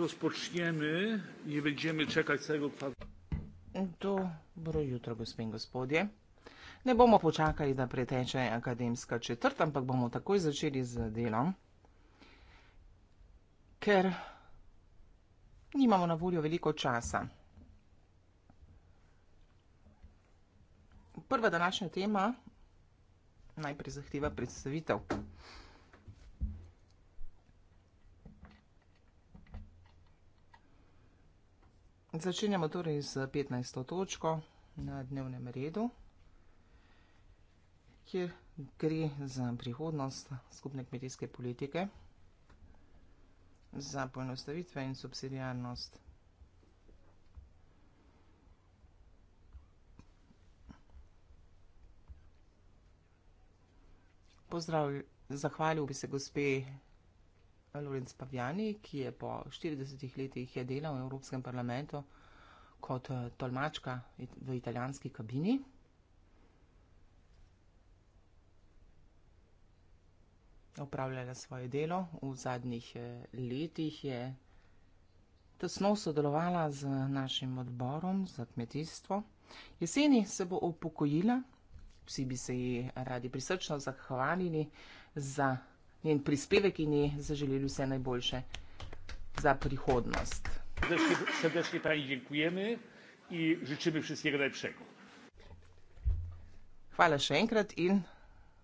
rozpoczniemy, nie będziemy czekać całego kwadratu. Dobro jutro, gospe in gospodje. Ne bomo počakali, da preteče akademska četrt, ampak bomo takoj začeli z delom, ker nimamo na voljo veliko časa. Prva današnja tema najprej zahteva predstavitev. Začenjamo torej z 15. točko na dnevnem redu, kjer gre za prihodnost skupne kmetijske politike, za poenostavitve in subsidijarnost. Pozdrav, zahvalil bi se gospe Lorenz Paviani, ki je po 40 letih je delal v Evropskem parlamentu kot eh, tolmačka v italijanski kabini. Opravljala svoje delo. V zadnjih eh, letih je tesno sodelovala z našim odborom za kmetijstvo. Jeseni se bo upokojila, vsi bi se ji radi prisrčno zahvalili za njen prispevek in ji zaželili vse najboljše za prihodnost. Srdečni pravi, dziękujemy in želimo vsega najboljšega. Hvala še enkrat in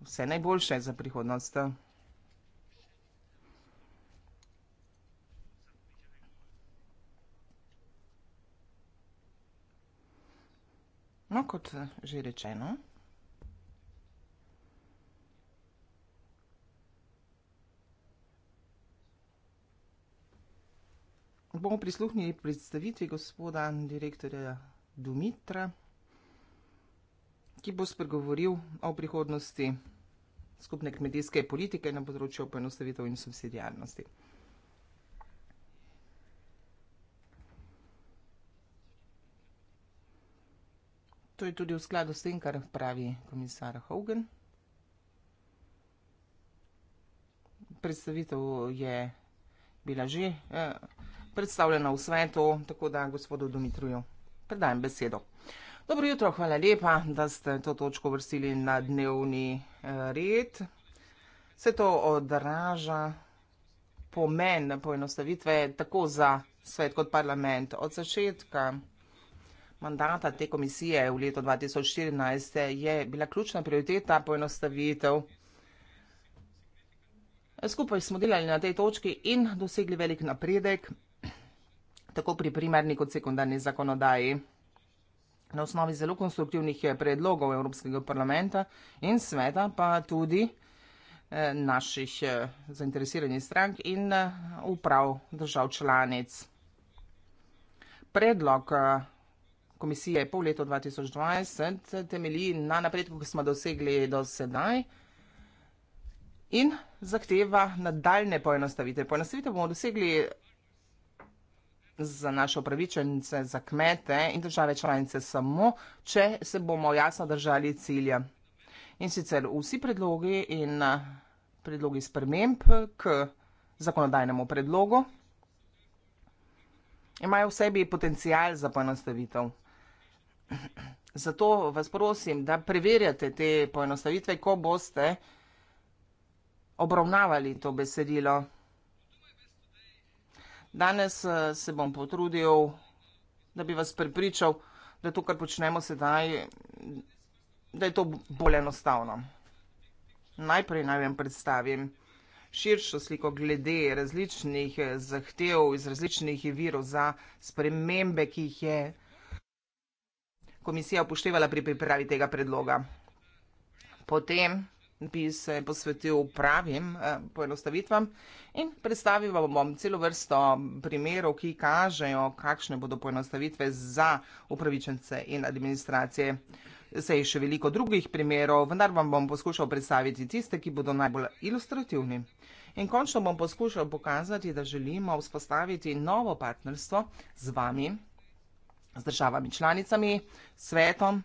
vse najboljše za prihodnost. No, kot že rečeno. bomo prisluhnili predstavitvi gospoda direktorja Dumitra, ki bo spregovoril o prihodnosti skupne kmetijske politike na področju poenostavitev in subsidijarnosti. To je tudi v skladu s tem, kar pravi komisar Hogan. Predstavitev je bila že eh, predstavljena v svetu, tako da gospodu Dumitruju predajem besedo. Dobro jutro, hvala lepa, da ste to točko vrstili na dnevni eh, red. Se to odraža pomen poenostavitve tako za svet kot parlament. Od začetka mandata te komisije v letu 2014 je bila ključna prioriteta poenostavitev. Skupaj smo delali na tej točki in dosegli velik napredek tako pri primarni kot sekundarni zakonodaji. Na osnovi zelo konstruktivnih eh, predlogov Evropskega parlamenta in sveta, pa tudi eh, naših eh, zainteresiranih strank in uprav držav članic. Predlog komisije pol leto 2020 temelji na napredku, ki smo dosegli do sedaj in zahteva nadaljne poenostavitve. Poenostavitev bomo dosegli za naše upravičence, za kmete in države članice samo, če se bomo jasno držali cilja. In sicer vsi predlogi in eh, predlogi sprememb k zakonodajnemu predlogu imajo v sebi potencijal za poenostavitev. Zato vas prosim, da preverjate te poenostavitve, ko boste obravnavali to besedilo. Danes eh, se bom potrudil, da bi vas prepričal, da to, kar počnemo sedaj, da je to bolj enostavno. Najprej naj vam predstavim širšo sliko glede različnih eh, zahtev iz različnih virov za spremembe, ki jih je komisija upoštevala pri pripravi tega predloga. Potem bi se posvetil pravim eh, poenostavitvam in predstavil vam bom celo vrsto primerov, ki kažejo, kakšne bodo poenostavitve za upravičence in administracije. Se je še veliko drugih primerov, vendar vam bom poskušal predstaviti tiste, ki bodo najbolj ilustrativni. In končno bom poskušal pokazati, da želimo vzpostaviti novo partnerstvo z vami, z državami članicami, svetom,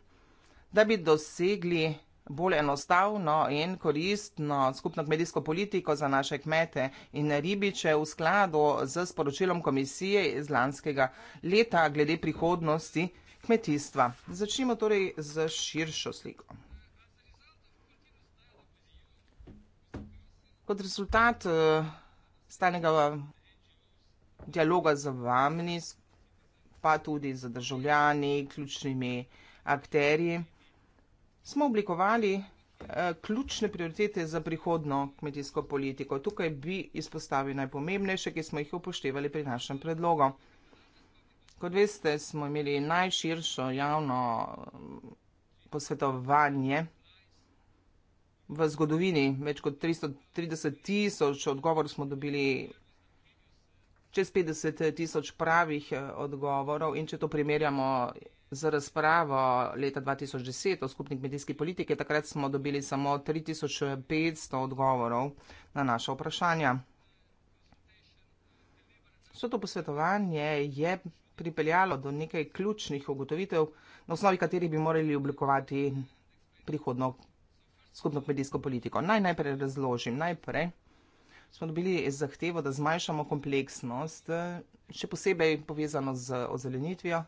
da bi dosegli bolj enostavno in koristno skupno kmetijsko politiko za naše kmete in ribiče v skladu z sporočilom komisije iz lanskega leta glede prihodnosti kmetijstva. Začnimo torej z širšo sliko. Kot rezultat eh, stalnega dialoga z vami, pa tudi z državljani, ključnimi akterji, smo oblikovali eh, ključne prioritete za prihodno kmetijsko politiko. Tukaj bi izpostavili najpomembnejše, ki smo jih upoštevali pri našem predlogu. Kot veste, smo imeli najširšo javno eh, posvetovanje v zgodovini. Več kot 330 tisoč odgovor smo dobili, čez 50 tisoč pravih eh, odgovorov in če to primerjamo z razpravo leta 2010 o skupni kmetijski politiki, takrat smo dobili samo 3500 odgovorov na naša vprašanja. Vso to posvetovanje je pripeljalo do nekaj ključnih ugotovitev, na osnovi katerih bi morali oblikovati prihodno skupno kmetijsko politiko. Naj najprej razložim. Najprej smo dobili zahtevo, da zmanjšamo kompleksnost, še posebej povezano z ozelenitvijo.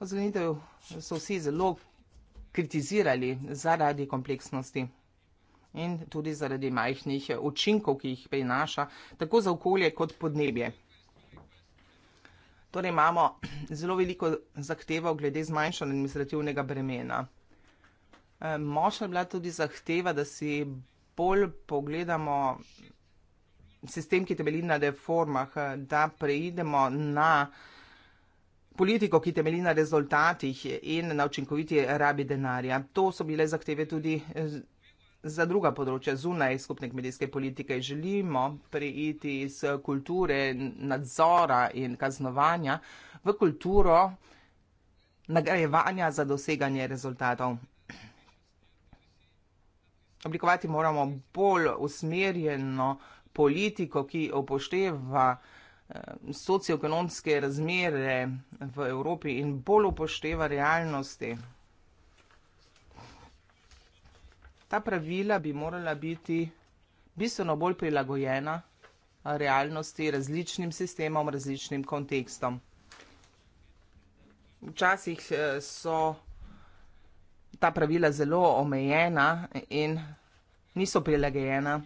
Ozgojitev so vsi zelo kritizirali zaradi kompleksnosti in tudi zaradi majhnih učinkov, ki jih prinaša tako za okolje kot podnebje. Torej imamo zelo veliko zahtevo glede zmanjšanja administrativnega bremena. Močna je bila tudi zahteva, da si bolj pogledamo sistem, ki temelji na reformah, da preidemo na politiko, ki temelji na rezultatih in na učinkoviti rabi denarja. To so bile zahteve tudi eh, za druga področja zunaj skupne kmetijske politike. Želimo preiti iz kulture nadzora in kaznovanja v kulturo nagrajevanja za doseganje rezultatov. Oblikovati moramo bolj usmerjeno politiko, ki upošteva Eh, socioekonomske razmere v Evropi in bolj upošteva realnosti. Ta pravila bi morala biti bistveno bolj prilagojena realnosti različnim sistemom, različnim kontekstom. Včasih eh, so ta pravila zelo omejena in niso prilagojena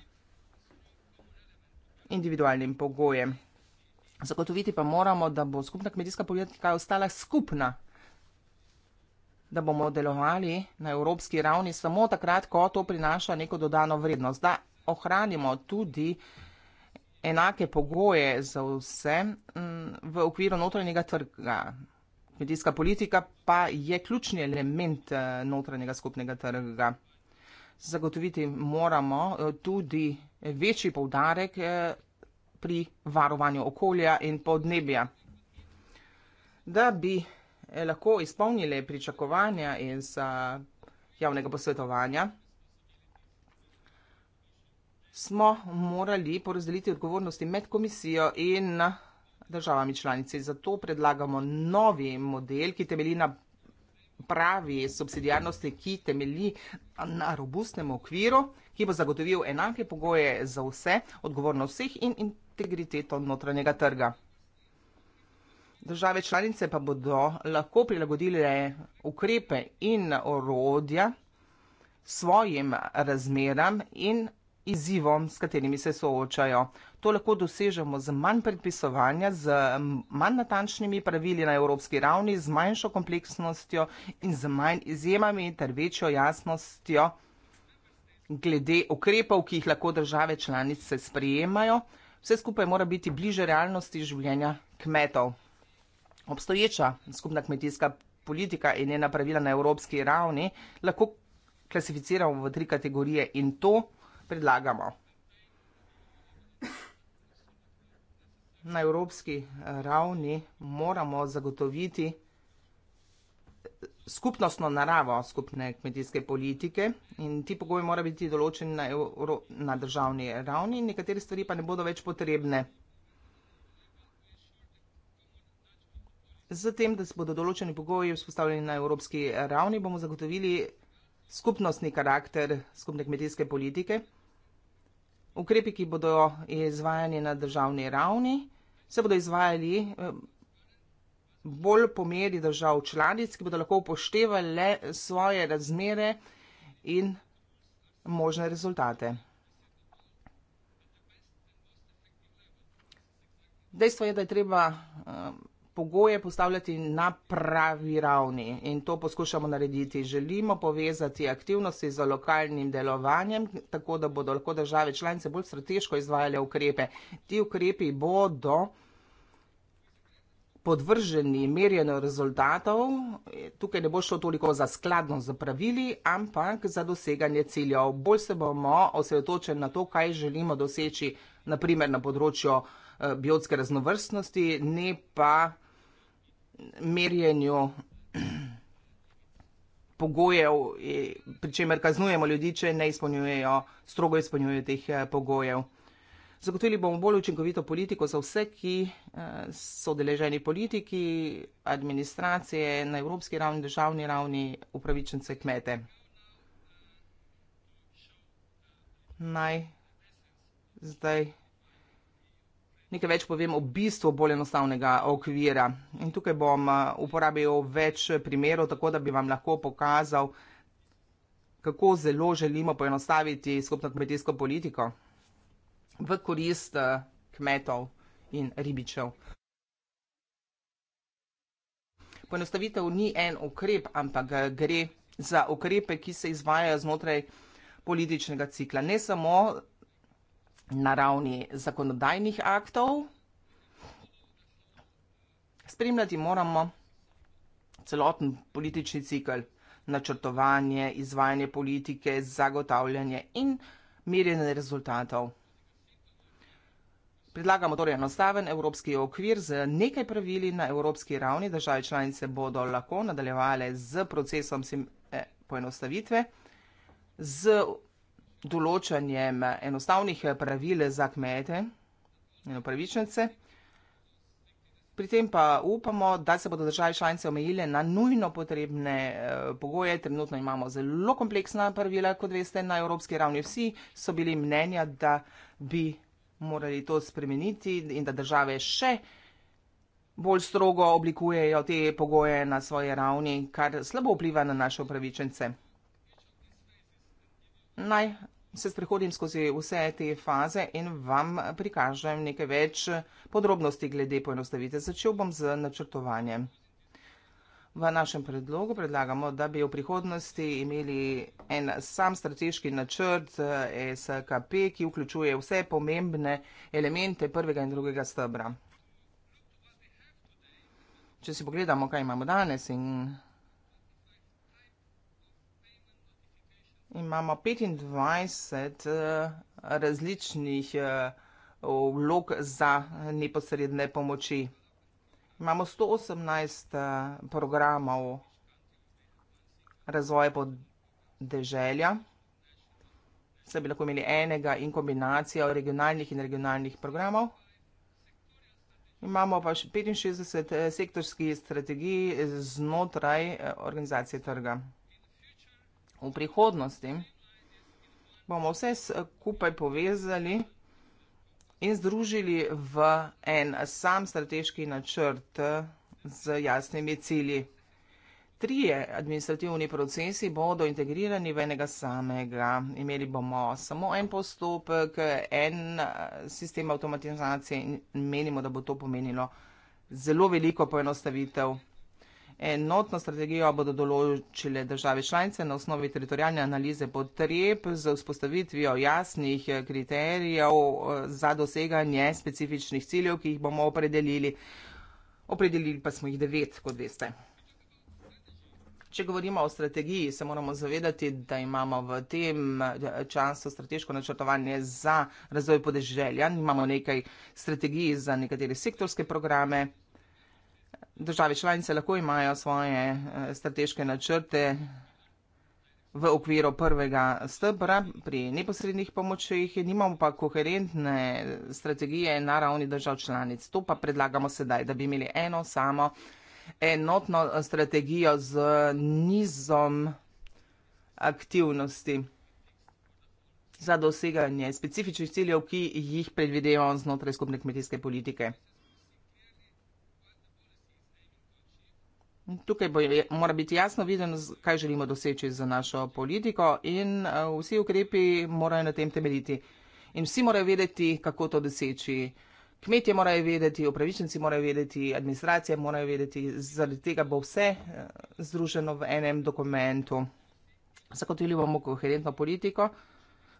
individualnim pogojem. Zagotoviti pa moramo, da bo skupna kmetijska politika ostala skupna, da bomo delovali na evropski ravni samo takrat, ko to prinaša neko dodano vrednost, da ohranimo tudi enake pogoje za vse mm, v okviru notranjega trga. Kmetijska politika pa je ključni element eh, notranjega skupnega trga. Zagotoviti moramo eh, tudi večji povdarek eh, pri varovanju okolja in podnebja. Da bi eh, lahko izpolnili pričakovanja iz javnega posvetovanja, smo morali porazdeliti odgovornosti med komisijo in državami članici. Zato predlagamo novi model, ki temeli na pravi subsidijarnosti, ki temelji na robustnem okviru, ki bo zagotovil enake pogoje za vse, odgovornost vseh in integriteto notranjega trga. Države članice pa bodo lahko prilagodile ukrepe in orodja svojim razmeram in izzivom, s katerimi se soočajo. To lahko dosežemo z manj predpisovanja, z manj natančnimi pravili na evropski ravni, z manjšo kompleksnostjo in z manj izjemami ter večjo jasnostjo glede ukrepov, ki jih lahko države članice sprejemajo. Vse skupaj mora biti bliže realnosti življenja kmetov. Obstoječa skupna kmetijska politika in njena pravila na evropski ravni lahko klasificiramo v tri kategorije in to predlagamo. na evropski eh, ravni moramo zagotoviti eh, skupnostno naravo skupne kmetijske politike in ti pogoji morajo biti določeni na, evro, na državni ravni, nekatere stvari pa ne bodo več potrebne. Z tem, da se bodo določeni pogoji vzpostavljeni na evropski ravni, bomo zagotovili skupnostni karakter skupne kmetijske politike. Ukrepi, ki bodo izvajani na državni ravni, se bodo izvajali eh, bolj po meri držav članic, ki bodo lahko upoštevali svoje razmere in možne rezultate. Dejstvo je, da je treba eh, pogoje postavljati na pravi ravni in to poskušamo narediti. Želimo povezati aktivnosti z lokalnim delovanjem, tako da bodo lahko države članice bolj strateško izvajale ukrepe. Ti ukrepi bodo podvrženi merjeno rezultatov, tukaj ne bo šlo toliko za skladno z pravili, ampak za doseganje ciljev. Bolj se bomo osredotočeni na to, kaj želimo doseči, naprimer na področju eh, biotske raznovrstnosti, ne pa merjenju pogojev, pri čemer kaznujemo ljudi, če ne izpolnjujejo, strogo izpolnjujejo teh eh, pogojev. Zagotovili bomo bolj učinkovito politiko za vse, ki eh, so deleženi politiki, administracije na evropski ravni, državni ravni, upravičence kmete. Naj zdaj nekaj več povem o bistvu bolj enostavnega okvira. In tukaj bom eh, uporabil več primerov, tako da bi vam lahko pokazal, kako zelo želimo poenostaviti skupno kmetijsko politiko v korist eh, kmetov in ribičev. Poenostavitev ni en ukrep, ampak eh, gre za ukrepe, ki se izvajajo znotraj političnega cikla. Ne samo na ravni zakonodajnih aktov. Spremljati moramo celoten politični cikl, načrtovanje, izvajanje politike, zagotavljanje in merjenje rezultatov. Predlagamo torej enostaven evropski okvir z nekaj pravili na evropski ravni. Države članice bodo lahko nadaljevale z procesom eh, poenostavitve, z določanjem enostavnih pravil za kmete in upravičence. Pri tem pa upamo, da se bodo države članice omejile na nujno potrebne e, pogoje. Trenutno imamo zelo kompleksna pravila, kot veste, na evropski ravni. Vsi so bili mnenja, da bi morali to spremeniti in da države še bolj strogo oblikujejo te pogoje na svoje ravni, kar slabo vpliva na naše upravičence naj se sprehodim skozi vse te faze in vam prikažem nekaj več podrobnosti glede poenostavitve. Začel bom z načrtovanjem. V našem predlogu predlagamo, da bi v prihodnosti imeli en sam strateški načrt eh, SKP, ki vključuje vse pomembne elemente prvega in drugega stebra. Če si pogledamo, kaj imamo danes in Imamo 25 eh, različnih eh, vlog za neposredne pomoči. Imamo 118 eh, programov razvoja podeželja. Se bi lahko imeli enega in kombinacijo regionalnih in regionalnih programov. Imamo pa 65 sektorskih strategij znotraj organizacije trga v prihodnosti bomo vse skupaj povezali in združili v en sam strateški načrt z jasnimi cilji. Trije administrativni procesi bodo integrirani v enega samega. Imeli bomo samo en postopek, en sistem avtomatizacije in menimo, da bo to pomenilo zelo veliko poenostavitev. Enotno strategijo bodo določile države članice na osnovi teritorijalne analize potreb z vzpostavitvijo jasnih kriterijev eh, za doseganje specifičnih ciljev, ki jih bomo opredelili. Opredelili pa smo jih devet, kot veste. Če govorimo o strategiji, se moramo zavedati, da imamo v tem času strateško načrtovanje za razvoj podeželja. Imamo nekaj strategij za nekatere sektorske programe, države članice lahko imajo svoje eh, strateške načrte v okviru prvega stebra pri neposrednih pomočih, nimamo pa koherentne strategije na ravni držav članic. To pa predlagamo sedaj, da bi imeli eno samo enotno strategijo z nizom aktivnosti za doseganje specifičnih ciljev, ki jih predvidevamo znotraj skupne kmetijske politike. Tukaj bo, mora biti jasno viden, kaj želimo doseči za našo politiko in eh, vsi ukrepi morajo na tem temeljiti. In vsi morajo vedeti, kako to doseči. Kmetje morajo vedeti, upravičenci morajo vedeti, administracije morajo vedeti, zaradi tega bo vse eh, združeno v enem dokumentu. Zakotili bomo koherentno politiko.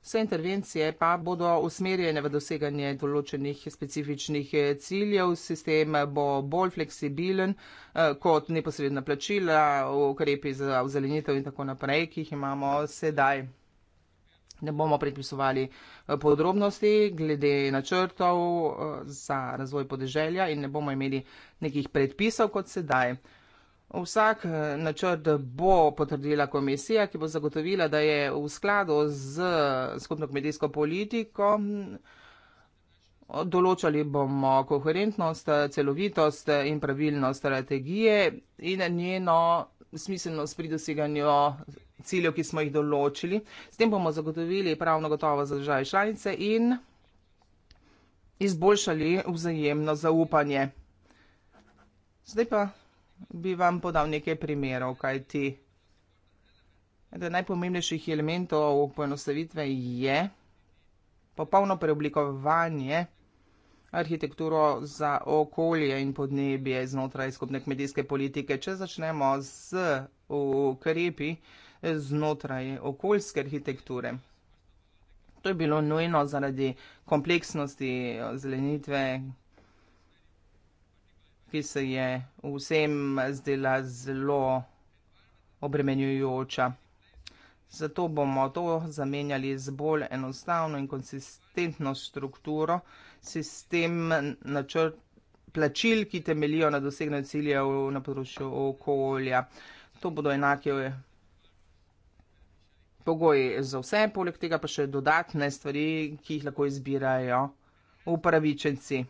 Vse intervencije pa bodo usmerjene v doseganje določenih specifičnih ciljev. Sistem bo bolj fleksibilen eh, kot neposredna plačila, ukrepi za ozelenitev in tako naprej, ki jih imamo sedaj. Ne bomo predpisovali eh, podrobnosti glede načrtov eh, za razvoj podeželja in ne bomo imeli nekih predpisov kot sedaj. Vsak eh, načrt bo potrdila komisija, ki bo zagotovila, da je v skladu z skupno kmetijsko politiko. Določali bomo koherentnost, celovitost in pravilno strategije in njeno smiselnost pri doseganju ciljev, ki smo jih določili. S tem bomo zagotovili pravno gotovo za države članice in izboljšali vzajemno zaupanje. Zdaj pa bi vam podal nekaj primerov, kaj ti. Eden najpomembnejših elementov poenostavitve je popolno preoblikovanje arhitekturo za okolje in podnebje znotraj skupne kmetijske politike. Če začnemo z ukrepi znotraj okoljske arhitekture, to je bilo nujno zaradi kompleksnosti zelenitve, ki se je vsem zdela zelo obremenjujoča. Zato bomo to zamenjali z bolj enostavno in konsistentno strukturo, sistem načrt plačil, ki temelijo na doseganju ciljev na področju okolja. To bodo enake pogoji za vse, poleg tega pa še dodatne stvari, ki jih lahko izbirajo upravičenci.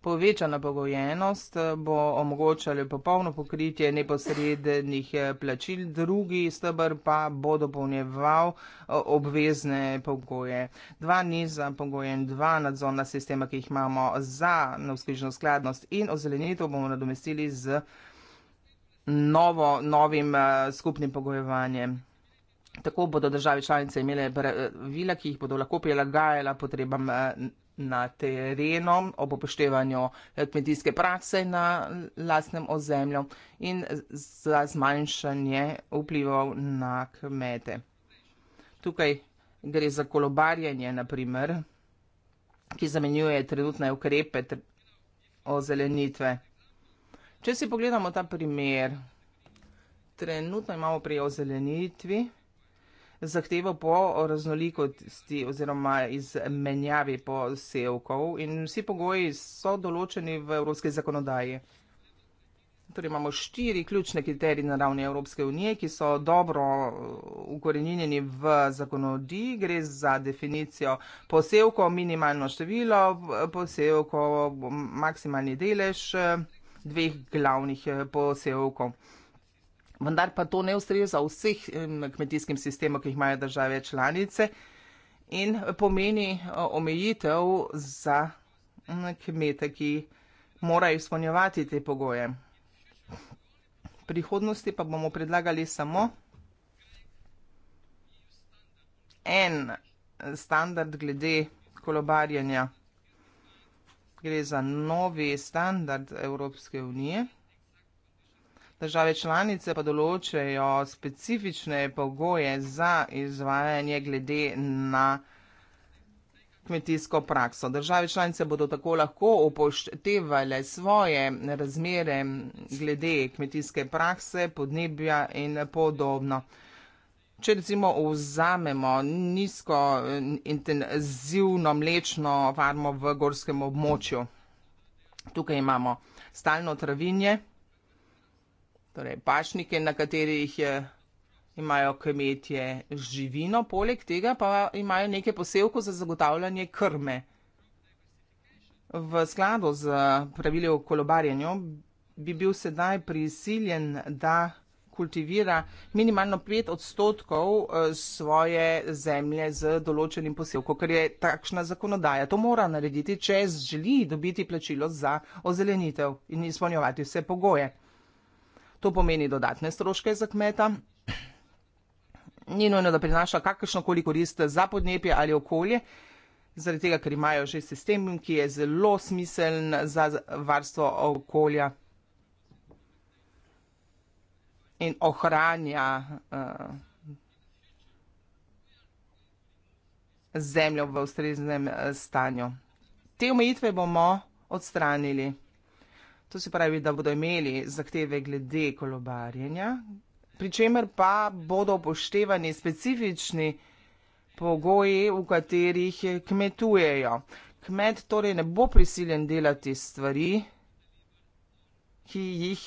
Povečana pogojenost bo omogočala popolno pokritje neposrednih eh, plačil, drugi stebr pa bo dopolnjeval eh, obvezne pogoje. Dva niza pogojen, dva nadzorna sistema, ki jih imamo za navskrižno skladnost in ozelenitev, bomo nadomestili z novo, novim eh, skupnim pogojevanjem. Tako bodo države članice imele pravila, ki jih bodo lahko prilagajala potrebam na terenu, ob upoštevanju eh, kmetijske prakse na eh, lastnem ozemlju in za zmanjšanje vplivov na kmete. Tukaj gre za kolobarjanje, naprimer, ki zamenjuje trenutne ukrepe tr ozelenitve. Če si pogledamo ta primer, trenutno imamo pri ozelenitvi zahtevo po raznolikosti oziroma izmenjavi posevkov in vsi pogoji so določeni v evropski zakonodaji. Torej imamo štiri ključne kriterije na ravni Evropske unije, ki so dobro ukorenjeni v zakonodaji. Gre za definicijo posevkov, minimalno število posevkov, maksimalni delež dveh glavnih posevkov vendar pa to ne ustreza vseh kmetijskim sistemom, ki jih imajo države članice in pomeni eh, omejitev za mm, kmete, ki morajo izpolnjevati te pogoje. V prihodnosti pa bomo predlagali samo en standard glede kolobarjanja. Gre za novi standard Evropske unije. Države članice pa določajo specifične pogoje za izvajanje glede na kmetijsko prakso. Države članice bodo tako lahko upoštevale svoje razmere glede kmetijske prakse, podnebja in podobno. Če recimo vzamemo nizko intenzivno mlečno farmo v gorskem območju, tukaj imamo stalno travinje, torej pašnike, na katerih je, eh, imajo kmetje živino, poleg tega pa imajo nekaj posevkov za zagotavljanje krme. V skladu z pravili o kolobarjenju bi bil sedaj prisiljen, da kultivira minimalno 5 odstotkov eh, svoje zemlje z določenim posevkom, ker je takšna zakonodaja. To mora narediti, če želi dobiti plačilo za ozelenitev in izpolnjevati vse pogoje. To pomeni dodatne stroške za kmeta. Ni nujno, da prinaša kakršno koli korist za podnebje ali okolje, zaradi tega, ker imajo že sistem, ki je zelo smiseln za varstvo okolja in ohranja uh, zemljo v ustreznem uh, stanju. Te omejitve bomo odstranili. To se pravi, da bodo imeli zahteve glede kolobarjenja, pri čemer pa bodo upoštevani specifični pogoji, v katerih kmetujejo. Kmet torej ne bo prisiljen delati stvari, ki jih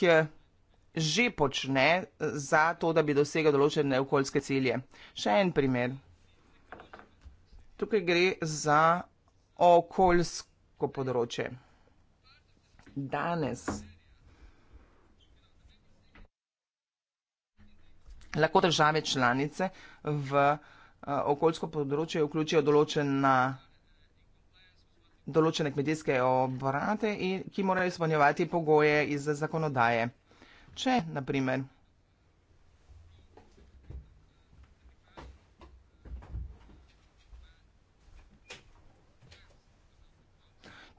že počne za to, da bi dosegel določene okoljske cilje. Še en primer. Tukaj gre za okoljsko področje danes. Lahko države članice v eh, okoljsko področje vključijo določena, določene kmetijske obrate, in, ki morajo izpolnjevati pogoje iz zakonodaje. Če, na primer,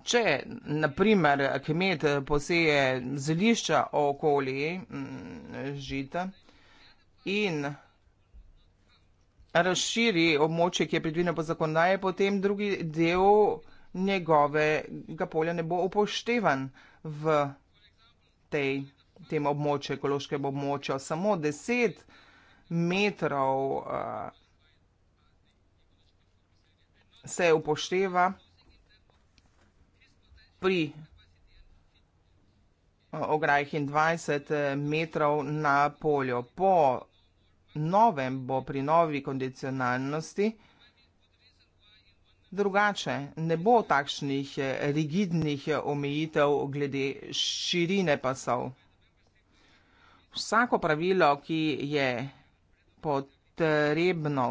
Če, naprimer, kmet poseje zelišča okoli mm, žita in razširi območje, ki je predvideno po zakonodaji, potem drugi del njegovega polja ne bo upoštevan v tej, tem območju, ekološkem območju. Samo 10 metrov uh, se upošteva pri eh, ograjih in 20 eh, metrov na polju. Po novem bo pri novi kondicionalnosti drugače. Ne bo takšnih eh, rigidnih omejitev glede širine pasov. Vsako pravilo, ki je potrebno,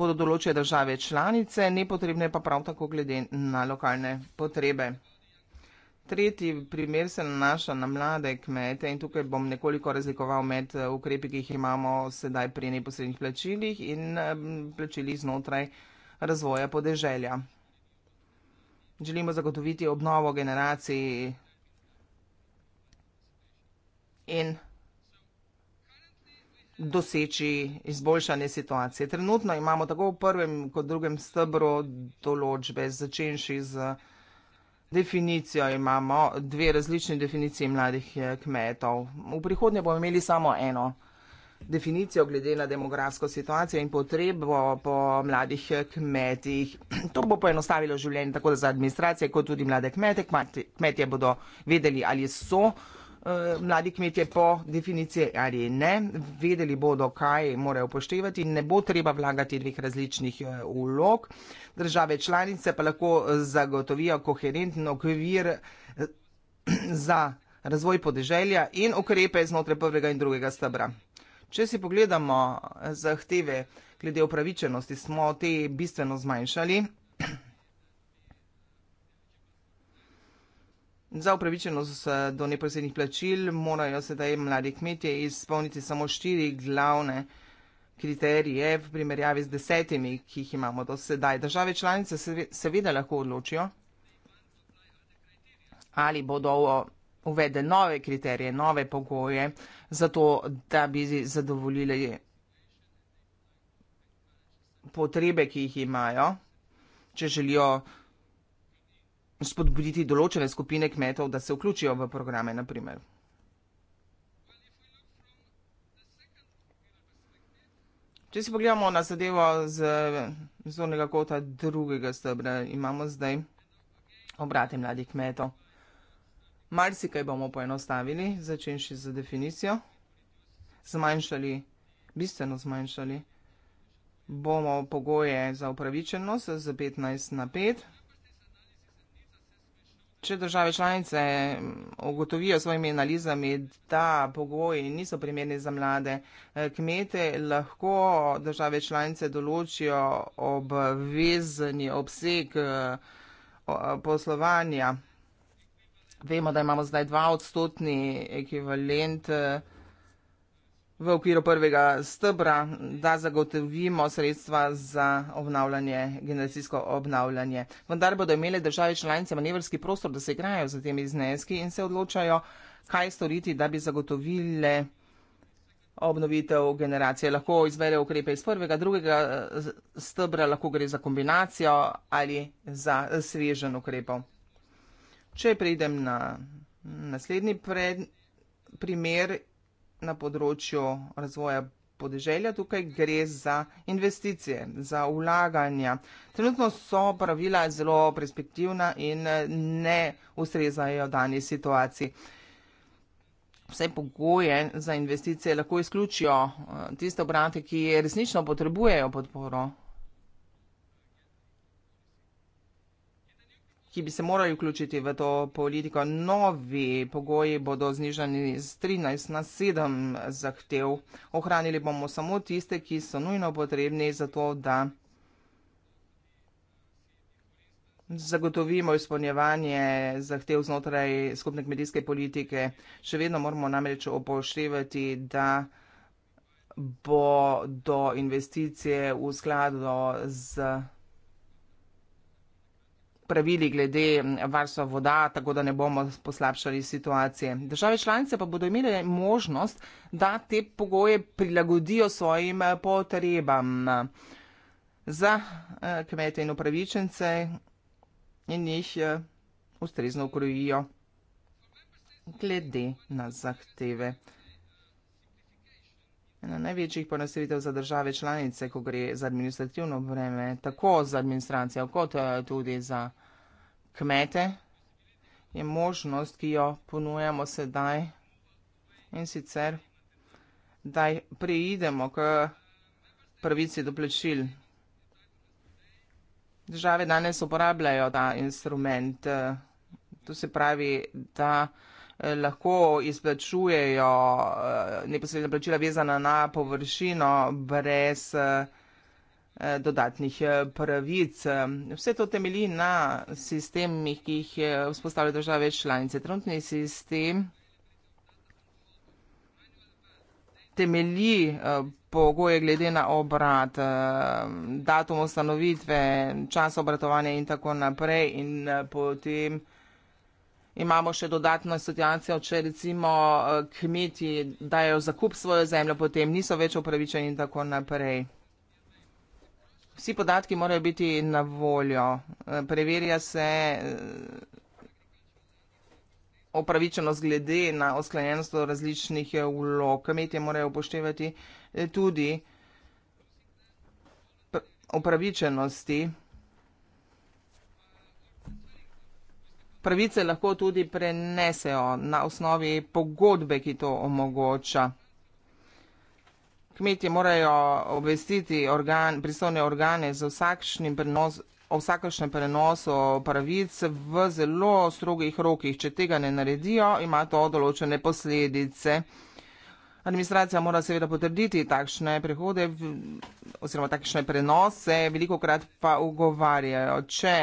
bodo določile države članice, nepotrebne pa prav tako glede na lokalne potrebe. Tretji primer se nanaša na mlade kmete in tukaj bom nekoliko razlikoval med eh, ukrepi, ki jih imamo sedaj pri neposrednih plačilih in eh, plačilih znotraj razvoja podeželja. Želimo zagotoviti obnovo generaciji in doseči izboljšanje situacije. Trenutno imamo tako v prvem kot drugem stebru določbe, začenši z definicijo, imamo dve različni definiciji mladih eh, kmetov. V prihodnje bomo imeli samo eno definicijo glede na demografsko situacijo in potrebo po mladih eh, kmetih. To bo poenostavilo življenje tako za administracije, kot tudi mlade kmete. Kmetje bodo vedeli, ali so Eh, mladi kmetje po definiciji ali ne, vedeli bodo, kaj morajo upoštevati, ne bo treba vlagati dveh različnih ulog. Eh, Države članice pa lahko zagotovijo koherenten okvir eh, za razvoj podeželja in ukrepe znotraj prvega in drugega stebra. Če si pogledamo zahteve glede upravičenosti, smo te bistveno zmanjšali. Za upravičenost eh, do neposrednih plačil morajo sedaj mladi kmetje izpolniti samo štiri glavne kriterije v primerjavi z desetimi, ki jih imamo do sedaj. Države članice seveda lahko odločijo, ali bodo eh, uvede nove kriterije, nove pogoje, zato da bi zadovoljili potrebe, ki jih imajo, če želijo vsega, spodbuditi določene skupine kmetov, da se vključijo v programe, naprimer? Če si pogledamo na zadevo z zornega kota drugega stebra, imamo zdaj obrate mladih kmetov. Marsikaj bomo poenostavili, začenši z definicijo, zmanjšali, bistveno zmanjšali, bomo pogoje za upravičenost z 15 na 5, Če države članice ugotovijo svojimi analizami, da pogoji niso primerni za mlade e, kmete, lahko države članice določijo obvezni obseg e, e, poslovanja. Vemo, da imamo zdaj dva odstotni ekvivalent v okviru prvega stebra, da zagotovimo sredstva za obnavljanje, generacijsko obnavljanje. Vendar bodo imele države članice manevrski prostor, da se igrajo z temi zneski in se odločajo, kaj storiti, da bi zagotovile obnovitev generacije. Lahko izvedejo ukrepe iz prvega, drugega eh, stebra, lahko gre za kombinacijo ali za eh, svežen ukrepov. Če pridem na naslednji pred, primer na področju razvoja podeželja, tukaj gre za investicije, za ulaganja. Trenutno so pravila zelo perspektivna in ne ustrezajo dani situaciji. Vse pogoje za investicije lahko izključijo eh, tiste obrate, ki resnično potrebujejo podporo ki bi se morali vključiti v to politiko. Novi pogoji bodo znižani z 13 na 7 zahtev. Ohranili bomo samo tiste, ki so nujno potrebni za to, da zagotovimo izpolnjevanje zahtev znotraj skupne kmetijske politike. Še vedno moramo namreč upoštevati, da bodo investicije v skladu z pravili glede varstva voda, tako da ne bomo poslabšali situacije. Države članice pa bodo imele možnost, da te pogoje prilagodijo svojim eh, potrebam za eh, kmete in upravičence in jih eh, ustrezno ukrojijo glede na zahteve. Ena največjih ponaselitev za države članice, ko gre za administrativno vreme, tako za administracijo kot tudi za kmete, je možnost, ki jo ponujamo sedaj in sicer, da preidemo k pravici do plačil. Države danes uporabljajo ta instrument, eh, to se pravi, da eh, lahko izplačujejo eh, neposredna plačila vezana na površino brez plačila. Eh, dodatnih eh, pravic. Eh, vse to temelji na sistemih, ki jih vzpostavlja države članice. Trenutni sistem temelji pogoje glede na obrat, datum ustanovitve, čas obratovanja in tako naprej in potem Imamo še dodatno situacijo, če recimo kmeti dajo zakup svojo zemljo, potem niso več upravičeni in tako naprej. Vsi podatki morajo biti na voljo. Eh, preverja se eh, opravičenost glede na osklenjenost do različnih eh, vlog. Kmetje morajo upoštevati tudi opravičenosti. Pravice lahko tudi prenesejo na osnovi pogodbe, ki to omogoča. Kmetje morajo obvestiti organ, pristojne organe za vsakšnim prenosom o vsakršnem prenosu pravic v zelo strogih rokih. Če tega ne naredijo, ima to določene posledice. Administracija mora seveda potrditi takšne prihode oziroma takšne prenose, veliko krat pa ugovarjajo, če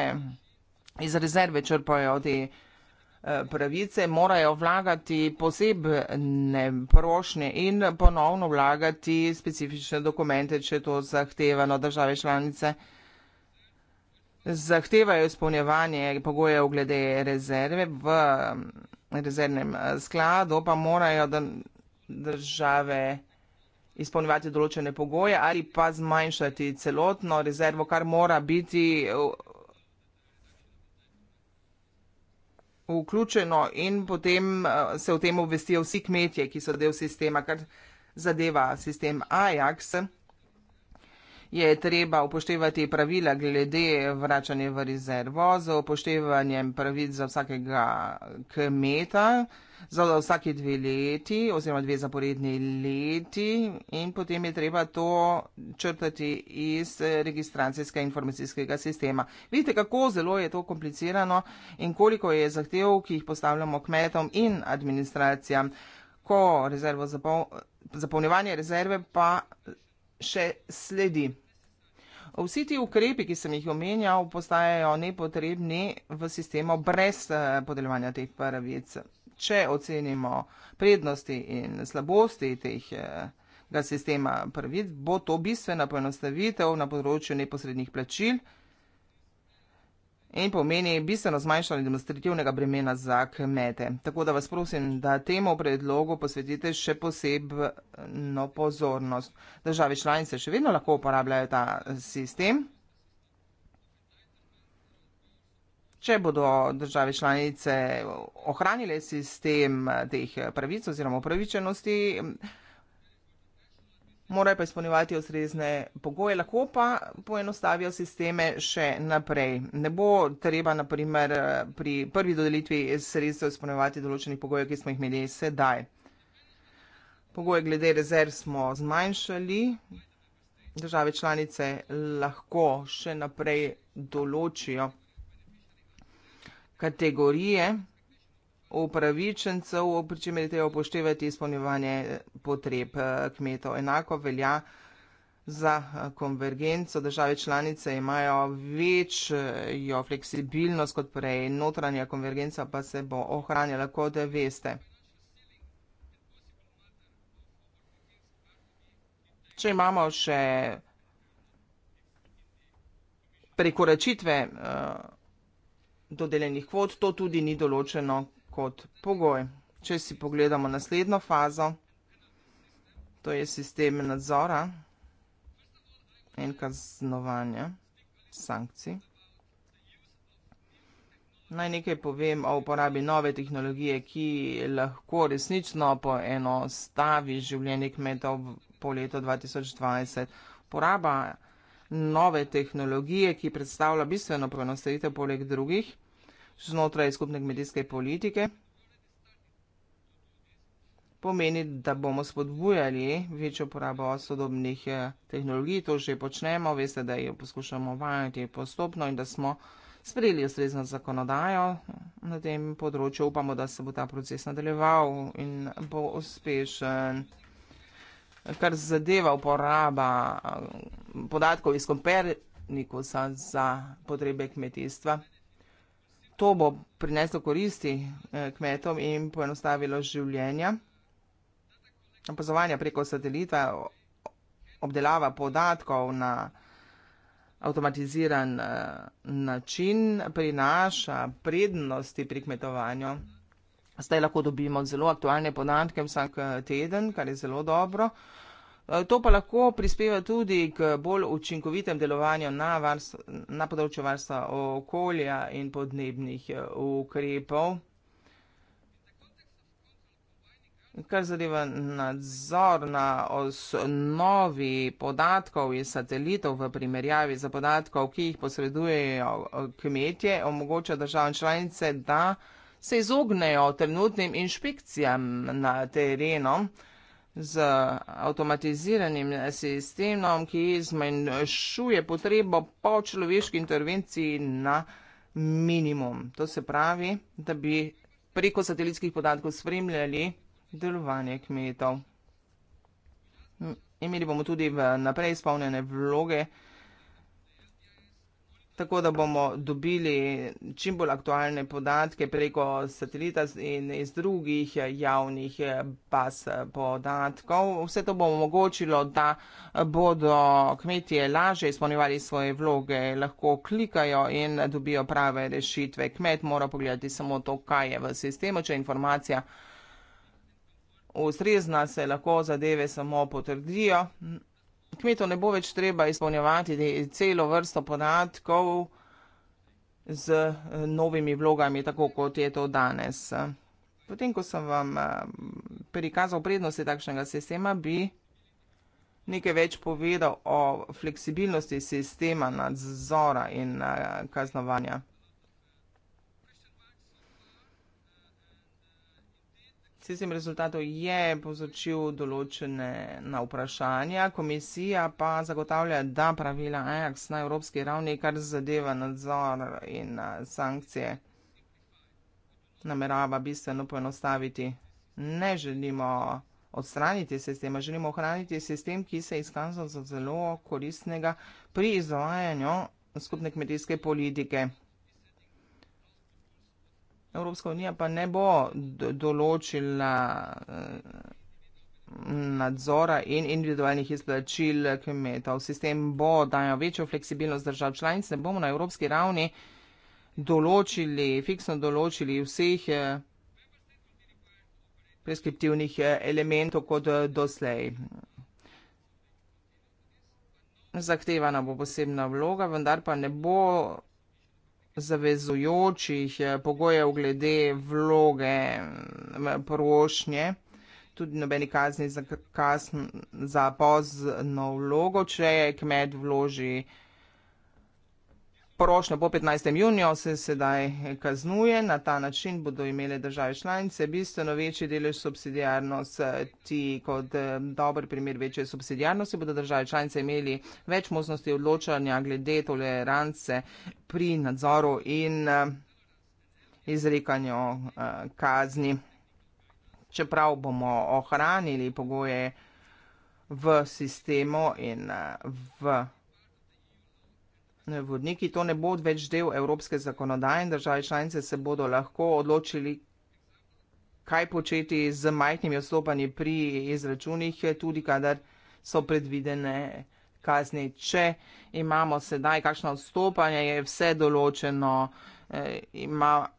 iz rezerve črpajo te prihode, pravice, morajo vlagati posebne prošnje in ponovno vlagati specifične dokumente, če to zahtevano države članice. Zahtevajo izpolnjevanje pogojev glede rezerve v rezervnem skladu, pa morajo države izpolnjevati določene pogoje ali pa zmanjšati celotno rezervo, kar mora biti vključeno in potem eh, se o tem obvestijo vsi kmetje, ki so del sistema, kar zadeva sistem Ajax je treba upoštevati pravila glede vračanja v rezervo z upoštevanjem pravic za vsakega kmeta za vsake dve leti oziroma dve zaporedni leti in potem je treba to črtati iz registracijske informacijskega sistema. Vidite, kako zelo je to komplicirano in koliko je zahtev, ki jih postavljamo kmetom in administracijam, ko rezervo zapol zapolnjevanje rezerve pa še sledi. Vsi ti ukrepi, ki sem jih omenjal, postajajo nepotrebni v sistemu brez eh, podeljevanja teh pravic. Če ocenimo prednosti in slabosti teh eh, sistema pravic, bo to bistvena poenostavitev na področju neposrednih plačil in pomeni bistveno zmanjšanje administrativnega bremena za kmete. Tako da vas prosim, da temu predlogu posvetite še posebno pozornost. Države članice še vedno lahko uporabljajo ta eh, sistem. Če bodo države članice ohranile sistem eh, teh eh, pravic oziroma upravičenosti, morajo pa izpolnjevati ustrezne pogoje, lahko pa poenostavijo sisteme še naprej. Ne bo treba, naprimer, pri prvi dodelitvi sredstev izpolnjevati določenih pogojev, ki smo jih imeli sedaj. Pogoje glede rezerv smo zmanjšali, države članice lahko še naprej določijo kategorije upravičencev, pri čemer je treba upoštevati izpolnjevanje potreb eh, kmetov. Enako velja za eh, konvergenco. Države članice imajo večjo fleksibilnost kot prej, notranja konvergenca pa se bo ohranjala kot veste. Če imamo še prekoračitve eh, dodeljenih kvot, to tudi ni določeno kot pogoj. Če si pogledamo naslednjo fazo, to je sistem nadzora in kaznovanja sankcij. Naj nekaj povem o uporabi nove tehnologije, ki lahko resnično poenostavi življenje kmetov po letu 2020. Poraba nove tehnologije, ki predstavlja bistveno poenostavitev poleg drugih, znotraj skupne kmetijske politike. Pomeni, da bomo spodbujali večjo porabo sodobnih eh, tehnologij, to že počnemo, veste, da jo poskušamo vajati postopno in da smo sprejeli ustrezno zakonodajo na tem področju. Upamo, da se bo ta proces nadaljeval in bo uspešen. Kar zadeva uporaba eh, podatkov iz Kompernikusa za potrebe kmetijstva to bo prineslo koristi eh, kmetom in poenostavilo življenja. Opazovanja preko satelita, obdelava podatkov na avtomatiziran eh, način prinaša prednosti pri kmetovanju. Zdaj lahko dobimo zelo aktualne podatke vsak eh, teden, kar je zelo dobro. Eh, to pa lahko prispeva tudi k bolj učinkovitem delovanju na, varstv, na področju varstva okolja in podnebnih eh, ukrepov. Kar zadeva nadzor na osnovi podatkov iz satelitov v primerjavi za podatkov, ki jih posredujejo eh, kmetje, omogoča državam članice, da se izognejo trenutnim inšpekcijam na terenu z avtomatiziranim sistemom, ki zmanjšuje potrebo po človeški intervenciji na minimum. To se pravi, da bi preko satelitskih podatkov spremljali delovanje kmetov. Imeli bomo tudi v naprej izpolnjene vloge tako da bomo dobili čim bolj aktualne podatke preko satelita in iz drugih javnih baz podatkov. Vse to bo omogočilo, da bodo kmetije lažje izpolnjevali svoje vloge, lahko klikajo in dobijo prave rešitve. Kmet mora pogledati samo to, kaj je v sistemu, če je informacija ustrezna, se lahko zadeve samo potrdijo. Kmetov ne bo več treba izpolnjevati celo vrsto podatkov z eh, novimi vlogami, tako kot je to danes. Potem, ko sem vam eh, prikazal prednosti takšnega sistema, bi nekaj več povedal o fleksibilnosti sistema nadzora in eh, kaznovanja. Sistem rezultatov je povzročil določene na vprašanja, komisija pa zagotavlja, da pravila AJAX na evropski ravni, kar zadeva nadzor in sankcije, namerava bistveno poenostaviti. Ne želimo odstraniti sistema, želimo ohraniti sistem, ki se je izkazal za zelo koristnega pri izvajanju skupne kmetijske politike. Evropska unija pa ne bo določila eh, nadzora in individualnih izplačil kmetov. Sistem bo dajal večjo fleksibilnost držav članic, ne bomo na evropski ravni določili, fiksno določili vseh eh, preskriptivnih eh, elementov kot doslej. Zahtevana bo posebna vloga, vendar pa ne bo zavezujočih eh, pogojev glede vloge prošnje, tudi nobeni kazni za, kasn, za pozno vlogo, če je kmet vloži prošnjo po 15. juniju se sedaj kaznuje. Na ta način bodo imele države članice bistveno večji delež subsidijarnosti. Kot eh, dober primer večje subsidijarnosti bodo države članice imeli več možnosti odločanja glede tolerance pri nadzoru in eh, izrekanju eh, kazni. Čeprav bomo ohranili pogoje v sistemu in v vodniki. To ne bo več del evropske zakonodaje in države članice se bodo lahko odločili, kaj početi z majhnimi odstopanji pri izračunih, tudi kadar so predvidene kazni. Če imamo sedaj kakšno odstopanje, je vse določeno, eh, ima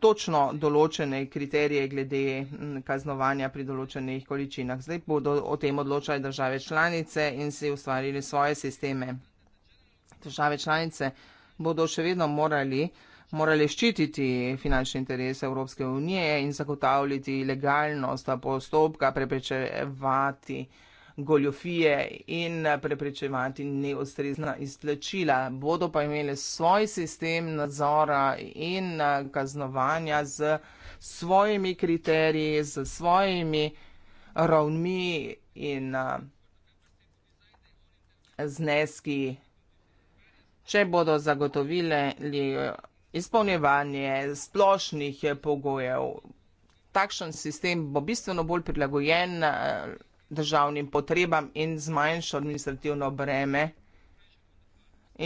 točno določene kriterije glede mm, kaznovanja pri določenih količinah. Zdaj bodo o tem odločali države članice in si ustvarili svoje sisteme države članice bodo še vedno morali, morali ščititi finančne interese Evropske unije in zagotavljati legalnost postopka, preprečevati goljofije in preprečevati neustrezna izplačila. Bodo pa imeli svoj sistem nadzora in kaznovanja z svojimi kriteriji, z svojimi ravnmi in zneski če bodo zagotovili izpolnjevanje splošnih pogojev. Takšen sistem bo bistveno bolj prilagojen eh, državnim potrebam in zmanjša administrativno breme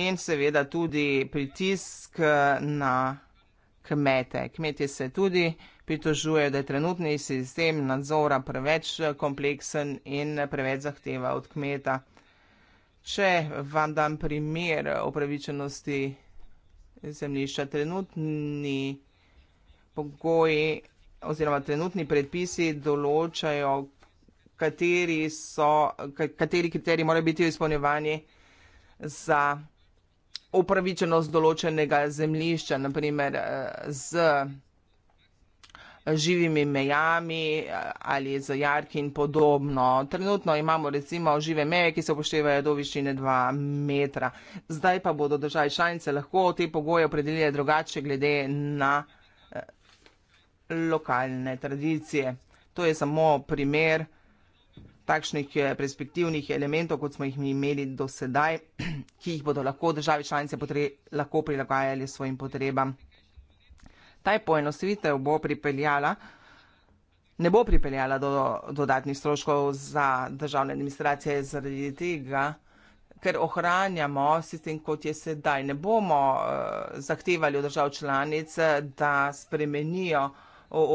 in seveda tudi pritisk eh, na kmete. Kmetje se tudi pritožujejo, da je trenutni sistem nadzora preveč eh, kompleksen in preveč zahteva od kmeta. Če vam dam primer upravičenosti zemljišča, trenutni pogoji oziroma trenutni predpisi določajo, kateri, so, kateri kriteriji morajo biti izpolnjevani za upravičenost določenega zemljišča, naprimer eh, z živimi mejami ali z jarki in podobno. Trenutno imamo recimo žive meje, ki se upoštevajo do višine 2 metra. Zdaj pa bodo države članice lahko te pogoje opredelile drugače glede na eh, lokalne tradicije. To je samo primer takšnih eh, perspektivnih elementov, kot smo jih mi imeli do sedaj, ki jih bodo lahko države članice potre, lahko prilagajali svojim potrebam taj poenostavitev bo pripeljala, ne bo pripeljala do dodatnih stroškov za državne administracije zaradi tega, ker ohranjamo sistem, kot je sedaj. Ne bomo uh, zahtevali od držav članic, da spremenijo eh,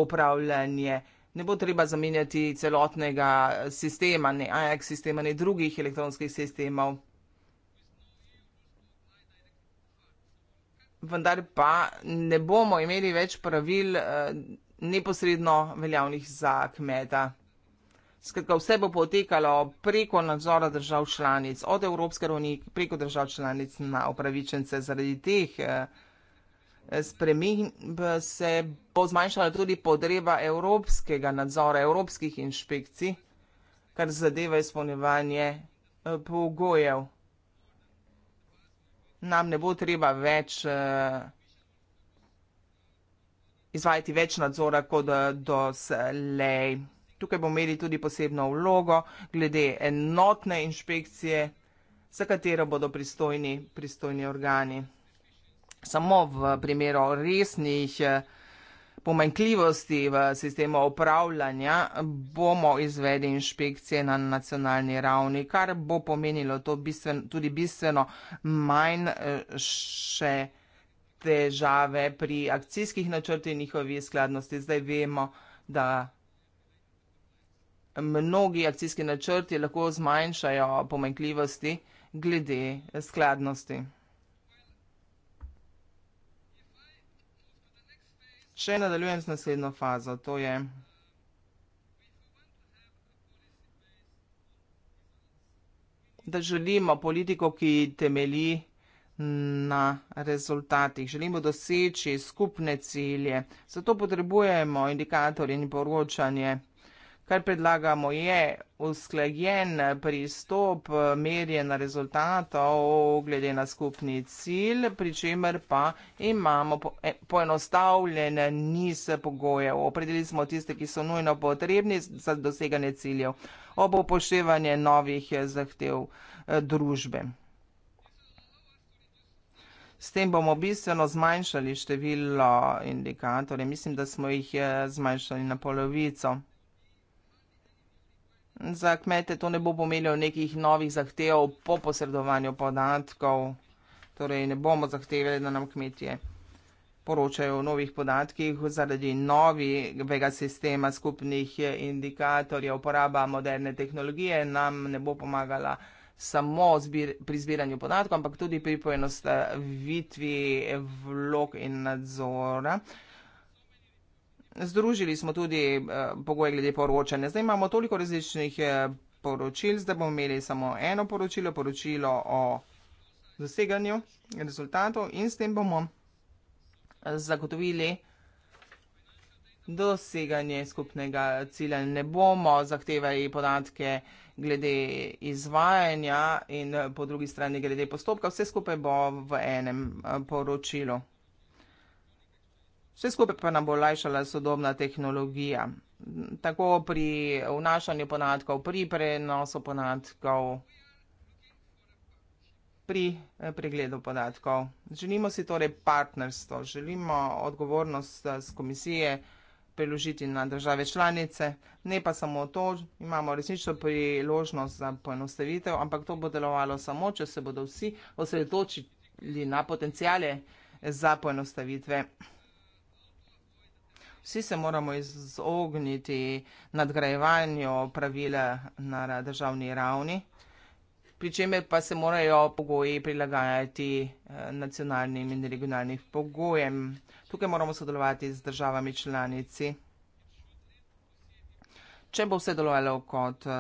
upravljanje. Ne bo treba zamenjati celotnega sistema, ne AX sistema, ne drugih elektronskih sistemov. vendar pa ne bomo imeli več pravil eh, neposredno veljavnih za kmeta. Skratka, vse bo potekalo preko nadzora držav članic, od Evropske unije preko držav članic na upravičence. Zaradi teh eh, sprememb se bo zmanjšala tudi potreba evropskega nadzora, evropskih inšpekcij, kar zadeva izpolnjevanje eh, pogojev nam ne bo treba več eh, izvajati več nadzora kot eh, do slej. Tukaj bomo imeli tudi posebno vlogo glede enotne inšpekcije, za katero bodo pristojni organi. Samo v primeru resnih vlogov, eh, pomankljivosti v sistemu upravljanja, bomo izvedli inšpekcije na nacionalni ravni, kar bo pomenilo to bistven, tudi bistveno manj eh, še težave pri akcijskih načrti in njihovi skladnosti. Zdaj vemo, da mnogi akcijski načrti lahko zmanjšajo pomankljivosti glede skladnosti. Še nadaljujem z naslednjo fazo, to je da želimo politiko, ki temelji na rezultatih. Želimo doseči skupne cilje. Zato potrebujemo indikator in poročanje Kar predlagamo je usklajen pristop merjena rezultatov glede na skupni cilj, pri čemer pa imamo e, poenostavljen niz pogojev. Opredelili smo tiste, ki so nujno potrebni za doseganje ciljev ob upoštevanje novih zahtev e, družbe. S tem bomo bistveno zmanjšali število indikatorjev. Mislim, da smo jih e, zmanjšali na polovico. Za kmete to ne bo pomenilo nekih novih zahtev po posredovanju podatkov, torej ne bomo zahtevali, da nam kmetje poročajo o novih podatkih zaradi novega sistema skupnih indikatorjev. Uporaba moderne tehnologije nam ne bo pomagala samo zbir, pri zbiranju podatkov, ampak tudi pri poenostavitvi vlog in nadzora. Združili smo tudi eh, pogoje glede poročanja. Zdaj imamo toliko različnih eh, poročil, zdaj bomo imeli samo eno poročilo, poročilo o doseganju rezultatov in s tem bomo zagotovili doseganje skupnega cilja. Ne bomo zahtevali podatke glede izvajanja in eh, po drugi strani glede postopka. Vse skupaj bo v enem poročilu. Vse skupaj pa nam bo lajšala sodobna tehnologija. Tako pri vnašanju podatkov, pri prenosu podatkov, pri eh, pregledu podatkov. Želimo si torej partnerstvo, želimo odgovornost z eh, komisije preložiti na države članice. Ne pa samo to, imamo resnično priložnost za poenostavitev, ampak to bo delovalo samo, če se bodo vsi osredotočili na potencijale za poenostavitve vsi se moramo izogniti nadgrajevanju pravile na državni ravni, pri čemer pa se morajo pogoji prilagajati eh, nacionalnim in regionalnim pogojem. Tukaj moramo sodelovati z državami članici. Če bo vse delovalo kot eh,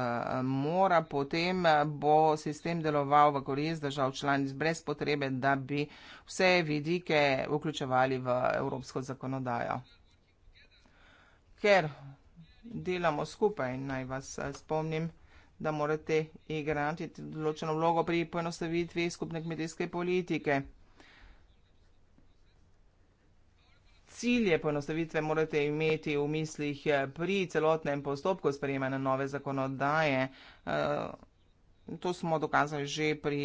mora, potem eh, bo sistem deloval v korist držav članic brez potrebe, da bi vse vidike vključevali v evropsko zakonodajo ker delamo skupaj. Naj vas eh, spomnim, da morate igrati določeno vlogo pri poenostavitvi skupne kmetijske politike. Cilje poenostavitve morate imeti v mislih eh, pri celotnem postopku sprejemanja nove zakonodaje. Eh, to smo dokazali že pri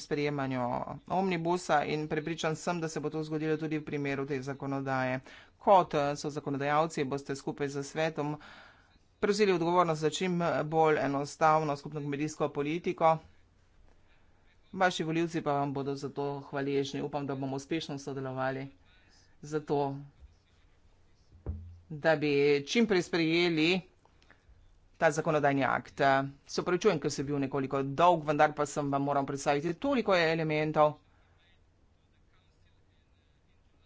sprejemanju omnibusa in prepričan sem, da se bo to zgodilo tudi v primeru te zakonodaje kot eh, so zakonodajalci, boste skupaj z svetom prevzeli odgovornost za čim bolj enostavno skupno kmetijsko politiko. Vaši voljivci pa vam bodo za to hvaležni. Upam, da bomo uspešno sodelovali za to, da bi čim prej sprejeli ta zakonodajni akt. Se opravičujem, ker sem bil nekoliko dolg, vendar pa sem vam moral predstaviti toliko elementov.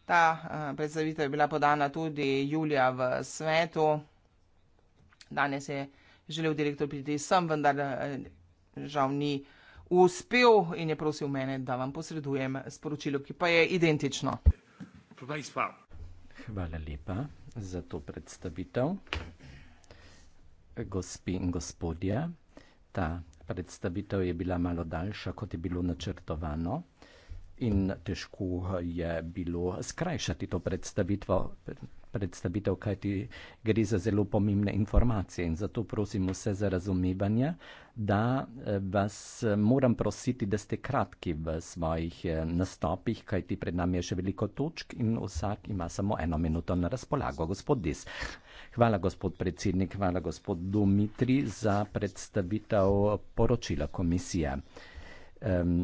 Ta eh, predstavitev je bila podana tudi julija v svetu. Danes je želel direktor priti sem, vendar eh, žal ni uspel in je prosil mene, da vam posredujem sporočilo, ki pa je identično. Hvala lepa za to predstavitev. Gospi in gospodje, ta predstavitev je bila malo daljša, kot je bilo načrtovano in težko je bilo skrajšati to predstavitvo, predstavitev, kajti gre za zelo pomembne informacije in zato prosim vse za razumevanje, da eh, vas eh, moram prositi, da ste kratki v svojih eh, nastopih, kajti pred nami je še veliko točk in vsak ima samo eno minuto na razpolago. Gospod Dis. Hvala, gospod predsednik, hvala, gospod Dumitri, za predstavitev poročila komisije. Um,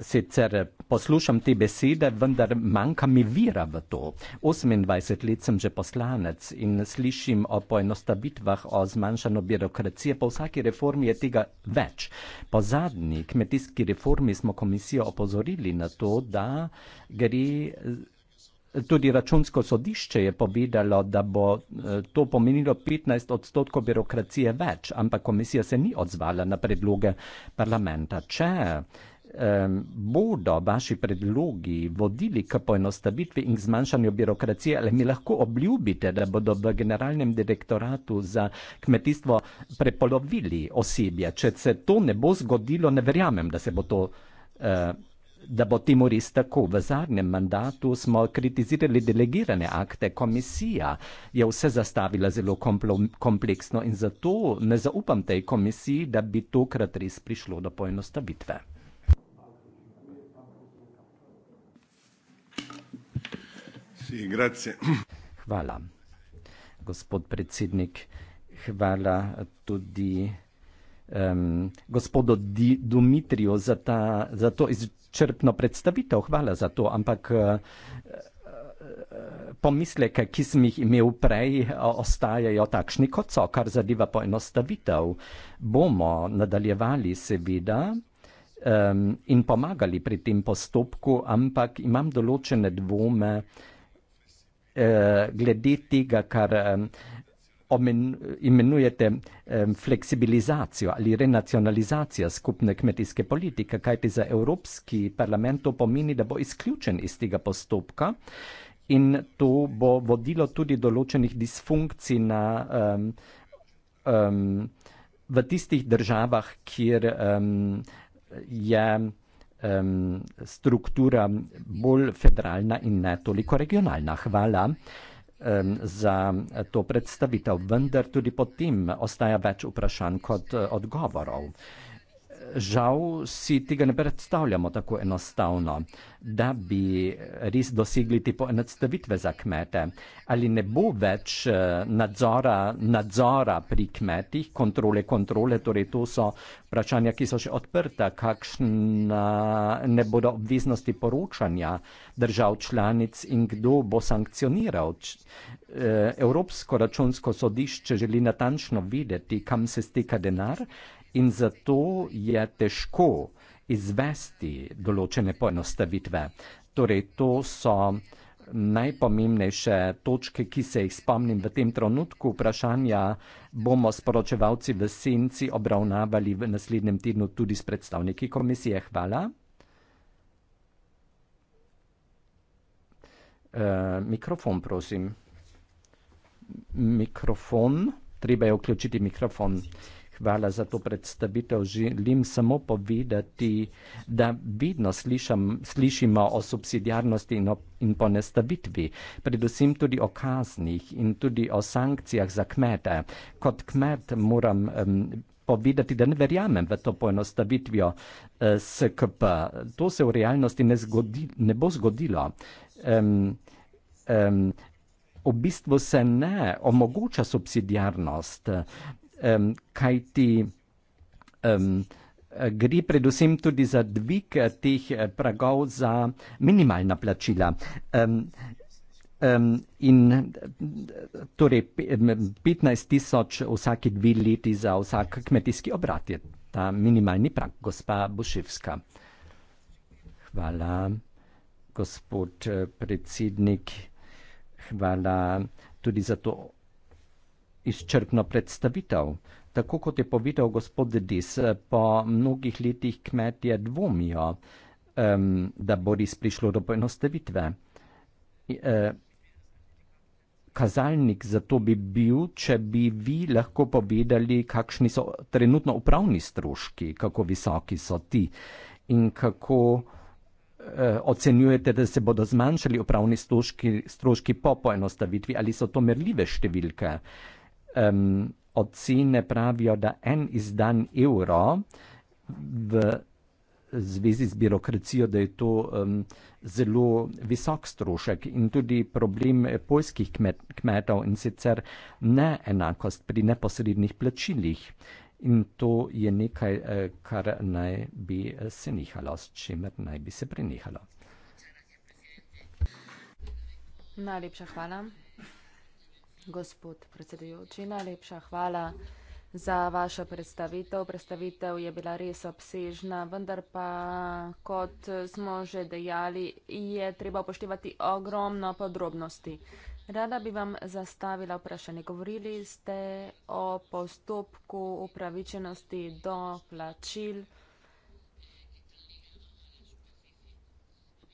sicer poslušam te besede, vendar manjka mi vira v to. 28 let sem že poslanec in slišim o poenostavitvah, o zmanjšanju birokracije, po vsaki reformi je tega več. Po zadnji kmetijski reformi smo komisijo opozorili na to, da gre. Tudi računsko sodišče je povedalo, da bo to pomenilo 15 odstotkov birokracije več, ampak komisija se ni odzvala na predloge parlamenta. Če eh, bodo vaši predlogi vodili k poenostavitvi in zmanjšanju birokracije, ali mi lahko obljubite, da bodo v generalnem direktoratu za kmetijstvo prepolovili osebje. Če se to ne bo zgodilo, ne verjamem, da se bo to. Eh, Da bo temu res tako. V zadnjem mandatu smo kritizirali delegirane akte, komisija je vse zastavila zelo kompleksno in zato ne zaupam tej komisiji, da bi tokrat res prišlo do poenostavitve. Hvala. Gospod predsednik, hvala tudi um, gospodu Di Dumitriju za, ta, za to izčrpno predstavitev. Hvala za to, ampak eh, eh, pomisleke, ki sem jih imel prej, ostajajo takšni kot so, kar zadeva poenostavitev. Bomo nadaljevali seveda um, in pomagali pri tem postopku, ampak imam določene dvome, uh, Eh, glede tega, kar imenujete fleksibilizacijo ali renacionalizacijo skupne kmetijske politike, kajti za Evropski parlament to pomeni, da bo izključen iz tega postopka in to bo vodilo tudi določenih disfunkcij na, um, um, v tistih državah, kjer um, je um, struktura bolj federalna in ne toliko regionalna. Hvala um, za to predstavitev, vendar tudi potem ostaja več vprašanj kot eh, odgovorov žal si tega ne predstavljamo tako enostavno, da bi res dosegli te poenostavitve za kmete. Ali ne bo več eh, nadzora, nadzora pri kmetih, kontrole, kontrole, torej to so vprašanja, ki so še odprta, kakšne ne bodo obveznosti poročanja držav članic in kdo bo sankcioniral. Eh, Evropsko računsko sodišče želi natančno videti, kam se steka denar in zato je težko izvesti določene poenostavitve. Torej, to so najpomembnejše točke, ki se jih spomnim v tem trenutku. Vprašanja bomo sporočevalci v senci obravnavali v naslednjem tednu tudi s predstavniki komisije. Hvala. Uh, mikrofon, prosim. Mikrofon. Treba je vključiti mikrofon. Uh, hvala za to predstavitev. Želim samo povedati, da vedno slišam, slišimo o subsidijarnosti in, in ponestavitvi, predvsem tudi o kaznih in tudi o sankcijah za kmete. Kot kmet moram. Um, Povedati, da ne verjamem v to poenostavitvijo eh, SKP. To se v realnosti ne, zgodi, ne bo zgodilo. Um, um, v bistvu se ne omogoča subsidijarnost um, kajti um, gre predvsem tudi za dvig eh, teh eh, pragov za minimalna plačila. Um, um, in torej 15 tisoč vsake dve leti za vsak kmetijski obrat je ta minimalni prag, gospa Boševska. Hvala, gospod eh, predsednik. Hvala tudi za to izčrpno predstavitev. Tako kot je povedal gospod Dis, po mnogih letih kmetje dvomijo, um, da bo res prišlo do poenostavitve. E, e, kazalnik za to bi bil, če bi vi lahko povedali, kakšni so trenutno upravni stroški, kako visoki so ti in kako e, ocenjujete, da se bodo zmanjšali upravni stroški, stroški po poenostavitvi, ali so to merljive številke um, ocene pravijo, da en izdan evro v zvezi z birokracijo, da je to um, zelo visok strošek in tudi problem polskih kmet, kmetov in sicer neenakost pri neposrednih plačilih. In to je nekaj, e, kar naj bi e, se nehalo, s čimer naj bi se prenehalo. Najlepša hvala. Gospod predsedujoči, najlepša hvala za vašo predstavitev. Predstavitev je bila res obsežna, vendar pa, kot smo že dejali, je treba upoštevati ogromno podrobnosti. Rada bi vam zastavila vprašanje. Govorili ste o postopku upravičenosti do plačil.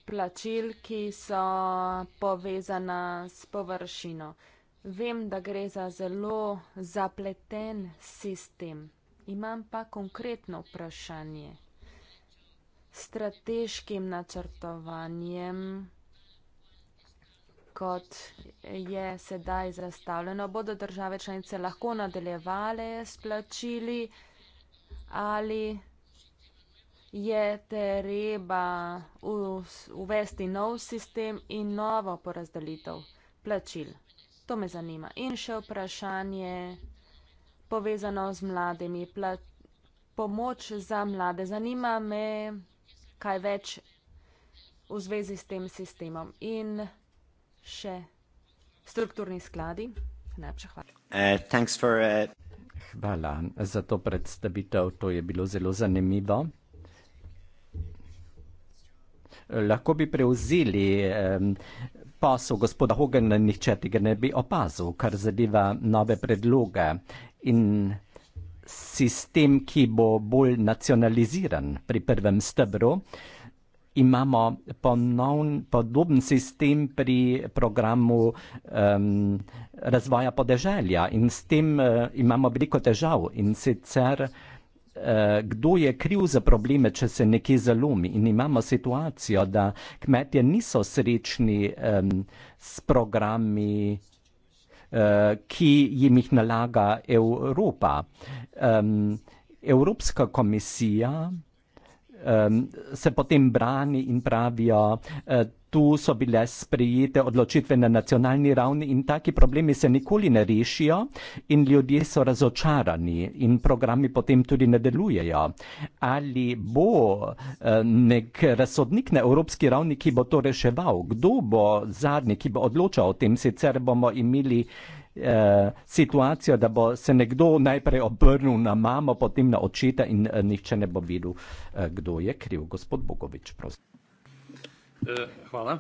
Plačil, ki so povezana s površino. Vem, da gre za zelo zapleten sistem. Imam pa konkretno vprašanje. Strateškim načrtovanjem, kot je sedaj zastavljeno, bodo države članice lahko nadaljevale s plačili ali je treba uvesti nov sistem in novo porazdelitev plačil. To me zanima. In še vprašanje povezano z mladimi. Pla pomoč za mlade. Zanima me, kaj več v zvezi s tem sistemom. In še strukturni skladi. Najlepša hvala. Uh, for, uh... Hvala za to predstavitev. To je bilo zelo zanimivo. Lahko bi prevzeli um, posel gospoda Hogana nihče tega ne bi opazil, kar zadeva nove predloge in sistem, ki bo bolj nacionaliziran pri prvem stebru. Imamo ponovn, podoben sistem pri programu um, razvoja podeželja in s tem uh, imamo veliko težav in sicer. Eh, kdo je kriv za probleme, če se nekje zalomi. In imamo situacijo, da kmetje niso srečni um, s programi, uh, ki jim jih nalaga Evropa. Um, Evropska komisija um, se potem brani in pravijo, uh, tu so bile sprejete odločitve na nacionalni ravni in taki problemi se nikoli ne rešijo in ljudje so razočarani in programi potem tudi ne delujejo. Ali bo uh, nek razsodnik na evropski ravni, ki bo to reševal? Kdo bo zadnji, ki bo odločal o tem? Sicer bomo imeli uh, Eh, situacijo, da bo se nekdo najprej obrnil na mamo, potem na očeta in eh, nihče ne bo videl, eh, kdo je kriv. Gospod Bogovič, prosim. Hvala.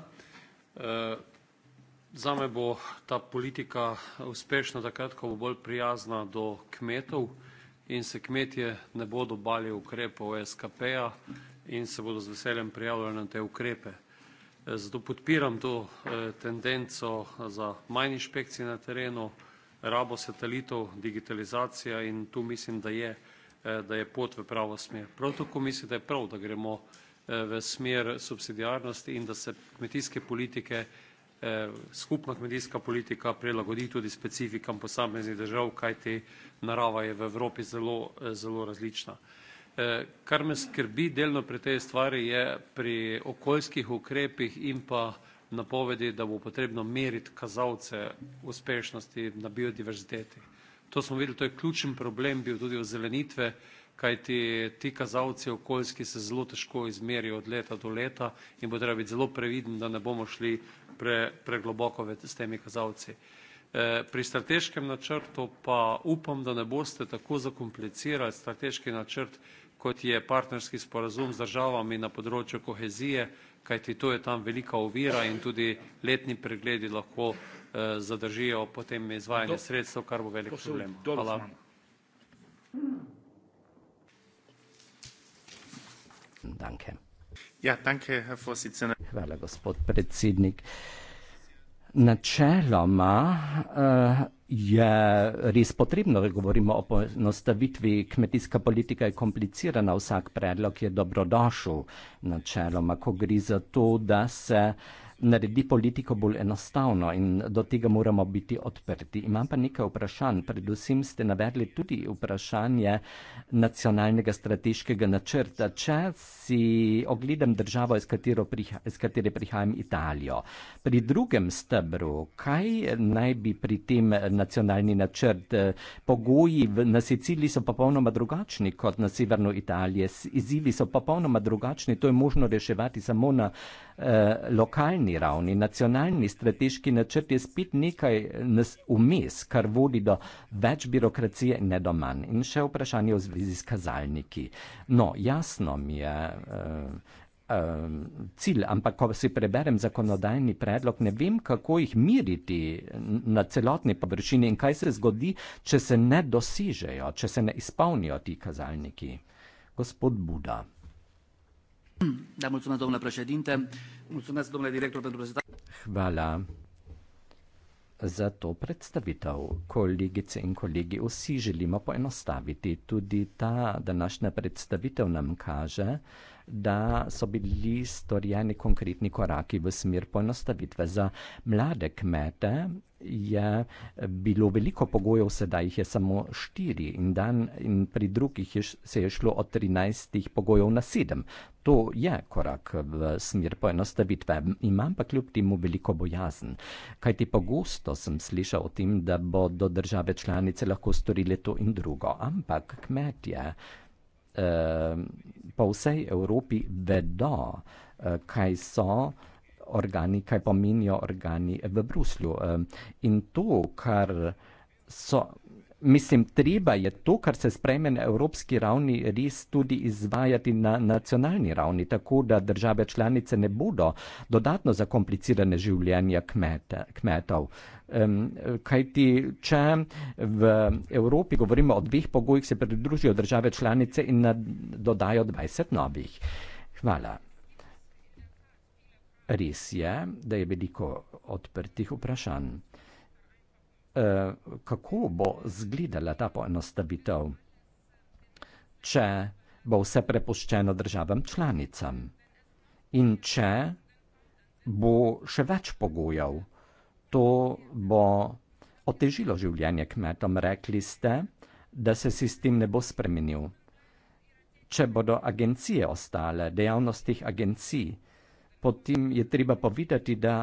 Za me bo ta politika uspešna takrat, ko bo bolj prijazna do kmetov in se kmetje ne bodo bali ukrepov SKP-a in se bodo z veseljem prijavljali na te ukrepe. Eh, zato podpiram to eh, tendenco eh, za manj inšpekcij na terenu, rabo satelitov, digitalizacija in tu mislim, da je, da je pot v pravo smer. Prav tako mislim, da je prav, da gremo v smer subsidijarnosti in da se kmetijske politike, skupna kmetijska politika prilagodi tudi specifikam posameznih držav, kajti narava je v Evropi zelo, zelo različna. Eh, kar me skrbi delno pri tej stvari je pri okoljskih ukrepih in pa napovedi, da bo potrebno meriti kazalce uspešnosti na biodiverziteti. To smo videli, to je ključen problem bil tudi ozelenitve, kajti ti kazalci okoljski se zelo težko izmerijo od leta do leta in bo treba biti zelo previden, da ne bomo šli pre, pregloboko s temi kazalci. Eh, pri strateškem načrtu pa upam, da ne boste tako zakomplicirali strateški načrt, kot je partnerski sporazum z državami na področju kohezije, kajti to je tam velika ovira in tudi letni pregledi lahko eh, zadržijo potem izvajanje Do, sredstev, kar bo velik problem. Hvala. Danke. Ja, danke, Hvala, gospod predsednik. Načeloma eh, je res potrebno, da govorimo o ponostavitvi. Kmetijska politika je komplicirana, vsak predlog je dobrodošel načeloma, ko gre za to, da se uh, naredi politiko bolj enostavno in do tega moramo biti odprti. Imam pa nekaj vprašanj. Predvsem ste navedli tudi vprašanje nacionalnega strateškega načrta. Če si ogledam državo, iz, priha, iz katere prihajam, Italijo, pri drugem stebru, kaj naj bi pri tem nacionalni načrt? Pogoji v, na Siciliji so popolnoma drugačni kot na severno Italije. Izzivi so popolnoma drugačni. To je možno reševati samo na eh, lokalni državni ravni, nacionalni strateški načrt je spet nekaj vmes, kar vodi do več birokracije in ne do manj. In še vprašanje v zvezi s kazalniki. No, jasno mi je. Uh, Cilj, ampak ko si preberem zakonodajni predlog, ne vem, kako jih miriti na celotni površini in kaj se zgodi, če se ne dosežejo, če se ne izpolnijo ti kazalniki. Gospod Buda. Da, mulțumesc, domnule președinte. Mulțumesc, domnule director, pentru prezentare. Hvala. Zato predstavitev, kolegice in kolegi, vsi želimo poenostaviti. Tudi ta današnja predstavitev nam kaže, da so bili storjeni konkretni koraki v smer poenostavitve. Za mlade kmete je bilo veliko pogojev, sedaj jih je samo štiri in, dan, in pri drugih je, se je šlo od 13 pogojev na 7. To je korak v smer poenostavitve. Imam pa kljub temu veliko bojazen, kaj ti pogosto sem slišal o tem, da bodo države članice lahko storile to in drugo. Ampak kmetje Ehm, po vsej Evropi vedo, eh, kaj so organi, kaj pomenijo organi v Bruslju. Ehm, in to, kar so mislim, treba je to, kar se sprejme na evropski ravni, res tudi izvajati na nacionalni ravni, tako da države članice ne bodo dodatno zakomplicirane življenja kmete, kmetov. Um, kaj ti, če v Evropi govorimo o dveh pogojih, se pridružijo države članice in dodajo 20 novih. Hvala. Res je, da je veliko odprtih vprašanj. Eh, kako bo izgledala ta poenostavitev, če bo vse prepuščeno državam članicam in če bo še več pogojev, to bo otežilo življenje kmetom. Rekli ste, da se sistem ne bo spremenil. Če bodo agencije ostale, dejavnost teh agencij, potem je treba povedati, da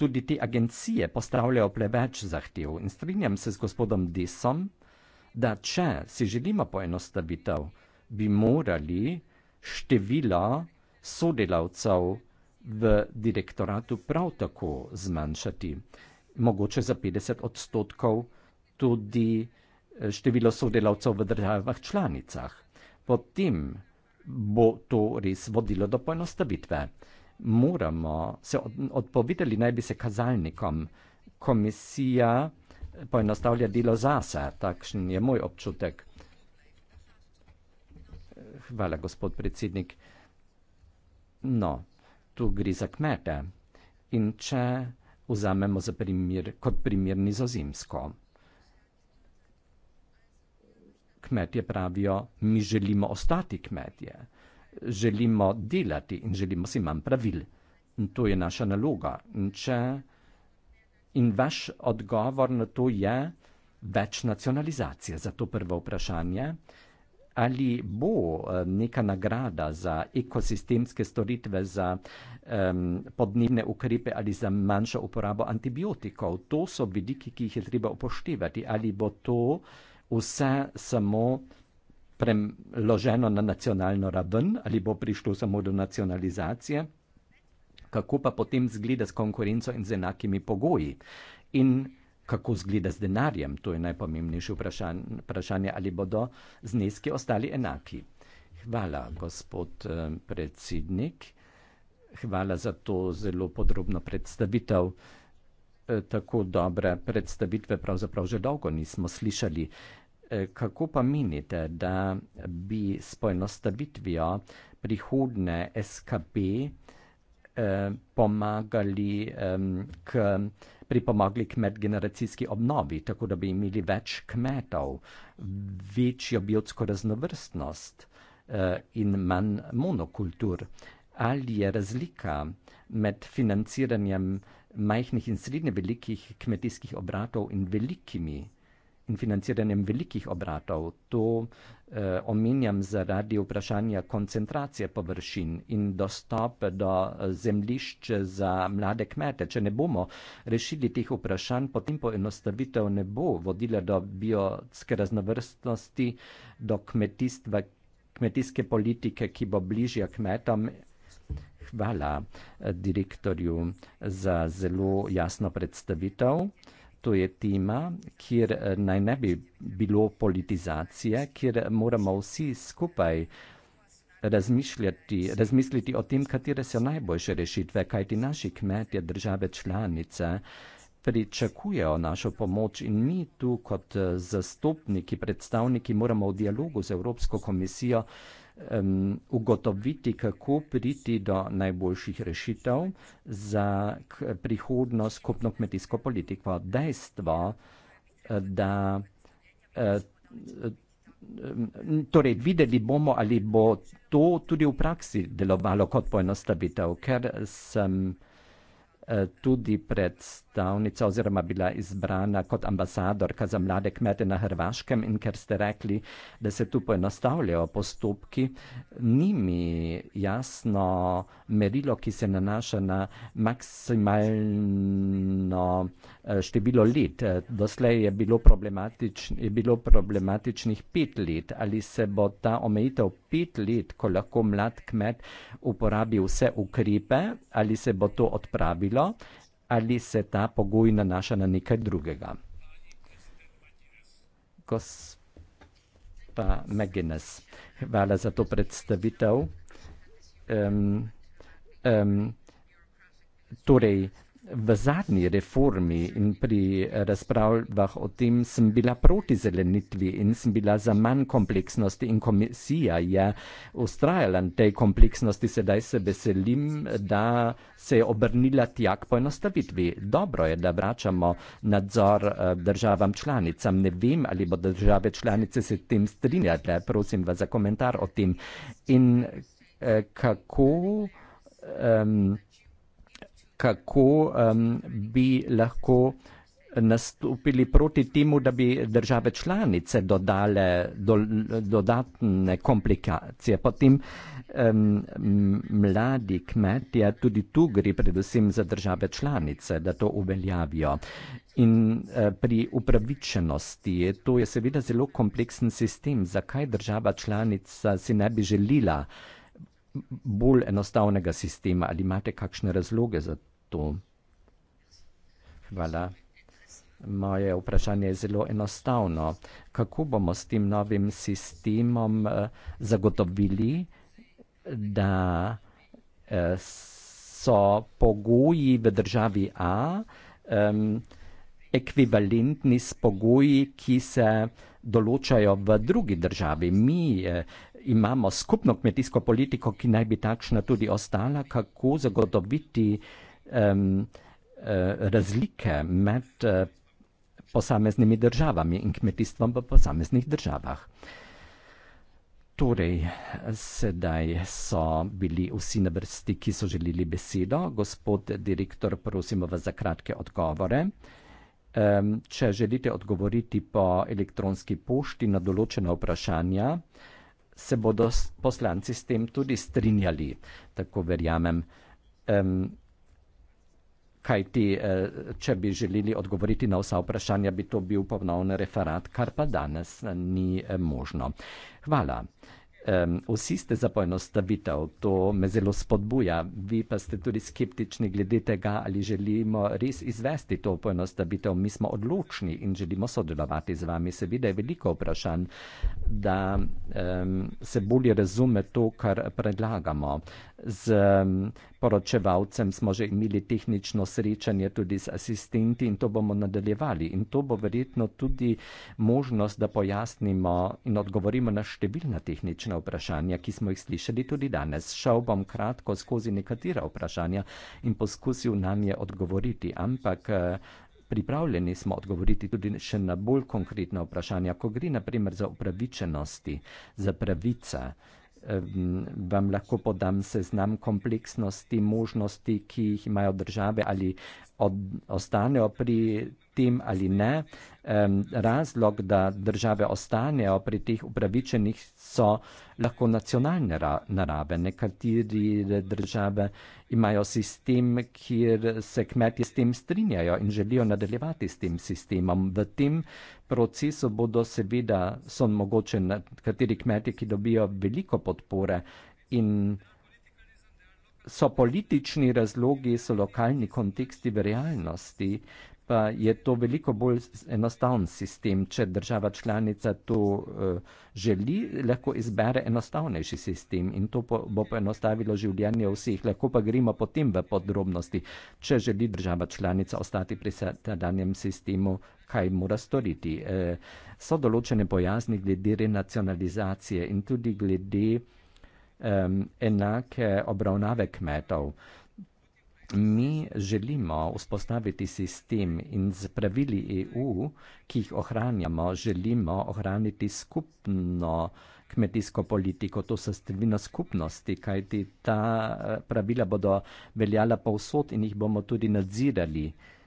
tudi te agencije postavljajo preveč zahtev in strinjam se z gospodom Desom, da če si želimo poenostavitev, bi morali število sodelavcev v direktoratu prav tako zmanjšati, mogoče za 50 odstotkov tudi eh, število sodelavcev v državah članicah. Potem bo to res vodilo do poenostavitve moramo, se od, odpovedali naj bi se kazalnikom. Komisija poenostavlja delo zase, takšen je moj občutek. Hvala, gospod predsednik. No, tu gre za kmete. In če vzamemo za primer, kot primer nizozemsko. Kmetje pravijo, mi želimo ostati kmetje želimo delati in želimo si manj pravil. In to je naša naloga. In, če, in vaš odgovor na to je več nacionalizacije. Zato prvo vprašanje, ali bo eh, neka nagrada za ekosistemske storitve, za um, podnebne ukrepe ali za manjšo uporabo antibiotikov. To so vidiki, ki jih je treba upoštevati. Ali bo to vse samo preloženo na nacionalno raven ali bo prišlo samo do nacionalizacije, kako pa potem zgleda s konkurenco in z enakimi pogoji. In Kako zgleda z denarjem? To je najpomembnejše vprašanje, vprašanje, ali bodo zneski ostali enaki. Hvala, gospod predsednik. Hvala za to zelo podrobno predstavitev. E, tako dobre predstavitve pravzaprav že dolgo nismo slišali. E, kako pa menite, da bi s poenostavitvijo prihodne SKB e, pomagali k, pripomogli k medgeneracijski obnovi, tako da bi imeli več kmetov, večjo biotsko raznovrstnost e, in manj monokultur? Ali je razlika med financiranjem majhnih in srednje velikih kmetijskih obratov in velikimi in financiranjem velikih obratov. To eh, omenjam zaradi vprašanja koncentracije površin in dostop do eh, zemljišč za mlade kmete. Če ne bomo rešili teh vprašanj, potem poenostavitev ne bo vodila do biotske raznovrstnosti, do kmetijstva, kmetijske politike, ki bo bližja kmetom. Hvala eh, direktorju za zelo jasno predstavitev to je tema, kjer eh, naj ne bi bilo politizacije, kjer moramo vsi skupaj razmisliti o tem, katere so najboljše rešitve, kajti naši kmetje, države članice pričakujejo našo pomoč in mi tu kot eh, zastopniki, predstavniki moramo v dialogu z Evropsko komisijo um, ugotoviti, kako priti do najboljših rešitev za prihodno skupno kmetijsko politiko. Dejstvo, eh, da uh, Torej, videli bomo, ali bo to tudi v praksi delovalo kot poenostavitev, ker sem. Eh, tudi predstavnica oziroma bila izbrana kot ambasadorka za mlade kmete na Hrvaškem in ker ste rekli, da se tu poenostavljajo postopki, ni mi jasno merilo, ki se nanaša na maksimalno Eh, število let. Eh, doslej je bilo, problematič, je bilo problematičnih pet let. Ali se bo ta omejitev pet let, ko lahko mlad kmet uporabi vse ukrepe, ali se bo to odpravilo, ali se ta pogoj nanaša na nekaj drugega? Gospa Megines, hvala za to predstavitev. Um, um, torej, v zadnji reformi in pri razpravljah o tem sem bila proti zelenitvi in sem bila za manj kompleksnosti in komisija je ustrajala na tej kompleksnosti. Sedaj se veselim, da se je obrnila tjak poenostavitvi. Dobro je, da vračamo nadzor eh, državam članicam. Ne vem, ali bo države članice se tem strinjale. Prosim vas za komentar o tem. In eh, kako. Um, kako um, bi lahko nastopili proti temu, da bi države članice dodale do, dodatne komplikacije. Potem um, mladi kmetje, tudi tu gre predvsem za države članice, da to uveljavijo. In uh, pri upravičenosti, to je seveda zelo kompleksen sistem, zakaj država članica si ne bi želila bolj enostavnega sistema ali imate kakšne razloge za to? tu. Hvala. Moje vprašanje je zelo enostavno. Kako bomo s tem novim sistemom eh, zagotovili, da eh, so pogoji v državi A um, ekvivalentni s pogoji, ki se določajo v drugi državi? Mi eh, imamo skupno kmetijsko politiko, ki naj bi takšna tudi ostala, kako zagotoviti um, razlike med e, posameznimi državami in kmetijstvom v posameznih državah. Torej, sedaj so bili vsi na vrsti, ki so želeli besedo. Gospod direktor, prosimo vas za kratke odgovore. Um, če želite odgovoriti po elektronski pošti na določena vprašanja, se bodo poslanci s tem tudi strinjali, tako verjamem. Um, kajti eh, če bi želeli odgovoriti na vsa vprašanja, bi to bil ponovn referat, kar pa danes eh, ni eh, možno. Hvala. Vsi ste za poenostavitev, to me zelo spodbuja. Vi pa ste tudi skeptični glede tega, ali želimo res izvesti to poenostavitev. Mi smo odločni in želimo sodelovati z vami. Seveda je veliko vprašanj, da um, se bolje razume to, kar predlagamo z um, poročevalcem, smo že imeli tehnično srečanje tudi z asistenti in to bomo nadaljevali. In to bo verjetno tudi možnost, da pojasnimo in odgovorimo na številna tehnična vprašanja, ki smo jih slišali tudi danes. Šel bom kratko skozi nekatera vprašanja in poskusil nam je odgovoriti, ampak. Uh, Pripravljeni smo odgovoriti tudi še na bolj konkretna vprašanja, ko gre naprimer za upravičenosti, za pravice. Uh, vam lahko podam seznam kompleksnosti možnosti, ki jih imajo države ali od, ostanejo pri tem ali ne. Um, razlog, da države ostanejo pri teh upravičenih, so lahko nacionalne ra narave. Nekateri države imajo sistem, kjer se kmetje s tem strinjajo in želijo nadaljevati s tem sistemom. V tem procesu bodo seveda, so mogoče nekateri kmetje, ki dobijo veliko podpore in so politični razlogi, so lokalni konteksti v realnosti, pa je to veliko bolj enostaven sistem. Če država članica to uh, želi, lahko izbere enostavnejši sistem in to po, bo poenostavilo življenje vseh. Lahko pa gremo potem v podrobnosti, če želi država članica ostati pri sedanjem sistemu, kaj mora storiti. Uh, so določene pojasni glede renacionalizacije in tudi glede um, enake obravnave kmetov. Mi želimo vzpostaviti sistem in z pravili EU, ki jih ohranjamo, želimo ohraniti skupno kmetijsko politiko, to sestrvino skupnosti, kajti ta eh, pravila bodo veljala povsod in jih bomo tudi nadzirali. Uh,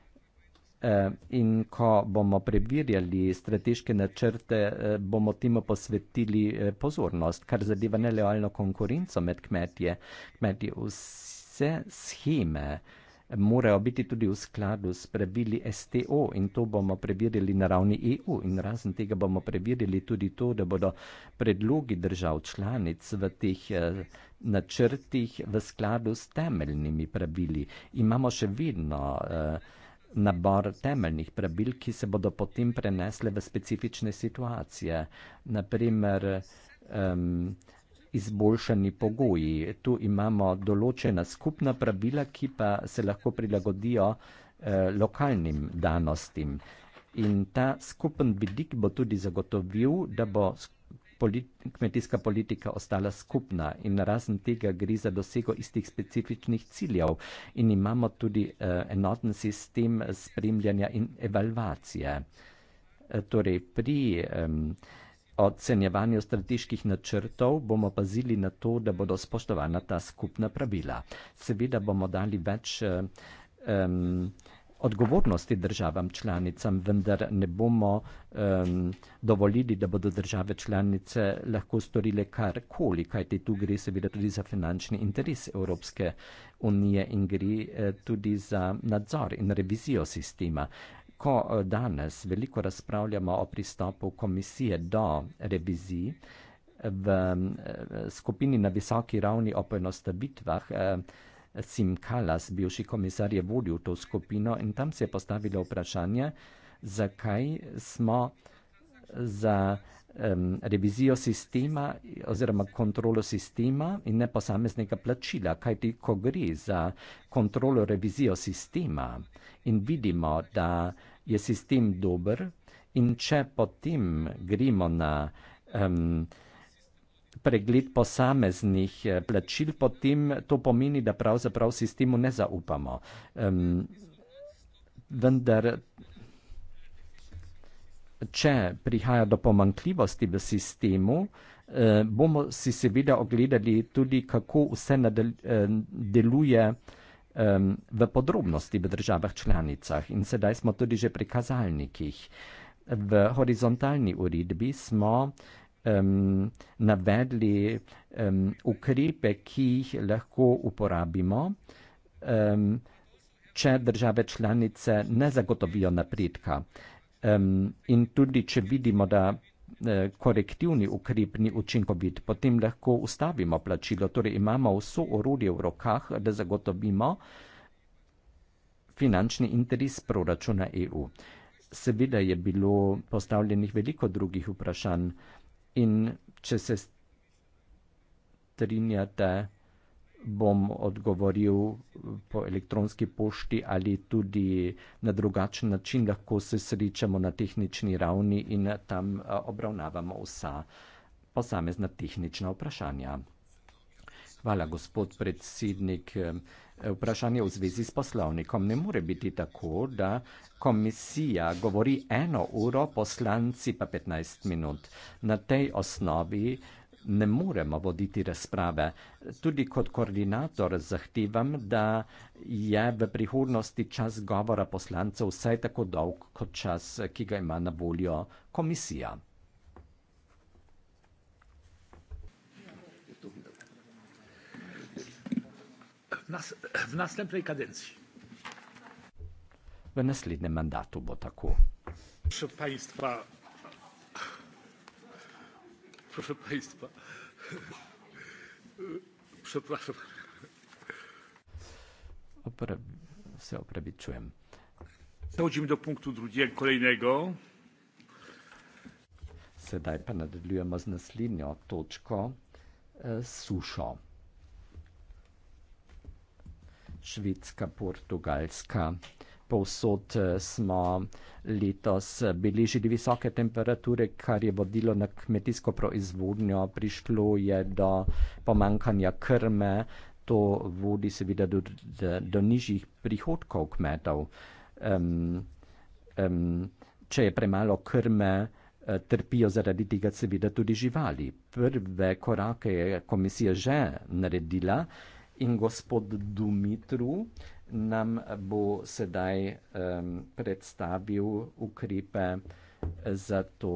Eh, in ko bomo preverjali strateške načrte, eh, bomo temu posvetili eh, pozornost, kar zadeva nelojalno konkurenco med kmetje. kmetje. Vse scheme morajo biti tudi v skladu s pravili STO in to bomo preverjali na ravni EU. In razen tega bomo preverjali tudi to, da bodo predlogi držav članic v teh načrtih v skladu s temeljnimi pravili. Imamo še vedno nabor temeljnih pravil, ki se bodo potem prenesle v specifične situacije, naprimer um, izboljšani pogoji. Tu imamo določena skupna pravila, ki pa se lahko prilagodijo eh, lokalnim danostim. In ta skupen vidik bo tudi zagotovil, da bo skupna polit kmetijska politika ostala skupna in razen tega gre za dosego istih specifičnih ciljev in imamo tudi uh, enoten sistem spremljanja in evalvacije. Uh, torej pri um, ocenjevanju strateških načrtov bomo pazili na to, da bodo spoštovana ta skupna pravila. Seveda bomo dali več. Uh, um, odgovornosti državam članicam, vendar ne bomo um, dovolili, da bodo države članice lahko storile karkoli, kajti tu gre seveda tudi za finančni interes Evropske unije in gre eh, tudi za nadzor in revizijo sistema. Ko eh, danes veliko razpravljamo o pristopu komisije do revizij, v eh, skupini na visoki ravni o poenostavitvah, eh, Sim Kalas, bivši komisar, je vodil to skupino in tam se je postavilo vprašanje, zakaj smo za um, revizijo sistema oziroma kontrolo sistema in ne posameznega plačila. Kaj ti, ko gre za kontrolo revizijo sistema in vidimo, da je sistem dober in če potem gremo na um, pregled posameznih eh, plačil, potem to pomeni, da pravzaprav sistemu ne zaupamo. Um, vendar, če prihaja do pomankljivosti v sistemu, uh, bomo si seveda ogledali tudi, kako vse nadal, uh, deluje um, v podrobnosti v državah članicah. In sedaj smo tudi že pri kazalnikih. V horizontalni uredbi smo uh, um, navedli um, ukrepe, ki jih lahko uporabimo, um, če države članice ne zagotovijo napredka. Um, in tudi, če vidimo, da eh, korektivni ukrep ni učinkovit, potem lahko ustavimo plačilo. Torej imamo vso orodje v rokah, da zagotovimo finančni interes proračuna EU. Seveda je bilo postavljenih veliko drugih vprašanj. In če se strinjate, bom odgovoril po elektronski pošti ali tudi na drugačen način lahko se srečamo na tehnični ravni in tam eh, obravnavamo vsa posamezna tehnična vprašanja. Hvala, gospod predsednik. Eh, vprašanje v zvezi s poslovnikom. Ne more biti tako, da komisija govori eno uro, poslanci pa 15 minut. Na tej osnovi ne moremo voditi razprave. Tudi kot koordinator zahtevam, da je v prihodnosti čas govora poslancev vsaj tako dolg kot čas, ki ga ima na voljo komisija. v, nas, v naslednjej kadenciji. V naslednjem mandatu bo tako. Proszę państwa, proszę państwa, przepraszam. Se opravičujem. Przechodzimy do punktu drugiego, kolejnego. Sedaj pa nadaljujemy z naslednią toczką e, suszą. Švedska, Portugalska. Povsod eh, smo letos eh, beležili visoke temperature, kar je vodilo na kmetijsko proizvodnjo, prišlo je do pomankanja krme, to vodi seveda do, do, do nižjih prihodkov kmetov. Um, um, če je premalo krme, eh, trpijo zaradi tega seveda tudi živali. Prve korake je komisija že naredila in gospod Dumitru nam bo sedaj um, predstavil ukrepe za to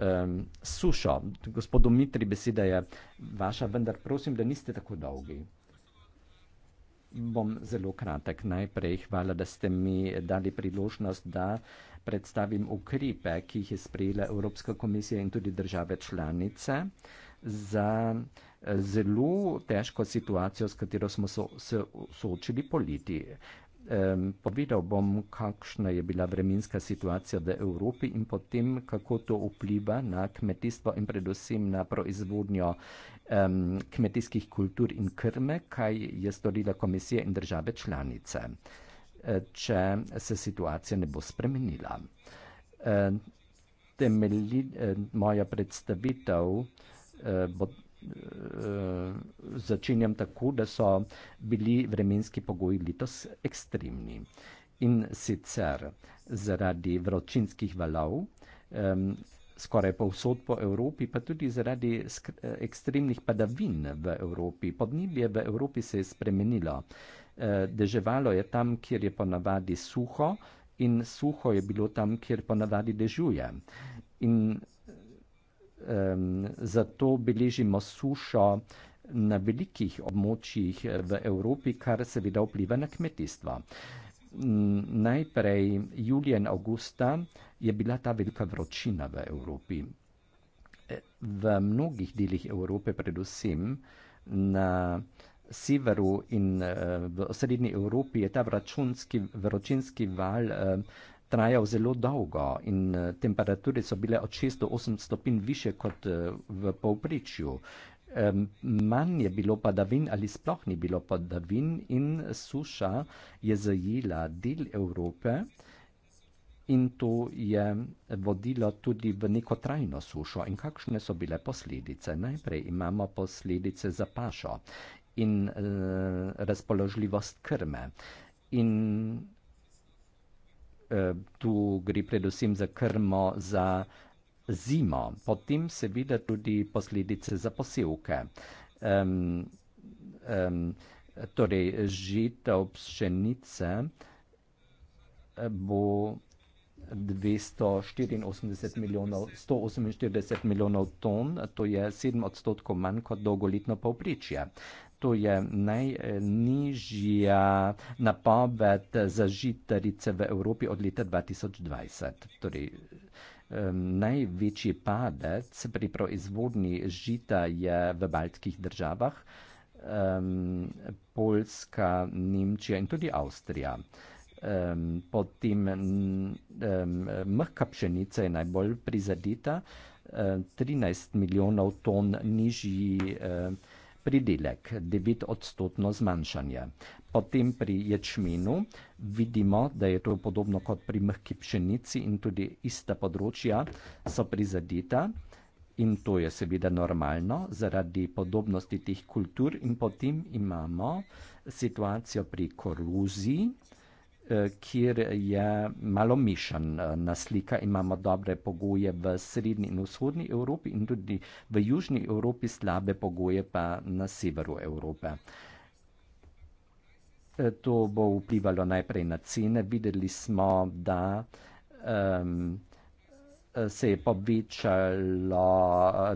um, sušo. Gospod Dumitri, beseda je vaša, vendar prosim, da niste tako dolgi. Bom zelo kratek. Najprej hvala, da ste mi dali priložnost, da predstavim ukrepe, ki jih je sprejela Evropska komisija in tudi države članice za zelo težko situacijo, s katero smo so, se soočili poleti. Um, povedal bom, kakšna je bila vremenska situacija v Evropi in potem, kako to vpliva na kmetijstvo in predvsem na proizvodnjo um, kmetijskih kultur in krme, kaj je storila komisija in države članice, e, če se situacija ne bo spremenila. Um, e, temeli, um, e, moja predstavitev um, bo uh, začenjam tako, da so bili vremenski pogoji letos ekstremni. In sicer zaradi vročinskih valov, um, skoraj povsod po Evropi, pa tudi zaradi ekstremnih padavin v Evropi. Podnebje v Evropi se je spremenilo. Uh, deževalo je tam, kjer je ponavadi suho, in suho je bilo tam, kjer ponavadi dežuje. In um, zato beležimo sušo na velikih območjih eh, v Evropi, kar seveda vpliva na kmetijstvo. Mm, najprej julija in avgusta je bila ta velika vročina v Evropi. Eh, v mnogih delih Evrope, predvsem na severu in eh, v srednji Evropi, je ta vročinski val. Uh, trajal zelo dolgo in eh, temperature so bile od 6 do 8 stopinj više kot eh, v povprečju. Manj je bilo padavin ali sploh ni bilo padavin in suša je zajela del Evrope in to je vodilo tudi v neko trajno sušo. In kakšne so bile posledice? Najprej imamo posledice za pašo in eh, razpoložljivost krme. In Eh, tu gre predvsem za krmo za zimo, potem seveda tudi posledice za posevke. Um, um, torej, žita ob pšenice eh, bo 284 milijonov, 148 milijonov ton, to je 7 odstotkov manj kot dolgoletno povprečje to je najnižja napoved za žitarice v Evropi od leta 2020. Torej, um, največji padec pri proizvodni žita je v baltskih državah, um, Poljska, Nemčija in tudi Avstrija. Um, potem um, mrka pšenica je najbolj prizadeta, um, 13 milijonov ton nižji. Um, pridelek, 9-odstotno zmanjšanje. Potem pri ječmenu vidimo, da je to podobno kot pri mhki pšenici in tudi ista področja so prizadeta. In to je seveda normalno zaradi podobnosti teh kultur, in potem imamo situacijo pri koruziji. Eh, kjer je malo mišan eh, naslika. Imamo dobre pogoje v srednji in vzhodni Evropi in tudi v južni Evropi slabe pogoje pa na severu Evrope. Eh, to bo vplivalo najprej na cene. Videli smo, da um, se je povečalo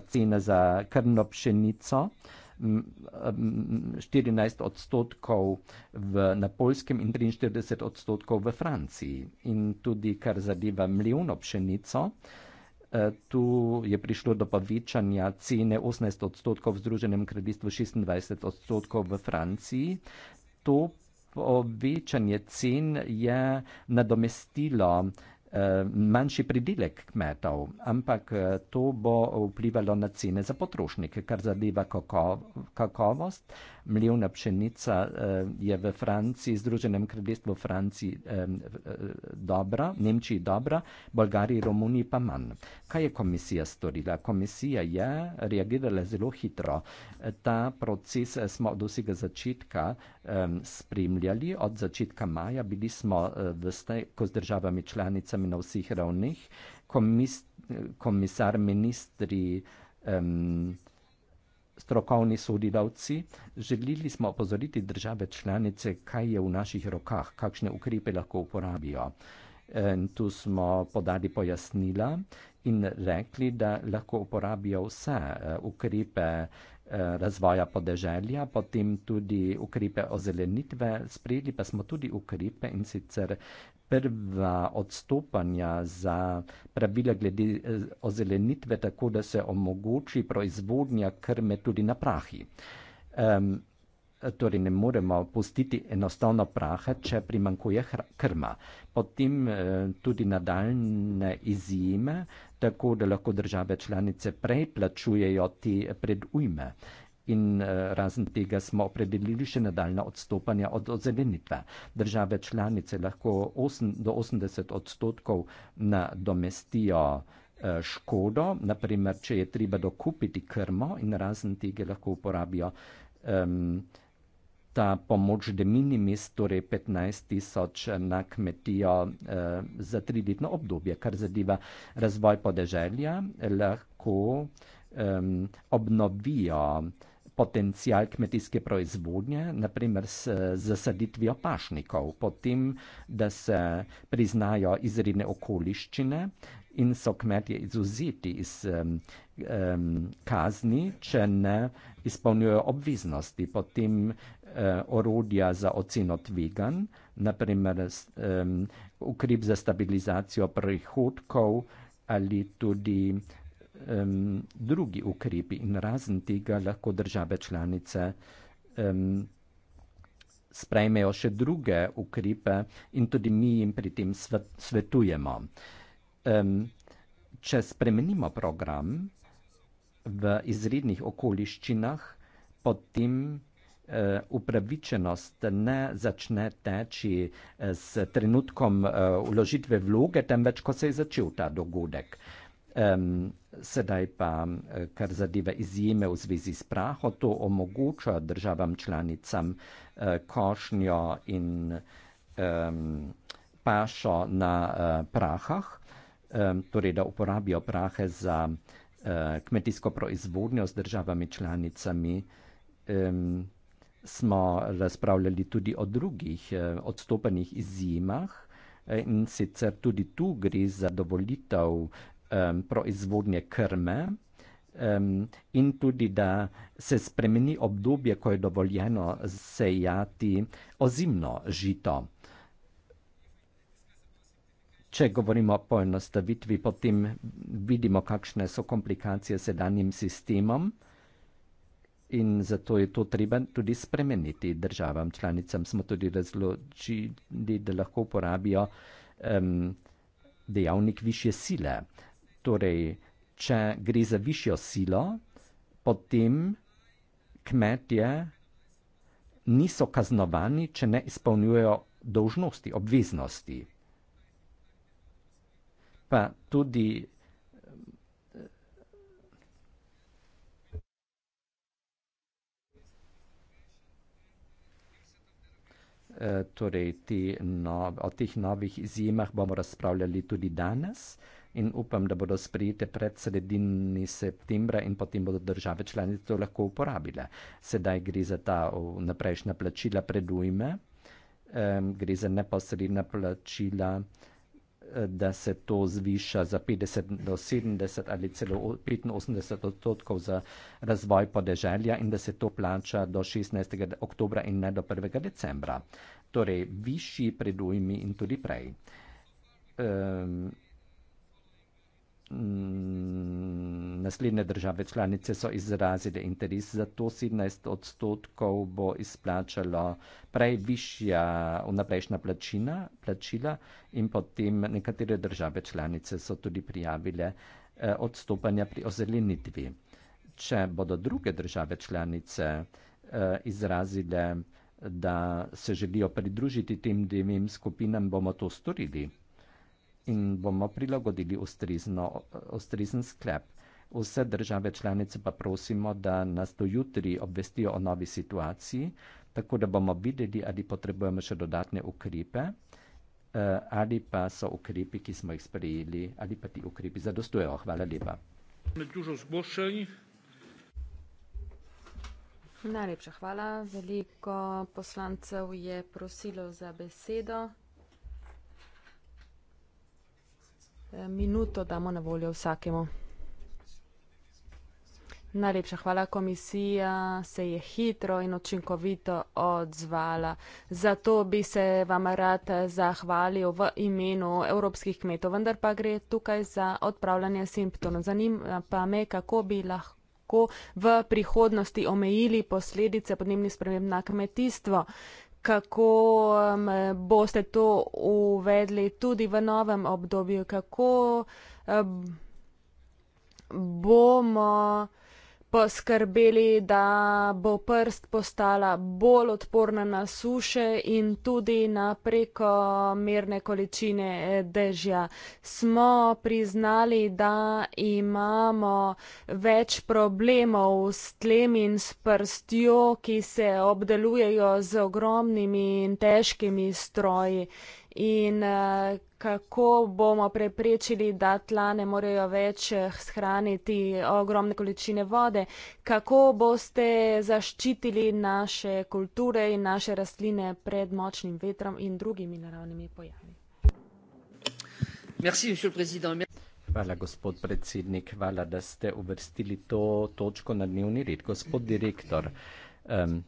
cene za krmno pšenico. Uh, 14 odstotkov v, na polskem in 43 odstotkov v Franciji. In tudi, kar zadeva mlevno pšenico, eh, tu je prišlo do povečanja cene 18 odstotkov v Združenem kraljestvu, 26 odstotkov v Franciji. To povečanje cen je nadomestilo uh, Eh, manjši pridelek kmetov, ampak eh, to bo vplivalo na cene za potrošnike, kar zadeva kako, kakovost mlevna pšenica eh, je v Franciji, Združenem kraljestvu Franciji eh, dobra, Nemčiji dobra, Bolgariji, Romuniji pa manj. Kaj je komisija storila? Komisija je reagirala zelo hitro. Ta proces eh, smo od vsega začetka eh, spremljali, od začetka maja bili smo eh, v stiku z državami članicami na vseh ravnih. Komis eh, komisar, ministri, eh, strokovni sodelavci, želeli smo opozoriti države članice, kaj je v naših rokah, kakšne ukrepe lahko uporabijo. In tu smo podali pojasnila in rekli, da lahko uporabijo vse eh, ukrepe, Eh, razvoja podeželja, potem tudi ukrepe ozelenitve, sprejeli pa smo tudi ukrepe in sicer prva odstopanja za pravila glede eh, ozelenitve, tako da se omogoči proizvodnja krme tudi na prahi. Um, torej ne moremo pustiti enostavno praha, če primankuje krma. Potem eh, tudi nadaljne izjeme tako da lahko države članice prej plačujejo te predujme. In eh, razen tega smo opredelili še nadaljna odstopanja od ozelenitve. Države članice lahko 8, do 80 odstotkov nadomestijo eh, škodo, naprimer, če je treba dokupiti krmo in razen tega lahko uporabijo. Eh, ta pomoč de minimis, torej 15 tisoč na kmetijo eh, za triletno obdobje, kar zadeva razvoj podeželja, lahko eh, obnovijo potencijal kmetijske proizvodnje, naprimer s zasaditvijo pašnikov, potem, da se priznajo izredne okoliščine in so kmetje izuzeti iz um, kazni, če ne izpolnjujejo obveznosti, potem eh, orodja za oceno tveganj, naprimer eh, ukrep za stabilizacijo prihodkov ali tudi eh, drugi ukrepi. In razen tega lahko države članice eh, sprejmejo še druge ukrepe in tudi mi jim pri tem svet, svetujemo. Eh, če spremenimo program v izrednih okoliščinah, potem Eh, upravičenost ne začne teči eh, s trenutkom uložitve eh, vloge, temveč ko se je začel ta dogodek. Sedaj pa, kar zadeva izjeme v zvezi s praho, to omogoča državam članicam košnjo in pašo na prahah, torej da uporabijo prahe za kmetijsko proizvodnjo z državami članicami smo razpravljali tudi o drugih eh, odstopenih izjimah eh, in sicer tudi tu gre za dovolitev um, proizvodnje krme um, in tudi, da se spremeni obdobje, ko je dovoljeno sejati ozimno žito. Če govorimo o poenostavitvi, potem vidimo, kakšne so komplikacije sedanjim sistemom. In zato je to treba tudi spremeniti državam članicam. Smo tudi razločili, da lahko uporabijo um, dejavnik više sile. Torej, če gre za višjo silo, potem kmetje niso kaznovani, če ne izpolnjujejo dožnosti, obveznosti. Pa tudi Eh, torej te no, o teh novih izjemah bomo razpravljali tudi danes in upam, da bodo sprejete pred sredini septembra in potem bodo države članice to lahko uporabile. Sedaj gre za ta naprejšnja plačila predujme, um, gre za neposredna plačila da se to zviša za 50 do 70 ali celo 85 odstotkov za razvoj podeželja in da se to plača do 16. oktobra in ne do 1. decembra. Torej, višji predujmi in tudi prej. Um, Mm, naslednje države članice so izrazile interes, zato 17 odstotkov bo izplačalo prej višja vnaprejšnja plačila in potem nekatere države članice so tudi prijavile eh, odstopanja pri ozelenitvi. Če bodo druge države članice eh, izrazile, da se želijo pridružiti tem dvim skupinam, bomo to storili in bomo prilagodili ustrezen sklep. Vse države članice pa prosimo, da nas do jutri obvestijo o novi situaciji, tako da bomo videli, ali potrebujemo še dodatne ukrepe, eh, ali pa so ukrepi, ki smo jih sprejeli, ali pa ti ukrepi zadostujejo. Hvala lepa. Najlepša hvala. Veliko poslancev je prosilo za besedo. Minuto damo na voljo vsakemu. Najlepša hvala. Komisija se je hitro in očinkovito odzvala. Zato bi se vam rad zahvalil v imenu evropskih kmetov, vendar pa gre tukaj za odpravljanje simptomov. Zanima pa me, kako bi lahko v prihodnosti omejili posledice podnebnih sprememb na kmetijstvo kako um, boste to uvedli tudi v novem obdobju, kako um, bomo poskrbeli, da bo prst postala bolj odporna na suše in tudi na prekomerne količine dežja. Smo priznali, da imamo več problemov s tlem in s prstjo, ki se obdelujejo z ogromnimi in težkimi stroji in eh, kako bomo preprečili, da tla ne morejo več eh, shraniti ogromne količine vode, kako boste zaščitili naše kulture in naše rastline pred močnim vetrom in drugimi naravnimi pojavi. Merci, Hvala, gospod predsednik. Hvala, da ste uvrstili to točko na dnevni red. Gospod direktor, um,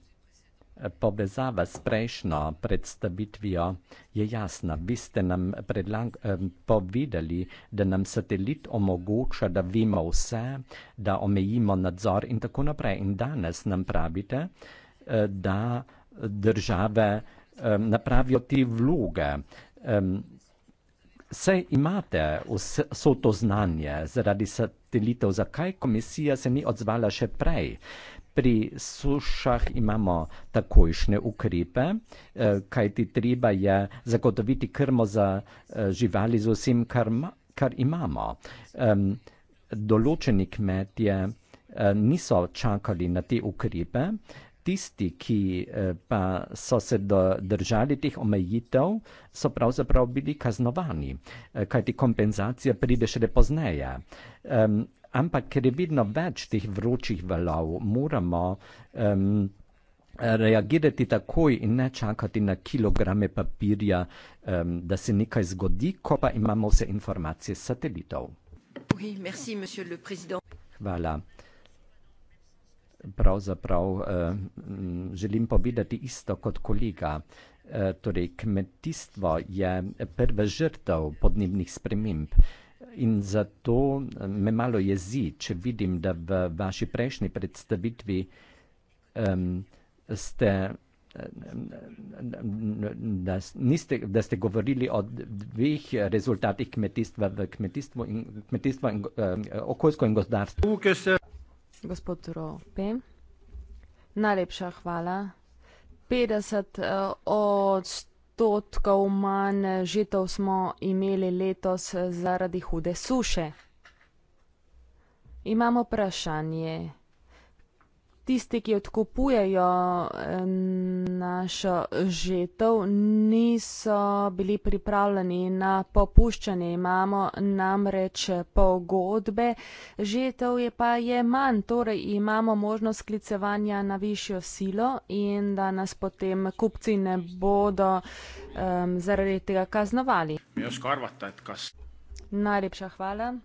povezava s prejšnjo predstavitvijo je jasna. Vi ste nam predlag, eh, povedali, da nam satelit omogoča, da vemo vse, da omejimo nadzor in tako naprej. In danes nam pravite, eh, da države eh, napravijo te vloge. Eh, sej imate vse, vso to znanje zaradi satelitev, zakaj komisija se ni odzvala še prej? Eh, pri sušah imamo takojšnje ukrepe, eh, kajti treba je zagotoviti krmo za eh, živali z vsem, kar, kar imamo. Določeni kmetje eh, niso čakali na te ukrepe, tisti, ki pa so se držali teh omejitev, so pravzaprav bili kaznovani, kajti kompenzacija pride šele pozneje ampak ker je vedno več teh vročih valov, moramo um, reagirati takoj in ne čakati na kilograme papirja, um, da se nekaj zgodi, ko pa imamo vse informacije s satelitov. Oui, merci, Hvala. Pravzaprav eh, želim povedati isto kot kolega. Eh, torej, kmetijstvo je prva žrtev podnebnih sprememb. Eh, In zato me malo jezi, če vidim, da v vaši prejšnji predstavitvi um, ste, da, niste, da ste govorili o dveh rezultatih kmetijstva v kmetijstvu in, kmetijstvo in um, okoljsko in gozdarstvo. Gospod Rope, najlepša hvala. 50 uh, odstotkov odstotkov manj žitev smo imeli letos zaradi hude suše. Imamo vprašanje tisti, ki odkupujejo eh, našo žetov, niso bili pripravljeni na popuščanje. Imamo namreč pogodbe, žetov je pa je manj, torej imamo možnost sklicevanja na višjo silo in da nas potem kupci ne bodo um, zaradi tega kaznovali. Najlepša hvala.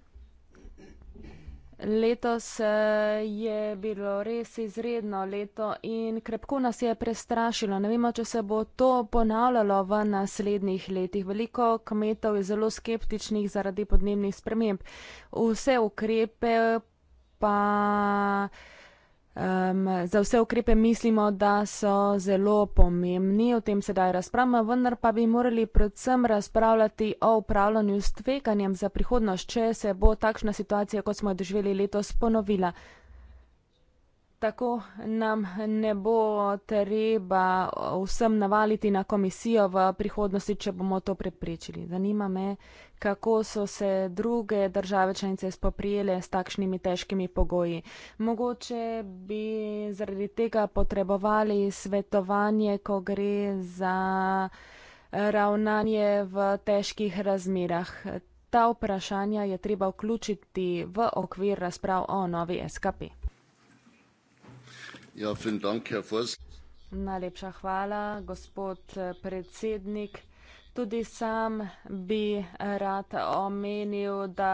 Letos eh, je bilo res izredno leto in krepko nas je prestrašilo. Ne vemo, če se bo to ponavljalo v naslednjih letih. Veliko kmetov je zelo skeptičnih zaradi podnebnih sprememb. Vse ukrepe pa. Um, za vse ukrepe mislimo, da so zelo pomembni, o tem sedaj razpravljamo, vendar pa bi morali predvsem razpravljati o upravljanju s tveganjem za prihodnost, če se bo takšna situacija, kot smo jo doživeli letos, ponovila. Tako nam ne bo treba vsem navaliti na komisijo v prihodnosti, če bomo to preprečili. Zanima me, kako so se druge države članice spoprijele s takšnimi težkimi pogoji. Mogoče bi zaradi tega potrebovali svetovanje, ko gre za ravnanje v težkih razmerah. Ta vprašanja je treba vključiti v okvir razprav o novi SKP. Ja, dank, Najlepša hvala, gospod predsednik. Tudi sam bi rad omenil, da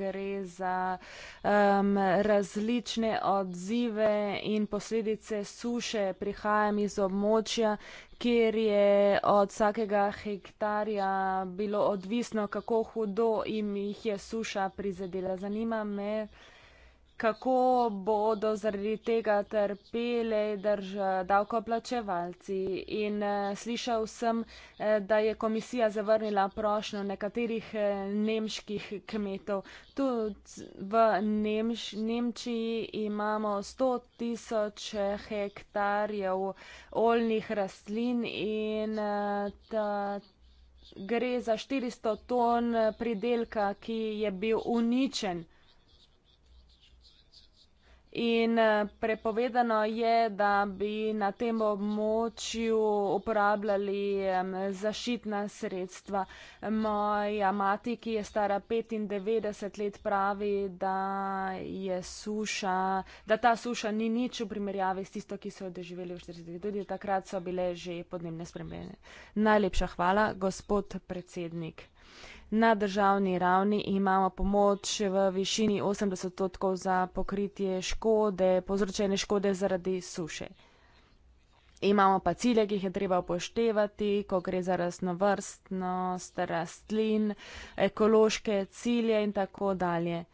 gre za um, različne odzive in posledice suše. Prihajam iz območja, kjer je od vsakega hektarja bilo odvisno, kako hudo jim jih je suša prizadela. Zanima me kako bodo zaradi tega trpeli davkoplačevalci. In eh, slišal sem, eh, da je komisija zavrnila prošljo nekaterih eh, nemških kmetov. Tu v Nemš Nemčiji imamo 100 tisoč hektarjev oljnih rastlin in ta. Gre za 400 ton pridelka, ki je bil uničen. In eh, prepovedano je, da bi na tem območju uporabljali zašitna sredstva. Moja mati, ki je stara 95 let, pravi, da, suša, da ta suša ni nič v primerjavi s tisto, ki so jo doživeli v 40. Tudi takrat so bile že podnebne spremembe. Najlepša hvala, gospod predsednik. Na državni ravni imamo pomoč v višini 80 odstotkov za pokritje škode, povzročene škode zaradi suše. Imamo pa cilje, ki jih je treba upoštevati, ko gre za raznovrstnost rastlin, ekološke cilje in tako dalje.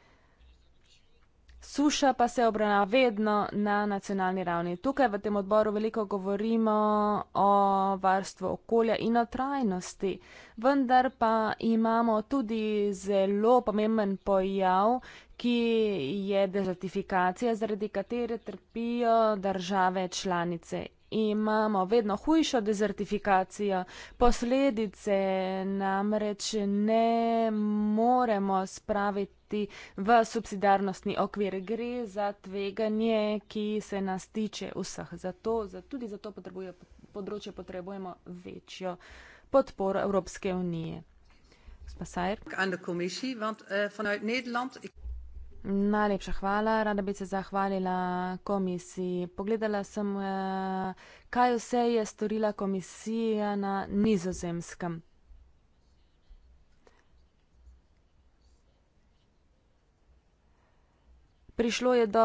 Suša pa se obravnava vedno na nacionalni ravni. Tukaj v tem odboru veliko govorimo o varstvu okolja in o trajnosti, vendar pa imamo tudi zelo pomemben pojav, ki je dezertifikacija, zaradi katere trpijo države članice imamo vedno hujšo dezertifikacijo, posledice namreč ne moremo spraviti. V subsidarnostni okvir gre za tveganje, ki se nas tiče vseh. Zato, tudi za to področje potrebujemo večjo podporo Evropske unije. Spasajer. Najlepša hvala. Rada bi se zahvalila komisiji. Pogledala sem, eh, kaj vse je storila komisija na nizozemskem. Prišlo je do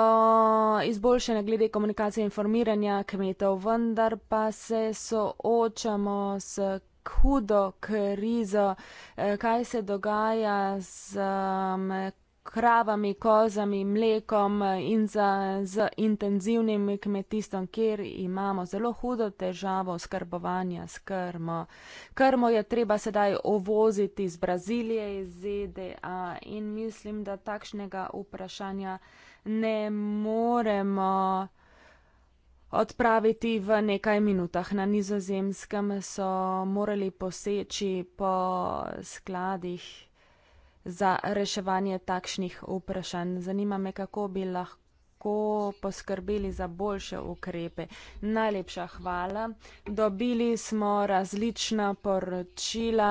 izboljšanja glede komunikacije in informiranja kmetov, vendar pa se soočamo s hudo krizo, eh, kaj se dogaja z kmetijami kravami, kozami, mlekom in za, z intenzivnim kmetijstvom, kjer imamo zelo hudo težavo skrbovanja s krmo. Krmo je treba sedaj ovoziti iz Brazilije, iz ZDA in mislim, da takšnega vprašanja ne moremo odpraviti v nekaj minutah. Na nizozemskem so morali poseči po skladih za reševanje takšnih vprašanj. Zanima me, kako bi lahko poskrbeli za boljše ukrepe. Najlepša hvala. Dobili smo različna poročila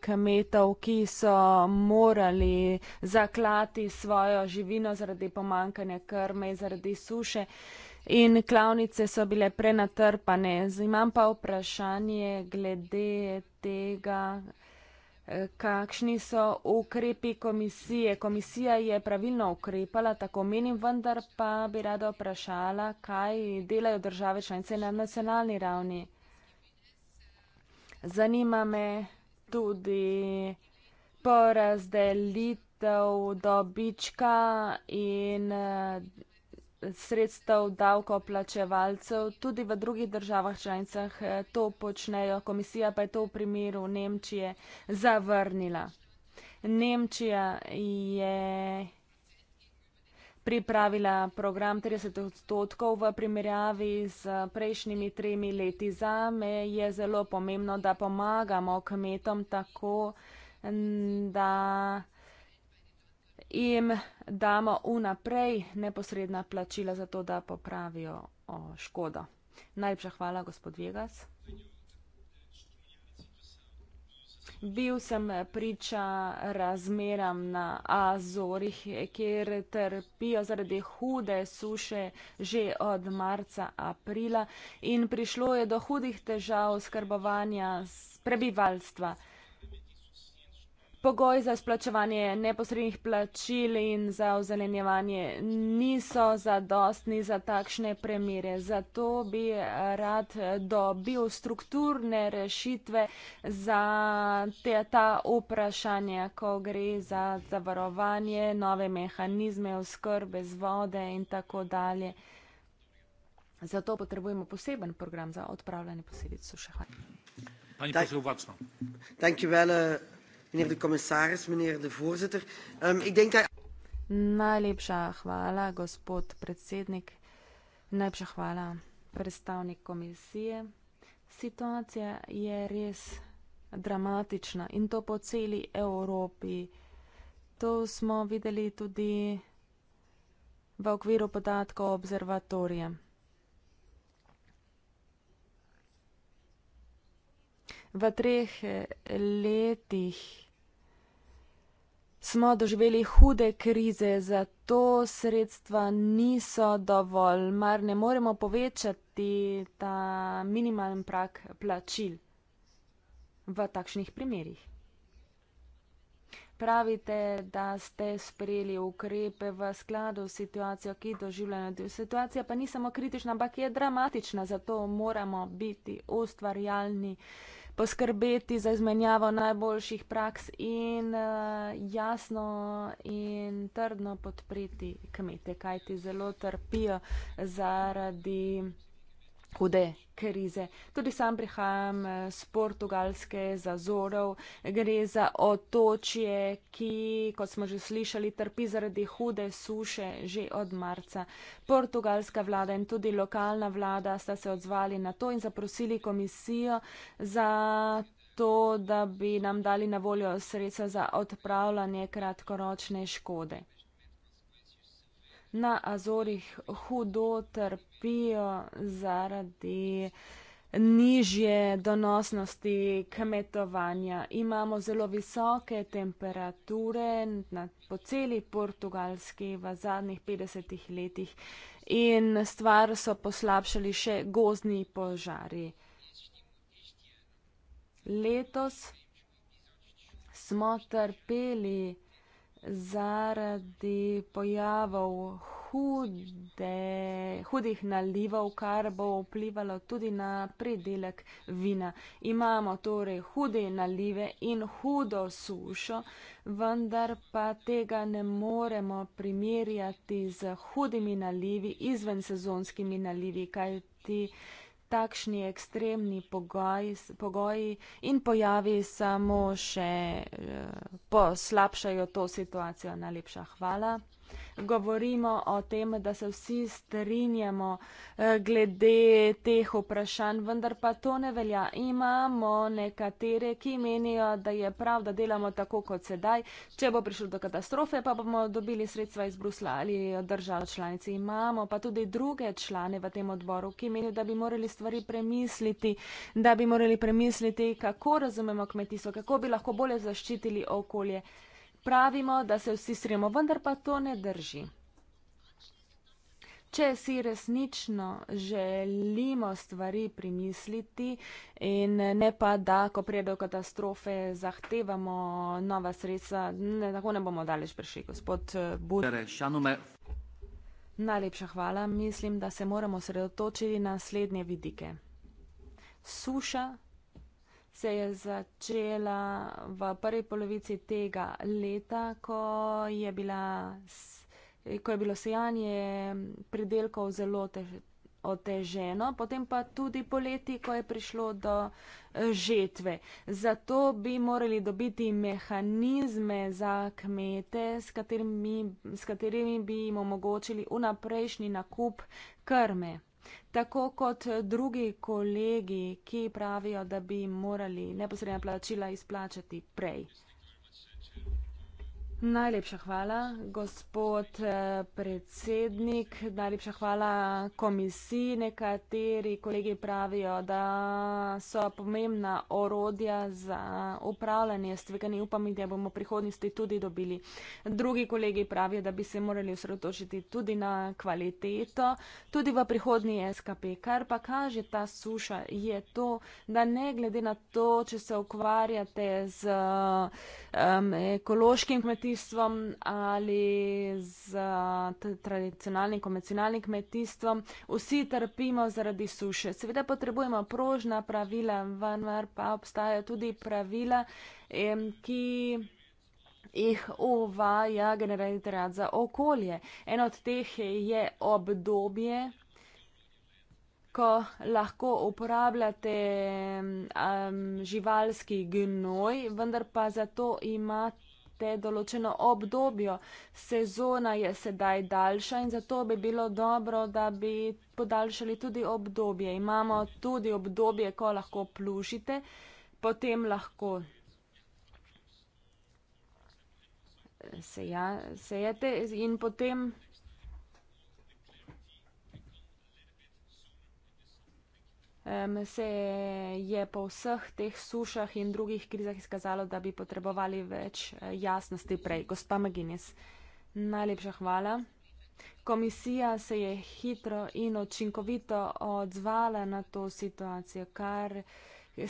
kmetov, ki so morali zaklati svojo živino zaradi pomankanja krme, zaradi suše. In klavnice so bile prenatrpane. Zdaj imam pa vprašanje glede tega, kakšni so ukrepi komisije. Komisija je pravilno ukrepala, tako menim, vendar pa bi rada vprašala, kaj delajo države članice na nacionalni ravni. Zanima me tudi porazdelitev dobička in. Uh, sredstev davkoplačevalcev, tudi v drugih državah članicah eh, to počnejo, komisija pa je to v primeru Nemčije zavrnila. Nemčija je pripravila program 30 odstotkov v primerjavi z prejšnjimi tremi leti. Za me je zelo pomembno, da pomagamo kmetom tako, da jim damo vnaprej neposredna plačila za to, da popravijo o, škodo. Najlepša hvala, gospod Vegas. Bil sem priča razmeram na Azorih, kjer trpijo zaradi hude suše že od marca, aprila in prišlo je do hudih težav skrbovanja prebivalstva pogoj za splačevanje neposrednih plačil in za ozelenjevanje niso zadostni za takšne premire. Zato bi rad dobil strukturne rešitve za te, ta vprašanja, ko gre za zavarovanje, nove mehanizme oskrbe z vode in tako dalje. Zato potrebujemo poseben program za odpravljanje posledic suše. Pani poslovacno. Thank you, Vela meneer de commissaris, meneer de voorzitter. Um, ik denk dat... Najlepša hvala, gospod predsednik. Najlepša hvala, predstavnik komisije. Situacija je res dramatična in to po celi Evropi. To smo videli tudi v okviru podatkov observatorija. v treh eh, letih smo doživeli hude krize, zato sredstva niso dovolj, mar ne moremo povečati ta minimalen prak plačil v takšnih primerjih. Pravite, da ste sprejeli ukrepe v skladu s situacijo, ki doživljajo ljudi. Situacija pa ni samo kritična, ampak je dramatična, zato moramo biti ustvarjalni. Uh, poskrbeti za izmenjavo najboljših praks in uh, jasno in trdno podpreti kmete, kajti zelo trpijo zaradi. Hude krize. Tudi sam prihajam eh, z portugalske zazorov. Gre za otočje, ki, kot smo že slišali, trpi zaradi hude suše že od marca. Portugalska vlada in tudi lokalna vlada sta se odzvali na to in zaprosili komisijo za to, da bi nam dali na voljo sredstva za odpravljanje kratkoročne škode na Azorih hudo trpijo zaradi nižje donosnosti kmetovanja. Imamo zelo visoke temperature na, po celi Portugalski v zadnjih 50 letih in stvar so poslabšali še gozni požari. Letos smo trpeli zaradi pojavov hude, hudih nalivov, kar bo vplivalo tudi na predelek vina. Imamo torej hude nalive in hudo sušo, vendar pa tega ne moremo primerjati z hudimi nalivi, izven sezonskimi nalivi, kajti takšni ekstremni pogoji, pogoji in pojavi samo še eh, poslabšajo to situacijo. Najlepša hvala govorimo o tem, da se vsi strinjamo eh, glede teh vprašanj, vendar pa to ne velja. Imamo nekatere, ki menijo, da je prav, da delamo tako kot sedaj. Če bo prišlo do katastrofe, pa bomo dobili sredstva iz Brusla ali držav članici. Imamo pa tudi druge člane v tem odboru, ki menijo, da bi morali stvari premisliti, da bi morali premisliti, kako razumemo kmetijstvo, kako bi lahko bolje zaščitili okolje pravimo, da se vsi strinjamo, vendar pa to ne drži. Če si resnično želimo stvari premisliti in ne pa, da ko prije do katastrofe zahtevamo nova sredstva, ne, tako ne bomo daleč prišli, gospod eh, Budanje. Najlepša hvala. Mislim, da se moramo sredotočiti na naslednje vidike. Suša se je začela v prvi polovici tega leta, ko je, bila, ko je bilo sejanje pridelkov zelo težko. Oteženo, potem pa tudi poleti, ko je prišlo do žetve. Zato bi morali dobiti mehanizme za kmete, s katerimi, s katerimi bi jim omogočili unaprejšnji nakup krme. Tako kot drugi kolegi, ki pravijo, da bi morali neposredna plačila izplačati prej. Najlepša hvala, gospod eh, predsednik. Najlepša hvala komisiji. Nekateri kolegi pravijo, da so pomembna orodja za upravljanje s tveganji. Upam, da bomo v prihodnosti tudi dobili. Drugi kolegi pravijo, da bi se morali osredotočiti tudi na kvaliteto. Tudi v prihodnji SKP, kar pa kaže ta suša, je to, da ne glede na to, če se ukvarjate z um, ekološkim kmetijstvom, kmetijstvom ali z eh, tradicionalnim, konvencionalnim kmetijstvom. Vsi trpimo zaradi suše. Seveda potrebujemo prožna pravila, vendar pa obstajajo tudi pravila, ki jih uvaja generalni terad za okolje. Eno od teh je obdobje, ko lahko uporabljate um, živalski gnoj, vendar pa zato imate te določeno obdobje. Sezona je sedaj daljša in zato bi bilo dobro, da bi podaljšali tudi obdobje. Imamo tudi obdobje, ko lahko plušite, potem lahko sejate in potem. um, se je po vseh teh sušah in drugih krizah izkazalo, da bi potrebovali več eh, jasnosti prej. Gospa Maginis, najlepša hvala. Komisija se je hitro in očinkovito odzvala na to situacijo, kar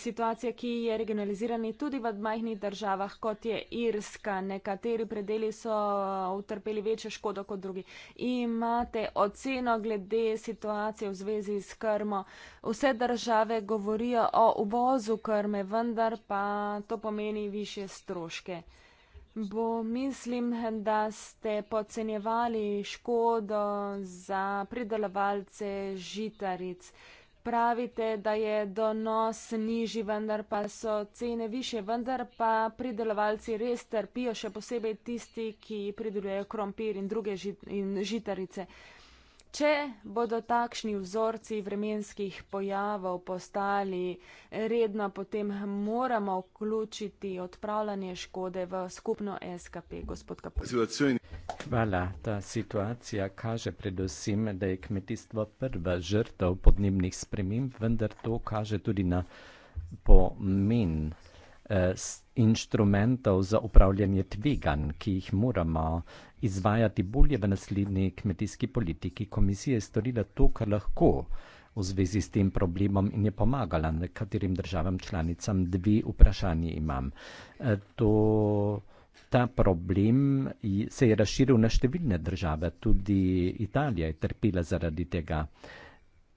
situacija, ki je regionalizirana tudi v majhnih državah, kot je Irska. Nekateri predeli so utrpeli večjo škodo kot drugi. Imate oceno glede situacije v zvezi s krmo. Vse države govorijo o uvozu krme, vendar pa to pomeni više stroške. Bo, mislim, da ste podcenjevali škodo za pridelovalce žitaric. Pravite, da je donos nižji, vendar pa so cene više, vendar pa pridelovalci res trpijo, še posebej tisti, ki pridelujejo krompir in druge žit in žitarice. Če bodo takšni vzorci vremenskih pojavov postali redna, potem moramo vključiti odpravljanje škode v skupno SKP, gospod Kapuščin. Hvala. Ta situacija kaže predvsem, da je kmetijstvo prva žrtev podnebnih sprememb, vendar to kaže tudi na pomen. Eh, inštrumentov za upravljanje tveganj, ki jih moramo izvajati bolje v naslednji kmetijski politiki. Komisija je storila to, kar lahko v zvezi s tem problemom in je pomagala nekaterim državam članicam. Dve vprašanje imam. E, to, ta problem se je razširil na številne države, tudi Italija je trpela zaradi tega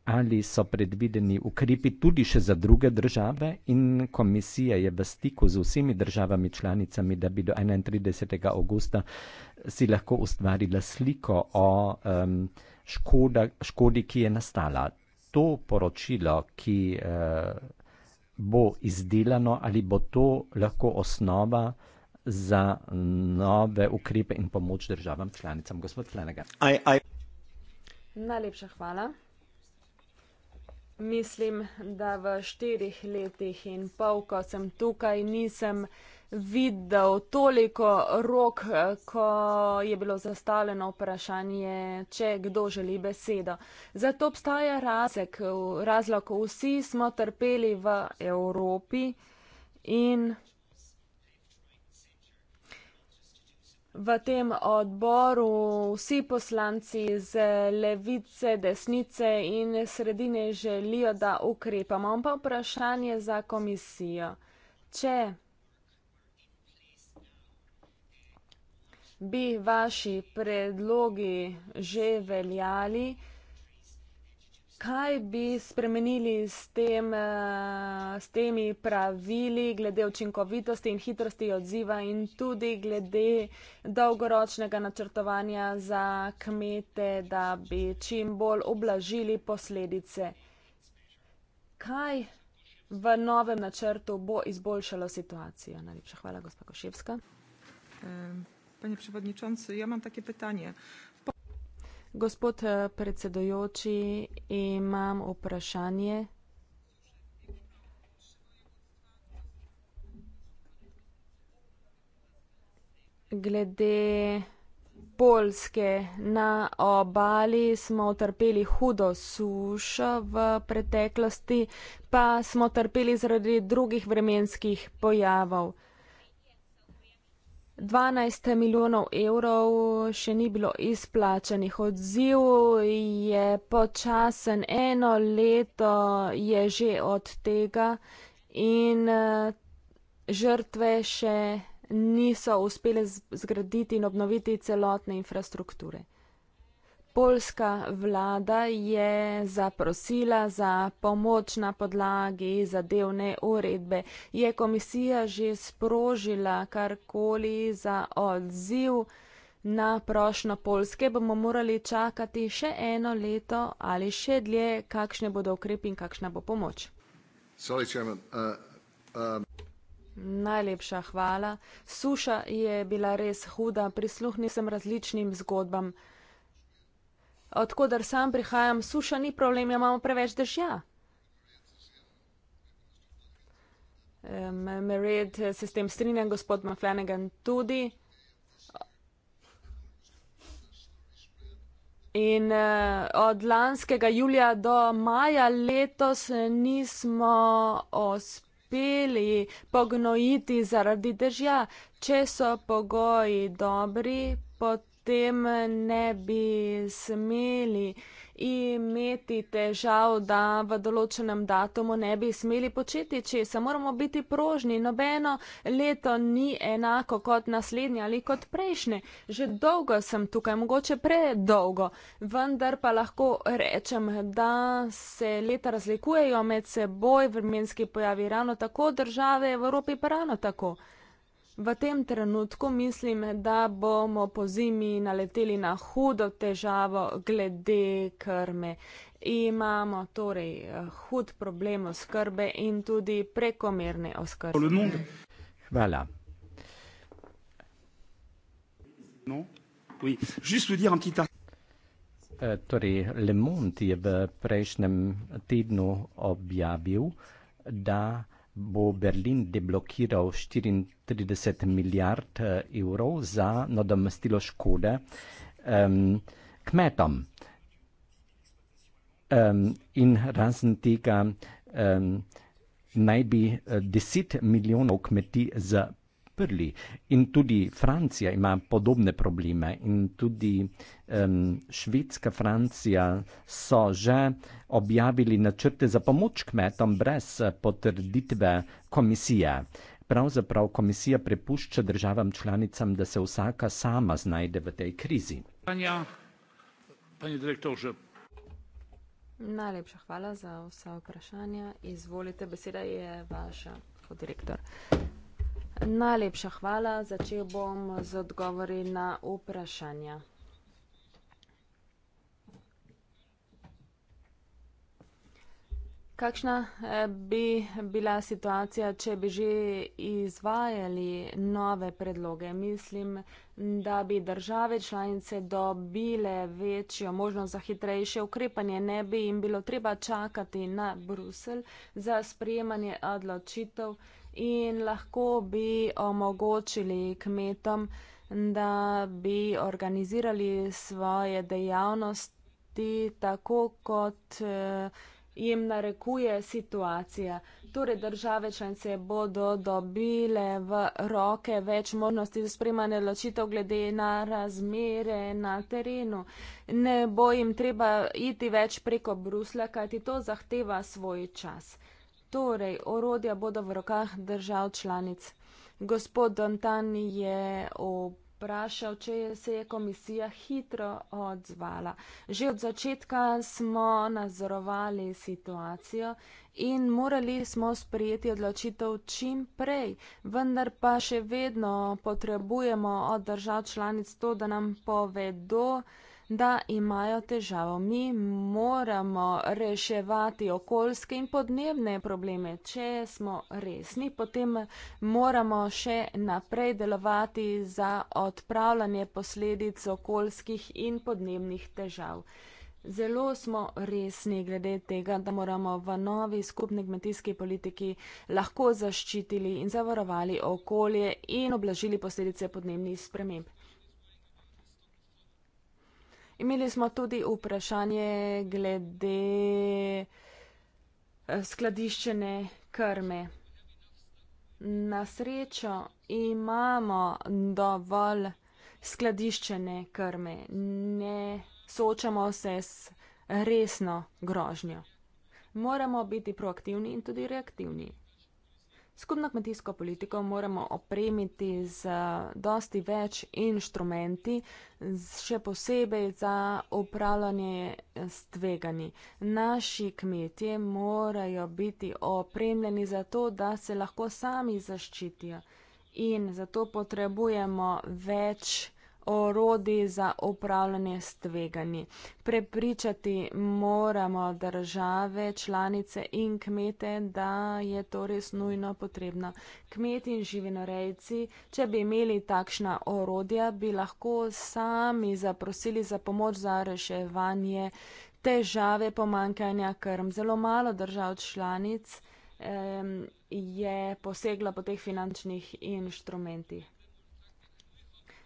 ali so predvideni ukrepi tudi še za druge države in komisija je v stiku z vsemi državami članicami, da bi do 31. augusta si lahko ustvarila sliko o um, škoda, škodi, ki je nastala. To poročilo, ki uh, bo izdelano, ali bo to lahko osnova za nove ukrepe in pomoč državam članicam, gospod Flanagan. Najlepša hvala. Mislim, da v štirih letih in pol, ko sem tukaj, nisem videl toliko rok, ko je bilo zastavljeno vprašanje, če kdo želi besedo. Zato obstaja razek, razlog, vsi smo trpeli v Evropi in v tem odboru vsi poslanci z levice, desnice in sredine želijo, da ukrepamo. Pa vprašanje za komisijo. Če bi vaši predlogi že veljali, Kaj bi spremenili s, tem, eh, s temi pravili glede učinkovitosti in hitrosti odziva in tudi glede dolgoročnega načrtovanja za kmete, da bi čim bolj oblažili posledice? Kaj v novem načrtu bo izboljšalo situacijo? Najlepša hvala, gospod Koševska. Pani predsedujoča, jaz imam takšno vprašanje. Gospod eh, predsedujoči, imam vprašanje. Glede Poljske. Na obali smo utrpeli hudo sušo v preteklosti, pa smo trpeli zaradi drugih vremenskih pojavov. 12 milijonov evrov še ni bilo izplačanih. Odziv je počasen, eno leto je že od tega in eh, žrtve še niso uspele zgraditi in obnoviti celotne infrastrukture. Poljska vlada je zaprosila za pomoč na podlagi zadevne uredbe. Je komisija že sprožila karkoli za odziv na prošno Poljske? Bomo morali čakati še eno leto ali še dlje, kakšne bodo ukrepi in kakšna bo pomoč? Sorry, chairman, uh, um... Najlepša hvala. Suša je bila res huda, prisluhnil sem različnim zgodbam odkudar sam prihajam, suša ni problem, ja imamo preveč dežja. Mered se s tem strinja, gospod Maflenegan tudi. In eh, od lanskega julija do maja letos nismo uspeli pognojiti zaradi dežja. Če so pogoji dobri, potem potem ne bi smeli imeti težav, da v določenem datumu ne bi smeli početi česa. Moramo biti prožni. Nobeno leto ni enako kot naslednje ali kot prejšnje. Že dolgo sem tukaj, mogoče predolgo, vendar pa lahko rečem, da se leta razlikujejo med seboj, vremenski pojavi ravno tako, države v Evropi pa ravno tako. V tem trenutku mislim, da bomo po zimi naleteli na hudo težavo glede krme. Imamo torej eh, hud problem oskrbe in tudi prekomerne oskrbe. Hvala. Eh, torej, Le Monde je v prejšnjem tednu objavil, da bo Berlin deblokiral 34 milijard eh, evrov za nadomestilo škode um, kmetom. Um, in razen tega um, naj bi 10 eh, milijonov kmetij za podprli. In tudi Francija ima podobne probleme, in tudi um, Švedska, Francija so že objavili načrte za pomoč kmetom brez eh, potrditve komisije. Pravzaprav komisija prepušča državam članicam, da se vsaka sama znajde v tej krizi. Panja, panje direktorže. Najlepša hvala za vsa vprašanja. Izvolite, beseda je vaša, kot direktor. Najlepša hvala. Začel bom z odgovori na vprašanja. Kakšna eh, bi bila situacija, če bi že izvajali nove predloge? Mislim, da bi države članice dobile večjo možnost za hitrejše ukrepanje. Ne bi jim bilo treba čakati na Brusel za sprejemanje odločitev in lahko bi omogočili kmetom, da bi organizirali svoje dejavnosti tako, kot eh, jim narekuje situacija. Torej, države članice bodo dobile v roke več možnosti za spremanje ločitev glede na razmere na terenu. Ne bo jim treba iti več preko Brusla, kajti to zahteva svoj čas. Torej, orodja bodo v rokah držav članic. Gospod Dantani je vprašal, če je se je komisija hitro odzvala. Že od začetka smo nazorovali situacijo in morali smo sprejeti odločitev čim prej, vendar pa še vedno potrebujemo od držav članic to, da nam povedo, da imajo težavo. Mi moramo reševati okoljske in podnebne probleme. Če smo resni, potem moramo še naprej delovati za odpravljanje posledic okoljskih in podnebnih težav. Zelo smo resni glede tega, da moramo v novi skupni kmetijski politiki lahko zaščitili in zavarovali okolje in oblažili posledice podnebnih sprememb. Imeli smo tudi vprašanje glede eh, skladiščene krme. Na srečo imamo dovolj skladiščene krme, ne soočamo se s resno grožnjo. Moramo biti proaktivni in tudi reaktivni. Skupno kmetijsko politiko moramo opremiti z eh, dosti več inštrumenti, še posebej za upravljanje eh, s tveganji. Naši kmetje morajo biti opremljeni za to, da se lahko sami zaščitijo in zato potrebujemo več inštrumentov orodij za upravljanje s tveganji. Prepričati moramo države, članice in kmete, da je to res nujno potrebno. Kmeti in živinorejci, če bi imeli takšna orodja, bi lahko sami zaprosili za pomoč za reševanje težave pomankanja krm. Zelo malo držav članic eh, je poseglo po teh finančnih inštrumentih.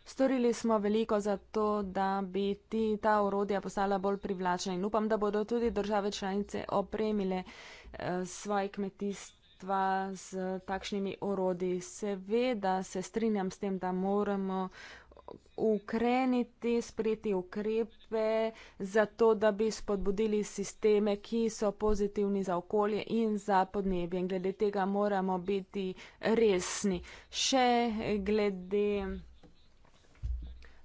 Storili smo veliko za to, da bi ti, ta orodja postala bolj privlačna in upam, da bodo tudi države članice opremile eh, svoje kmetijstva z takšnimi orodji. Seveda se strinjam s tem, da moramo ukreniti, sprejeti ukrepe za to, da bi spodbudili sisteme, ki so pozitivni za okolje in za podnebje. In glede tega moramo biti resni. Še glede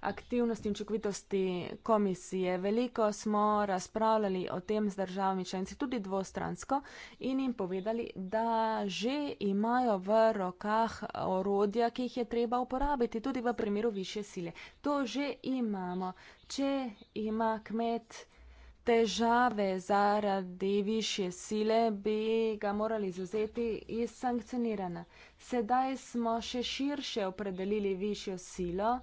aktivnosti in učinkovitosti komisije. Veliko smo razpravljali o tem z državami članici, tudi dvostransko, in jim povedali, da že imajo v rokah orodja, ki jih je treba uporabiti, tudi v primeru više sile. To že imamo. Če ima kmet težave zaradi više sile, bi ga morali izuzeti iz sankcionirana. Sedaj smo še širše opredelili višjo silo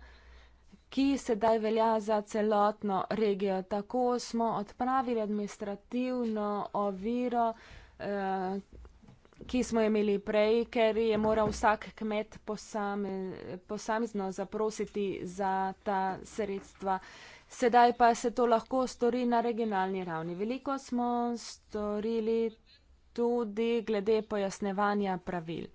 ki sedaj velja za celotno regijo. Tako smo odpravili administrativno oviro, eh, ki smo imeli prej, ker je moral vsak kmet posamezno zaprositi za ta sredstva. Sedaj pa se to lahko stori na regionalni ravni. Veliko smo storili tudi glede pojasnevanja pravil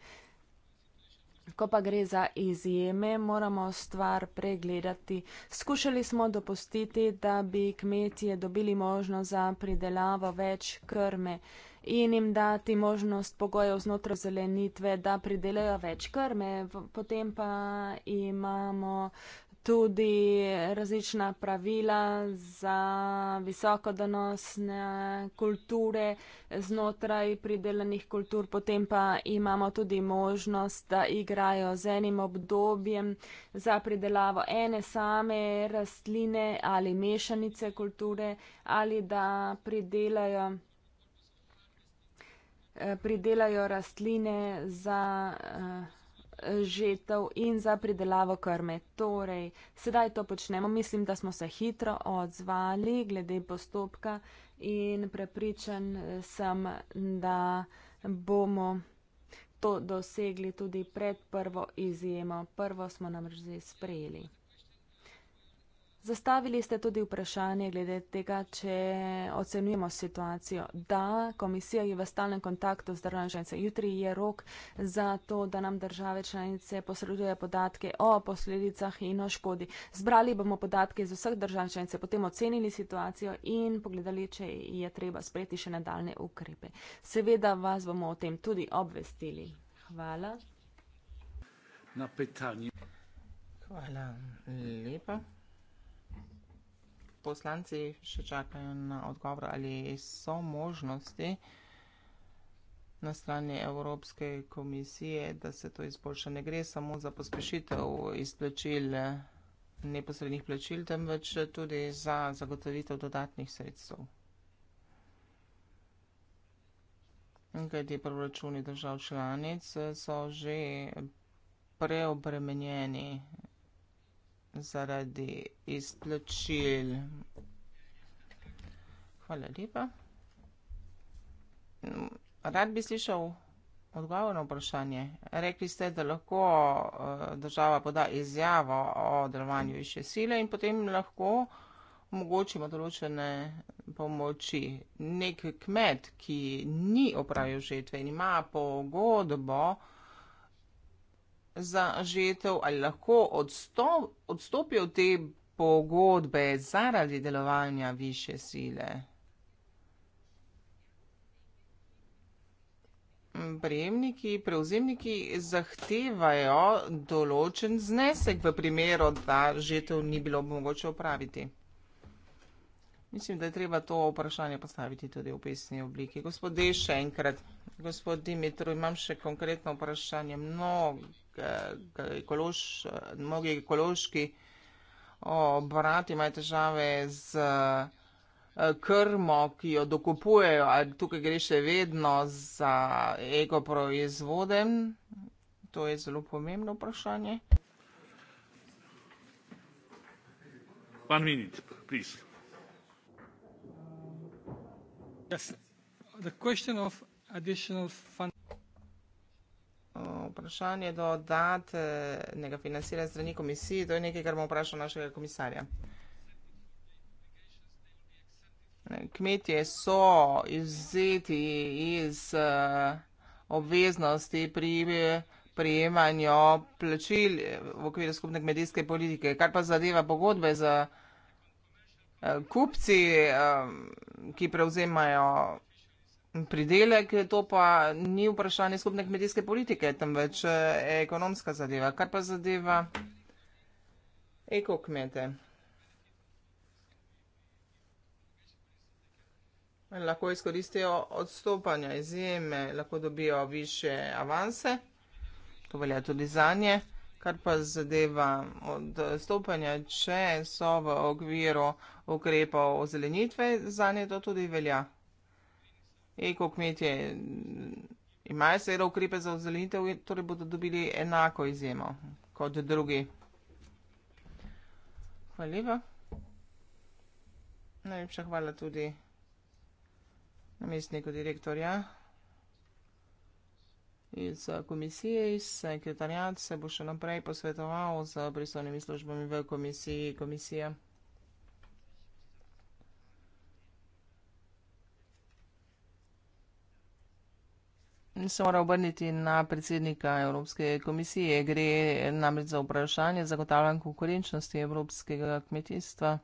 ko pa gre za izjeme, moramo stvar pregledati. Skušali smo dopustiti, da bi kmetije dobili možnost za pridelavo več krme in jim dati možnost pogojev znotraj zelenitve, da pridelajo več krme, potem pa imamo uh, tudi različna pravila za visokodonosne kulture znotraj pridelanih kultur, potem pa imamo tudi možnost, da igrajo z enim obdobjem za pridelavo ene same rastline ali mešanice kulture ali da pridelajo eh, pridelajo rastline za uh, žetev in za pridelavo krme. Torej, sedaj to počnemo. Mislim, da smo se hitro odzvali glede postopka in prepričan eh, sem, da bomo to dosegli tudi pred prvo izjemo. Prvo smo namreč že sprejeli. Zastavili ste tudi vprašanje glede tega, če ocenujemo situacijo. Da, komisija je v stalnem kontaktu z državami članice. Jutri je rok za to, da nam države članice posredujejo podatke o posledicah in o škodi. Zbrali bomo podatke iz vseh držav članice, potem ocenili situacijo in pogledali, če je treba sprejeti še nadaljne ukrepe. Seveda vas bomo o tem tudi obvestili. Hvala. Na pitanje. Hvala lepa poslanci še čakajo na odgovor, ali so možnosti na strani Evropske komisije, da se to izboljša. Ne gre samo za pospešitev izplačil, neposrednih plačil, temveč tudi za zagotovitev dodatnih sredstev. Kaj ti proračuni držav članic so že preobremenjeni zaradi izplačil. Hvala lepa. Rad bi slišal odgovor na vprašanje. Rekli ste, da lahko eh, država poda izjavo o delovanju više sile in potem lahko omogočimo določene pomoči. Nek kmet, ki ni opravil žetve in ima pogodbo, za žetev, ali lahko odstopijo od te pogodbe zaradi delovanja više sile. Prejemniki, prevzemniki zahtevajo določen znesek v primeru, da žetev ni bilo mogoče upraviti. Mislim, da je treba to vprašanje postaviti tudi v pisni obliki. Gospod, še enkrat, gospod Dimitru, imam še konkretno vprašanje. Mnogo ekološ, mnogi ekološki obrati imajo težave z eh, krmo, ki jo dokupujejo, ali tukaj gre še vedno za ekoproizvode. To je zelo pomembno vprašanje. One minute, please. Yes, the question of additional funding vprašanje do dodatnega financiranja strani komisije, to je nekaj, kar bomo vprašali našega komisarja. Kmetje so izuzeti iz eh, obveznosti pri prijemanju plačil v okviru skupne kmetijske politike, kar pa zadeva pogodbe z eh, kupci, eh, ki prevzemajo Pridelek, to pa ni vprašanje skupne kmetijske politike, temveč eh, ekonomska zadeva. Kar pa zadeva ekokmete? Lahko izkoristijo odstopanja, izjeme, lahko dobijo više avanse, to velja tudi za nje. Kar pa zadeva odstopanja, če so v okviru ukrepov ozelenitve, za nje to tudi velja eko kmetje imajo seveda ukrepe za ozelenitev, torej bodo dobili enako izjemo kot drugi. Hvala lepa. Najlepša hvala tudi namestniku direktorja iz komisije, iz sekretarjat se bo še naprej posvetoval z brislovnimi službami v komisiji, komisija. se mora obrniti na predsednika Evropske komisije. Gre namreč za vprašanje zagotavljanja konkurenčnosti evropskega kmetijstva.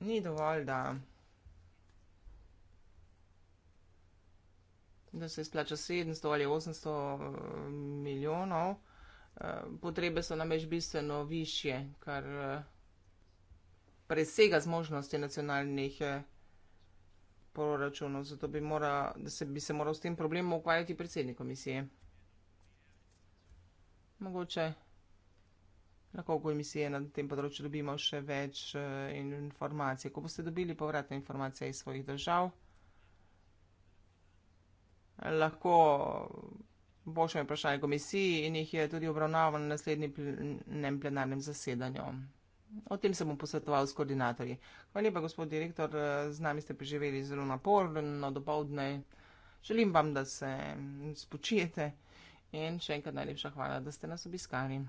Ni dovolj, da, da se izplača 700 ali 800 milijonov. Potrebe so namreč bistveno više, kar presega zmožnosti nacionalnih proračunu, zato bi, mora, se, bi se moral s tem problemom ukvarjati predsednik komisije. Mogoče lahko v komisiji na tem področju dobimo še več uh, informacij. Ko boste dobili povratne informacije iz svojih držav, lahko pošljem vprašanje komisiji in jih je tudi obravnaval na naslednjem plenarnem zasedanju. O tem se bom posvetoval s koordinatorji. Hvala lepa, gospod direktor, eh, z nami ste preživeli zelo naporno dopoldne. Želim vam, da se mm, spočijete in še enkrat najlepša hvala, da ste nas obiskali.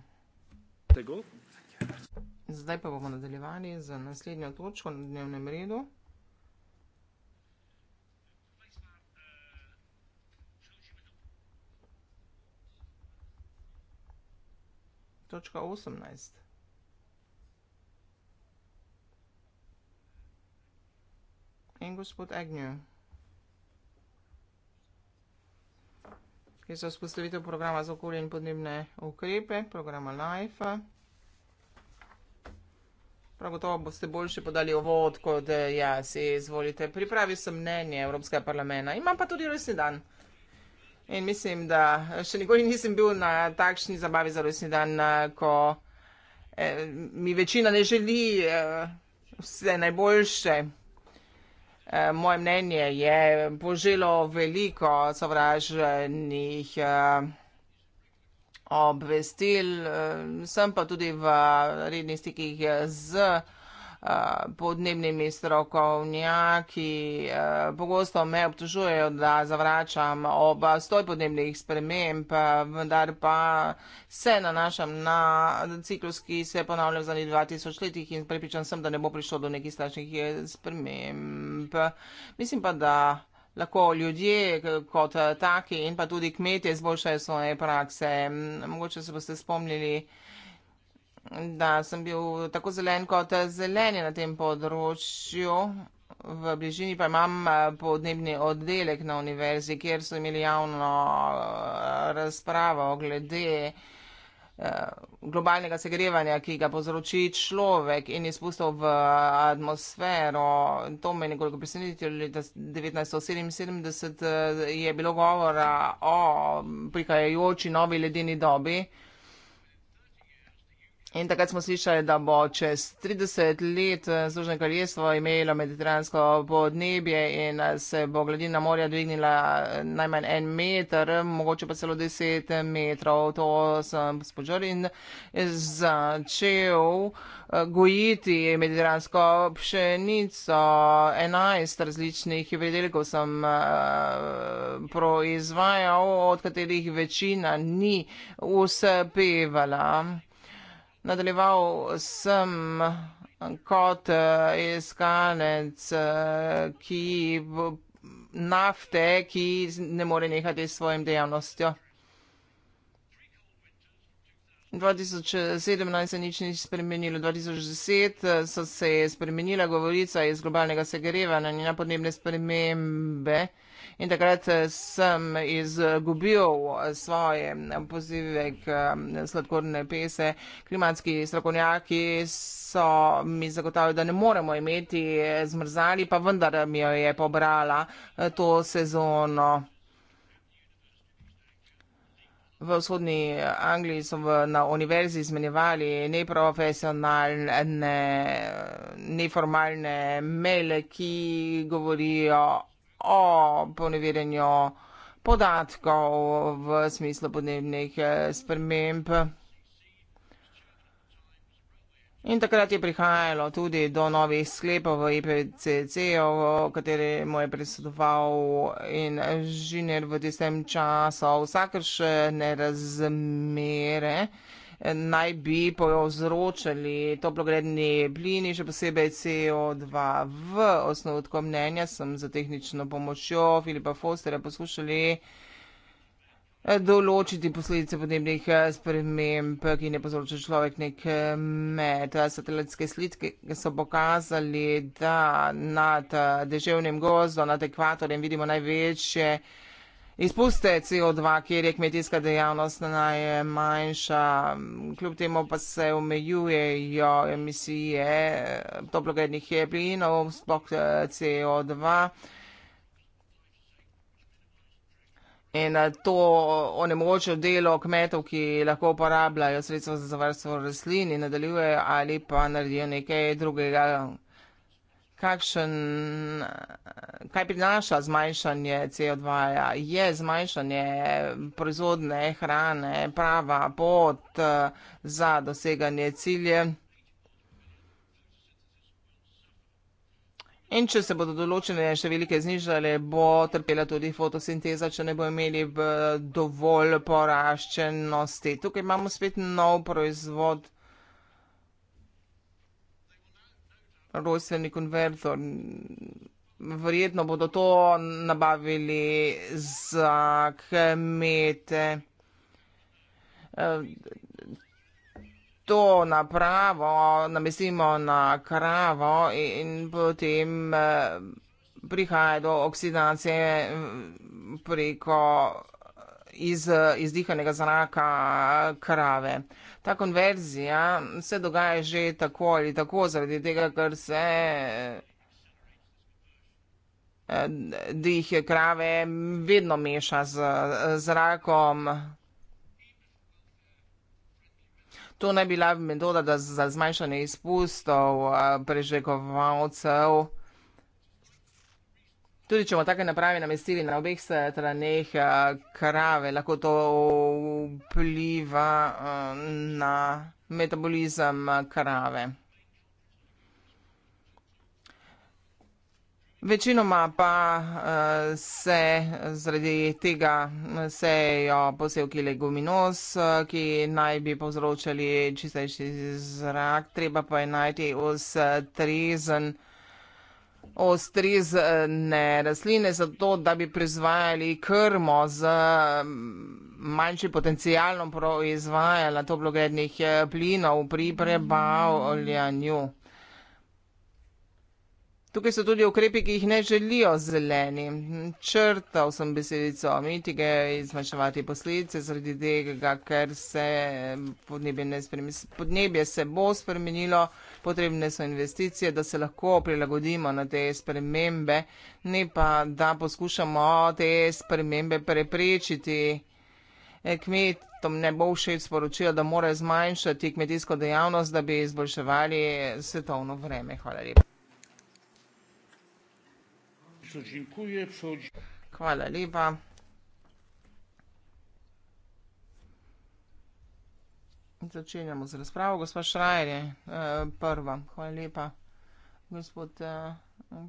Zdaj pa bomo nadaljevali z naslednjo točko na dnevnem redu. Točka 18. in gospod Agnew. Kje so spostavitev programa za okolje in podnebne ukrepe, programa LIFE. Prav gotovo boste boljše podali ovod, kot eh, jaz, izvolite. Pripravi sem mnenje Evropskega parlamenta. Imam pa tudi rojstni dan. In mislim, da eh, še nikoli nisem bil na takšni zabavi za rojstni dan, eh, ko eh, mi večina ne želi eh, vse najboljše. Eh, moje mnenje je požilo veliko sovražnih eh, obvestil, eh, sem pa tudi v rednih stikih z Eh, podnebnimi strokovnjaki. Eh, pogosto me obtožujejo, da zavračam obstoj podnebnih sprememb, eh, vendar pa se nanašam na ciklus, ki se je ponavljal v zadnjih 2000 letih in pripričan sem, da ne bo prišlo do nekih strašnih sprememb. Mislim pa, da lahko ljudje kot taki in pa tudi kmetje zboljšajo svoje prakse. Mogoče se boste spomnili, da sem bil tako zelen kot zelen na tem področju. V bližini pa imam eh, podnebni oddelek na univerzi, kjer so imeli javno eh, razpravo glede eh, globalnega segrevanja, ki ga povzroči človek in izpustov v atmosfero. To me nekoliko presenetilo, da 1977 je bilo govora o prihajajoči novi ledeni dobi. In takrat smo slišali, da bo čez 30 let eh, Združeno kraljestvo imelo mediteransko podnebje in eh, se bo gladina morja dvignila eh, najmanj en meter, mogoče pa celo 10 metrov. To sem spočel in začel gojiti mediteransko pšenico. 11 različnih pridelkov sem proizvajal, od katerih večina ni uspevala nadaljeval sem kot eh, iskanec, eh, ki nafte, ki ne more nehati s svojim dejavnostjo. 2017 se nič ni spremenilo, 2010 eh, so se spremenila govorica iz globalnega segrevanja in na podnebne spremembe in takrat eh, sem izgubil eh, svoje eh, pozive k sladkorne pese. Klimatski strokovnjaki so mi zagotavljali, da ne moremo imeti zmrzali, pa vendar mi jo je pobrala to sezono. V vzhodni Angliji so v, na univerzi izmenjevali neprofesionalne, neformalne maile, ki govorijo o poneverjanju podatkov v smislu podnebnih eh, sprememb. In takrat je prihajalo tudi do novih sklepov v IPCC, e v kateri mu je predstavoval in žiner v tistem času vsakršne razmere, naj bi povzročali toplogredni plini, še posebej CO2. V osnovu mnenja sem za tehnično pomočjo Filipa Fosterja poslušali eh, določiti posledice podnebnih eh, sprememb, ki ne povzroča človek nek eh, med. Satelitske slike so pokazali, da nad deževnim gozdom, nad ekvatorjem vidimo največje. Izpuste CO2, kjer je kmetijska dejavnost najmanjša, kljub temu pa se omejujejo emisije toplogrednih jeplinov, spok CO2. In to onemogočijo delo kmetov, ki lahko uporabljajo sredstvo za zavarstvo rastlin in nadaljujejo ali pa naredijo nekaj drugega kakšen, kaj prinaša zmanjšanje CO2, -ja. je zmanjšanje proizvodne hrane prava pot eh, za doseganje cilje. In če se bodo določene številke znižale, bo trpela tudi fotosinteza, če ne bo imeli dovolj poraščenosti. Tukaj imamo spet nov proizvod. rojstveni konverzor. Verjetno bodo to nabavili za kmete. E, to napravo namestimo na kravo in potem e, prihaja do oksidacije preko iz, izdihanega zraka krave ta konverzija se dogaja že tako ali tako, zaradi tega, ker se eh, dih krave vedno meša z zrakom. To naj bila metoda za zmanjšanje izpustov eh, prežekovalcev. Tudi če bomo take naprave namestili na obeh straneh eh, krave, lahko to vpliva eh, na metabolizem eh, krave. Večinoma pa se zaradi tega sejo posevki leguminos, ki naj bi povzročali čistejši zrak, treba pa je najti ustrezen ostrizne eh, rastline, zato da bi proizvajali krmo z mm, manjšim potencijalom proizvajala toplogrednih eh, plinov pri prebavljanju. Tukaj so tudi ukrepi, ki jih ne želijo zeleni. Črtal sem besedico mitige in zmanjševati posledice zaradi tega, ker se eh, podnebje, spremen, podnebje se bo spremenilo potrebne so investicije, da se lahko prilagodimo na te spremembe, ne pa da poskušamo te spremembe preprečiti. E, kmetom ne bo všeč sporočilo, da morajo zmanjšati kmetijsko dejavnost, da bi izboljševali svetovno vreme. Hvala lepa. Hvala lepa. Začenjamo z razpravo. Gospa Šrajer je eh, prva. Hvala lepa. Gospod eh,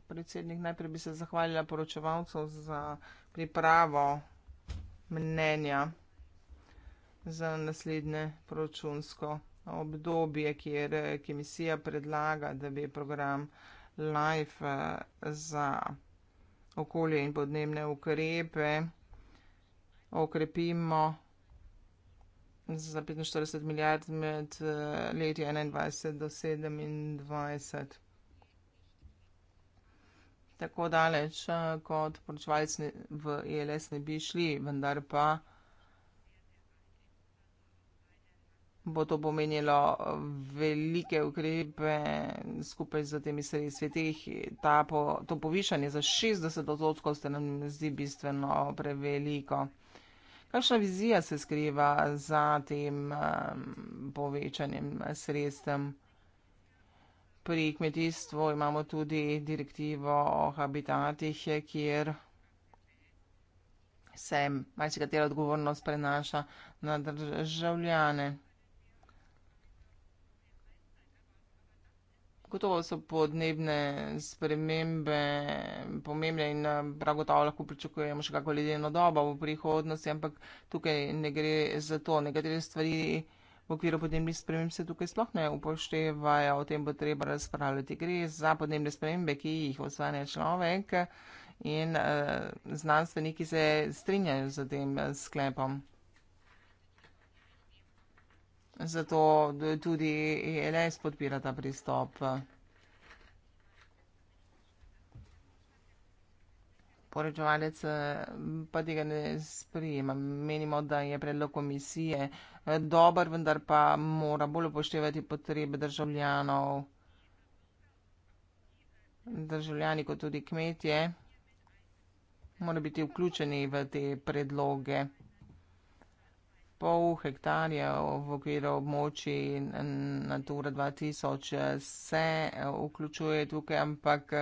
predsednik, najprej bi se zahvalila poročevalcu za pripravo mnenja za naslednje proračunsko obdobje, kjer eh, komisija predlaga, da bi program LIFE za okolje in podnebne ukrepe okrepimo za 45 milijard med uh, leti 21 do 27. Tako daleč, uh, kot poročevalci v ELS ne bi šli, vendar pa bo to pomenilo eh, velike ukrepe skupaj z temi sredstvi teh. Po, to povišanje za 60 odstotkov se nam zdi bistveno preveliko. Kakšna vizija se skriva za tem um, povečanjem sredstev? Pri kmetijstvu imamo tudi direktivo o habitatih, kjer se marsikatera odgovornost prenaša na državljane. gotovo so podnebne spremembe pomembne in eh, prav gotovo lahko pričakujemo še kako ledeno dobo v prihodnosti, ampak tukaj ne gre za to. Nekatere stvari v okviru podnebnih sprememb se tukaj sploh ne upoštevajo, o tem bo treba razpravljati. Gre za podnebne spremembe, ki jih osvane človek in uh, znanstveniki se strinjajo z tem sklepom. Zato tudi ELS podpira ta pristop. Poročevalec eh, pa tega ne sprijema. Menimo, da je predlog komisije eh, dober, vendar pa mora bolj upoštevati potrebe državljanov. Državljani kot tudi kmetje mora biti vključeni v te predloge pol hektarja v okviru območji Natura 2000 se vključuje tukaj, ampak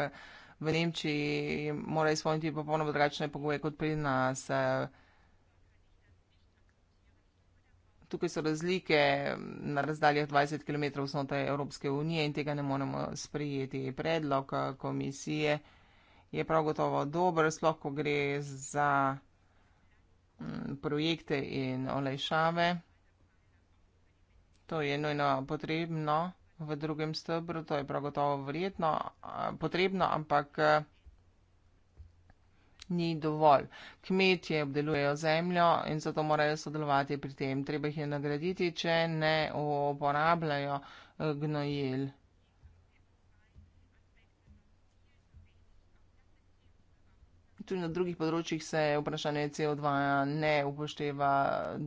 v Nemčiji mora izpolniti popolnoma drugačne pogoje kot pri nas. Tukaj so razlike na razdaljah 20 km znotraj Evropske unije in tega ne moremo sprijeti. Predlog komisije je prav gotovo dober, sploh ko gre za. Mm, projekte in olejšave. To je nujno potrebno v drugem stebru, to je prav gotovo verjetno potrebno, ampak ni dovolj. Kmetje obdelujejo zemljo in zato morajo sodelovati pri tem. Treba jih je nagraditi, če ne uporabljajo eh, gnojil. tudi na drugih področjih se vprašanje CO2 ne upošteva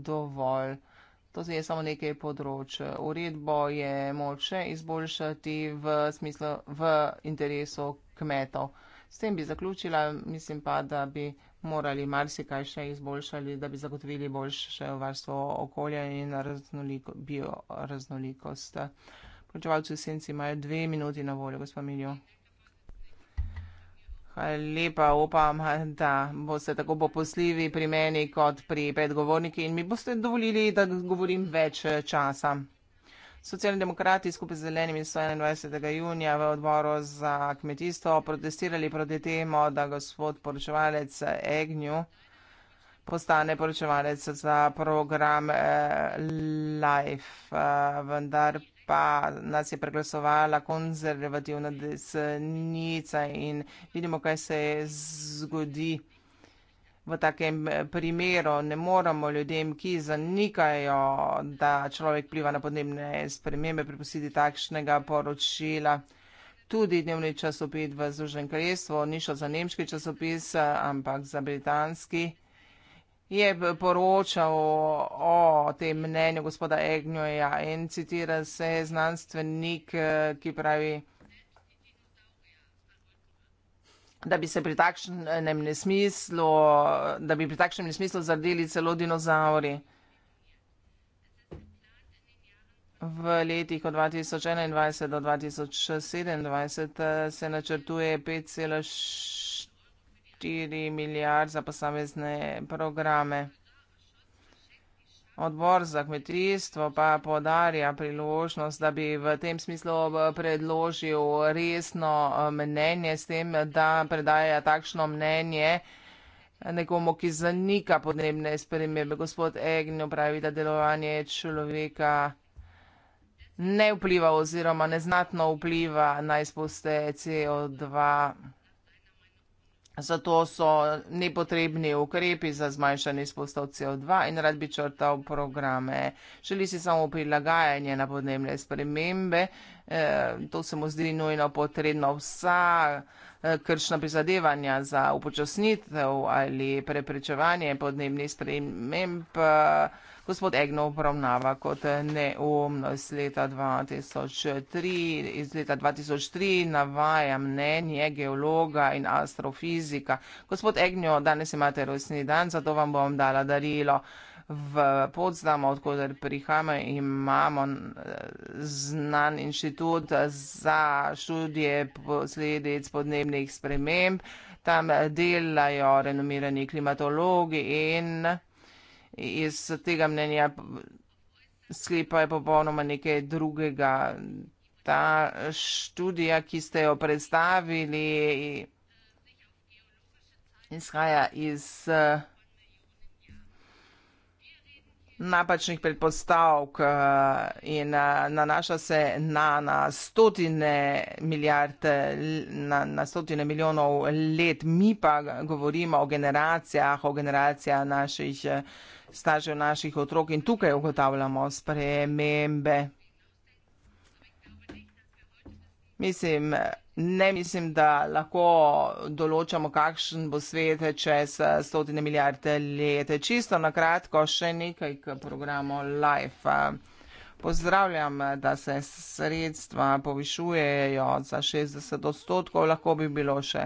dovolj. To je samo nekaj področj. Uredbo je moče izboljšati v smislu v interesu kmetov. S tem bi zaključila, mislim pa, da bi morali marsikaj še izboljšali, da bi zagotovili boljše varstvo okolja in raznoliko, bioraznolikost. Počevalci v senci imajo dve minuti na voljo, gospod Miljo. Hvala lepa, upam, da boste tako poposljivi pri meni kot pri predgovorniki in mi boste dovolili, da govorim več eh, časa. Socialni demokrati skupaj z zelenimi so 21. junija v odboru za kmetijstvo protestirali proti temu, da gospod poročevalec eh, Egnju postane poročevalec za program eh, Life, eh, vendar pa nas je preglasovala konzervativna desnica in vidimo, kaj se zgodi v takem eh, primeru. Ne moramo ljudem, ki zanikajo, da človek pliva na podnebne spremembe, pripustiti takšnega poročila. Tudi dnevni časopis v Združenem kraljestvu ni šel za nemški časopis, eh, ampak za britanski časopis je poročal o tem mnenju gospoda Egnjoja in citira se znanstvenik, eh, ki pravi, da bi se pri takšnem nesmislu, da bi pri takšnem nesmislu zardeli celo dinozauri. V letih od 2021 do 2027 eh, se načrtuje 5,6 4,4 milijard za posamezne programe. Odbor za kmetijstvo pa podarja priložnost, da bi v tem smislu predložil resno eh, mnenje s tem, da predaja takšno mnenje eh, nekomu, ki zanika podnebne spremembe. Gospod Egnjo pravi, da delovanje človeka ne vpliva oziroma neznatno vpliva na izpuste CO2. Zato so nepotrebni ukrepi za zmanjšanje izpustov CO2 in rad bi črtal programe. Želi si samo prilagajanje na podnebne spremembe, e, to se mu zdi nujno potrebno vsa e, kršna prizadevanja za upočasnitev ali preprečevanje podnebnih sprememb. E, gospod Egno obravnava kot neumno iz leta 2003. Iz leta 2003 navaja mnenje geologa in astrofizika. Gospod Egno, danes imate rojstni dan, zato vam bom dala darilo. V Podzdamo, odkudar prihajamo, imamo eh, znan inštitut za študije posledic podnebnih sprememb. Tam delajo renomirani klimatologi in iz tega mnenja sklepa je popolnoma nekaj drugega. Ta študija, ki ste jo predstavili, izhaja iz uh, napačnih predpostavk eh, in eh, nanaša se na, na stotine milijard, na, na stotine milijonov let. Mi pa govorimo o generacijah, o generacijah naših eh, staršev, naših otrok in tukaj ugotavljamo spremembe. Mislim, ne mislim, da lahko določamo, kakšen bo svet čez eh, stotine milijarde let. Čisto na kratko, še nekaj k programu Life. Pozdravljam, da se sredstva povišujejo za 60 odstotkov, lahko bi bilo še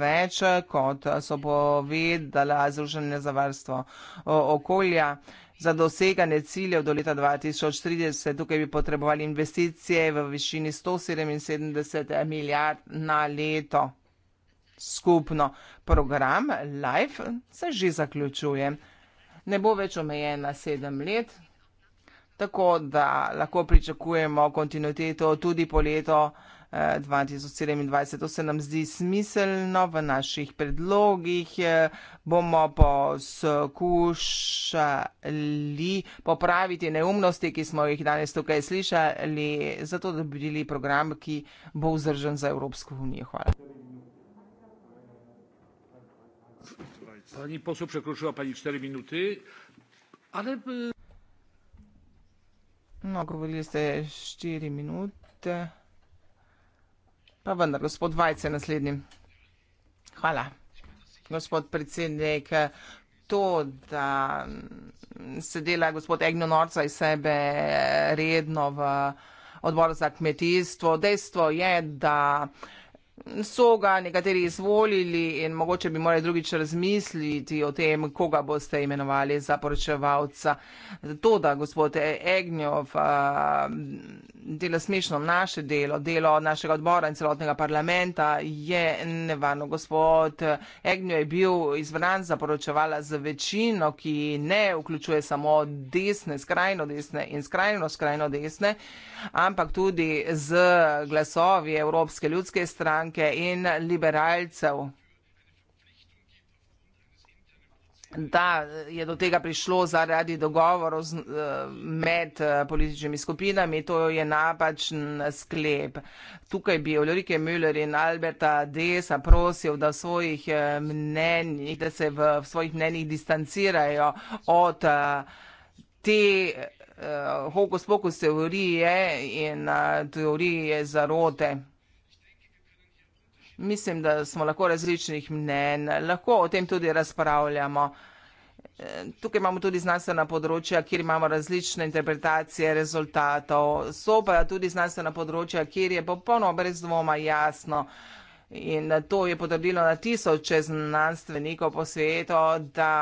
več, kot so povedala Združenje za varstvo eh, okolja. Za doseganje ciljev do leta 2030 tukaj bi potrebovali investicije v višini 177 milijard na leto. Skupno program LIFE se že zaključuje. Ne bo več omejen na sedem let, tako da lahko pričakujemo kontinuiteto tudi po leto 2030. 2027. Eh, to se nam zdi smiselno v naših predlogih. Eh, bomo poskušali popraviti neumnosti, ki smo jih danes tukaj slišali, zato da bi bili program, ki bo vzdržen za Evropsko unijo. Hvala. Pani poslu prekročila pani 4 minute, ali. No, govorili ste 4 minute. Pa vendar, gospod Vajc je naslednji. Hvala. Gospod predsednik, to, da se dela gospod Egno Norca iz sebe redno v odboru za kmetijstvo, dejstvo je, da so ga nekateri izvolili in mogoče bi morali drugič razmisliti o tem, koga boste imenovali za poročevalca. To, da gospod Egnjov dela smešno naše delo, delo našega odbora in celotnega parlamenta, je nevarno. Gospod Egnjov je bil izbran za poročevala z večino, ki ne vključuje samo desne, skrajno desne in skrajno skrajno desne, ampak tudi z glasovi Evropske ljudske stranke, stranke in liberalcev, da je do tega prišlo zaradi dogovorov eh, med eh, političnimi skupinami, to je napačen sklep. Tukaj bi Ulrike Müller in Alberta Desa prosil, da, svojih eh, mnenjih, da se v svojih mnenjih distancirajo od te hokus pokus teorije in teorije zarote. Mislim, da smo lahko različnih mnen, lahko o tem tudi razpravljamo. E, tukaj imamo tudi znanstvena področja, kjer imamo različne interpretacije rezultatov. So pa tudi znanstvena področja, kjer je popolno brez dvoma jasno. In to je potrdilo na tisoče znanstvenikov po svetu, da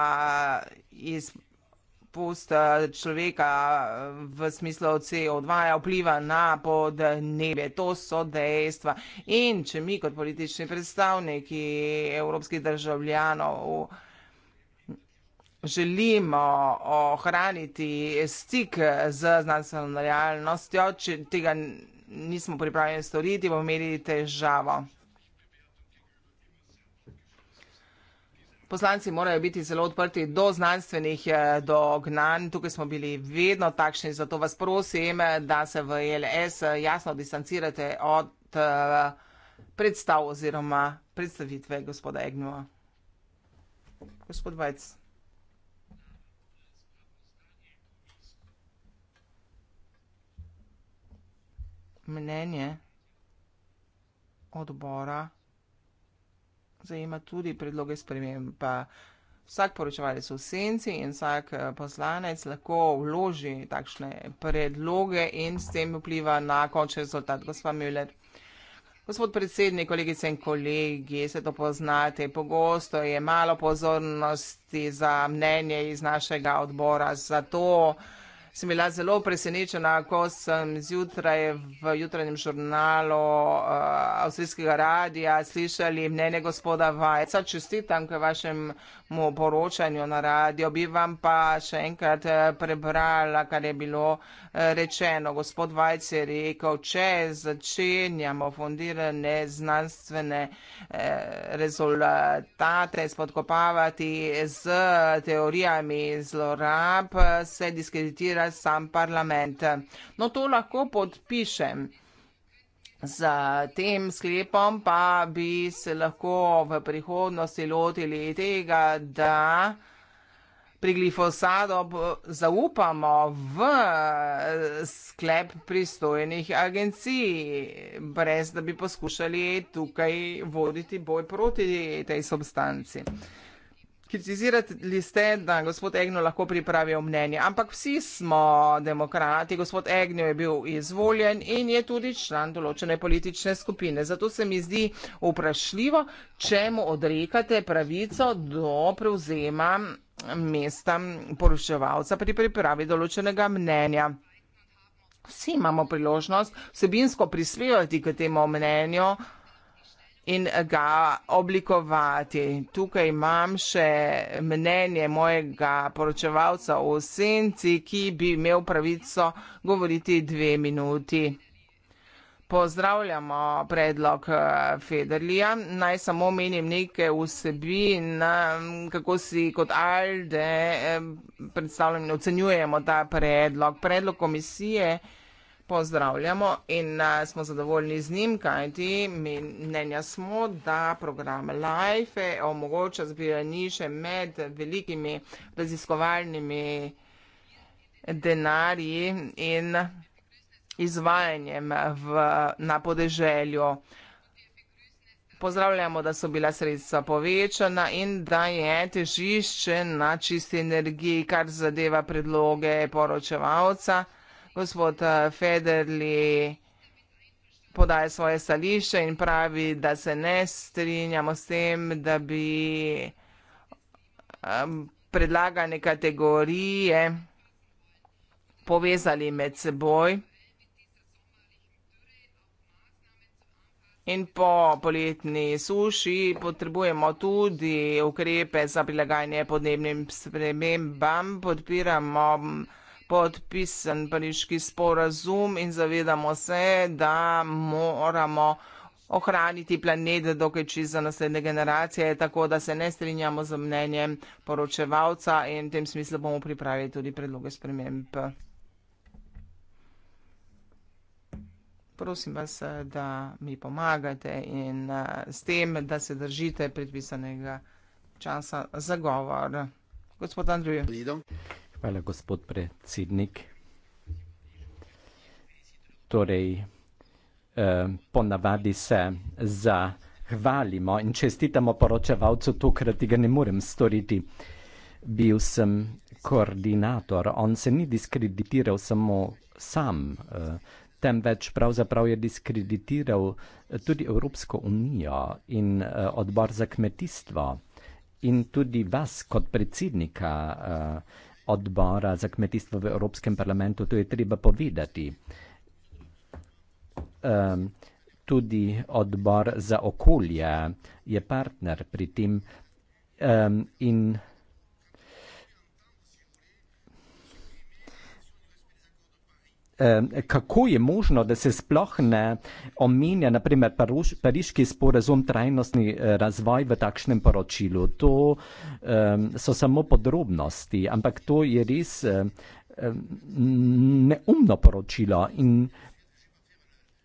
iz post eh, človeka eh, v smislu CO2 ja, vpliva na podnebje. To so dejstva. In če mi kot politični predstavniki evropskih državljanov želimo ohraniti stik z znanstveno realnostjo, če tega nismo pripravljeni storiti, bomo imeli težavo. Poslanci morajo biti zelo odprti do znanstvenih eh, dognanj. Tukaj smo bili vedno takšni, zato vas prosim, eh, da se v LS eh, jasno distancirate od predstav oziroma predstavitve gospoda Egnua. Gospod Vajc. Mnenje odbora zajema tudi predloge sprememb. Pa vsak poročevalec v senci in vsak eh, poslanec lahko vloži takšne predloge in s tem vpliva na končni rezultat. Gospa Müller. Gospod predsednik, kolegice in kolegi, se to poznate, pogosto je malo pozornosti za mnenje iz našega odbora, zato sem bila zelo presenečena, ko sem zjutraj v jutranjem žurnalu uh, avstrijskega radija slišali mnenje gospoda Vajca. Čestitam k vašem mu poročanju na radio. Bi vam pa še enkrat eh, prebrala, kar je bilo eh, rečeno. Gospod Vajc je rekel, če začenjamo fundirane znanstvene eh, rezultate spodkopavati z teorijami zlorab, se diskreditira sam parlament. No, to lahko podpišem. Za tem sklepom pa bi se lahko v prihodnosti lotili tega, da pri glifosado zaupamo v eh, sklep pristojenih agencij, brez da bi poskušali tukaj voditi boj proti tej substanci. Kritizirali ste, da gospod Egno lahko pripravijo mnenje, ampak vsi smo demokrati, gospod Egno je bil izvoljen in je tudi član določene politične skupine. Zato se mi zdi vprašljivo, če mu odrekate pravico do prevzema mesta poročevalca pri pripravi določenega mnenja. Vsi imamo priložnost vsebinsko prispevati k temu mnenju in ga oblikovati. Tukaj imam še mnenje mojega poročevalca o senci, ki bi imel pravico govoriti dve minuti. Pozdravljamo predlog eh, Federlija. Naj samo menim neke vsebin, kako si kot Alde eh, predstavljam in ocenjujemo ta predlog. Predlog komisije je pozdravljamo in uh, smo zadovoljni z njim, kajti mnenja smo, da program LIFE omogoča zbiranje med velikimi raziskovalnimi denarji in izvajanjem v, na podeželju. Pozdravljamo, da so bila sredstva povečana in da je težišče na čisti energiji, kar zadeva predloge poročevalca gospod eh, Federli podaja svoje stališče in pravi, da se ne strinjamo s tem, da bi predlagane kategorije povezali med seboj. In po poletni suši potrebujemo tudi ukrepe za prilagajanje podnebnim spremembam, podpiramo podpisan pariški sporazum in zavedamo se, da moramo ohraniti planet, dokaj čist za naslednje generacije, tako da se ne strinjamo z mnenjem poročevalca in v tem smislu bomo pripravili tudi predloge sprememb. Prosim vas, da mi pomagate in eh, s tem, da se držite predpisanega časa za govor. Gospod Andrej. Hvala, gospod predsednik. Torej, eh, ponavadi se zahvalimo in čestitamo poročevalcu, tokrat tega ne morem storiti. Bil sem koordinator, on se ni diskreditiral samo sam, eh, temveč pravzaprav je diskreditiral eh, tudi Evropsko unijo in eh, odbor za kmetijstvo in tudi vas kot predsednika. Eh, odbora za kmetijstvo v Evropskem parlamentu, to je treba povedati. Um, tudi odbor za okolje je partner pri tem um, in kako je možno, da se sploh ne omenja, naprimer, Paruš, Pariški sporazum trajnostni eh, razvoj v takšnem poročilu. To um, so samo podrobnosti, ampak to je res um, neumno poročilo in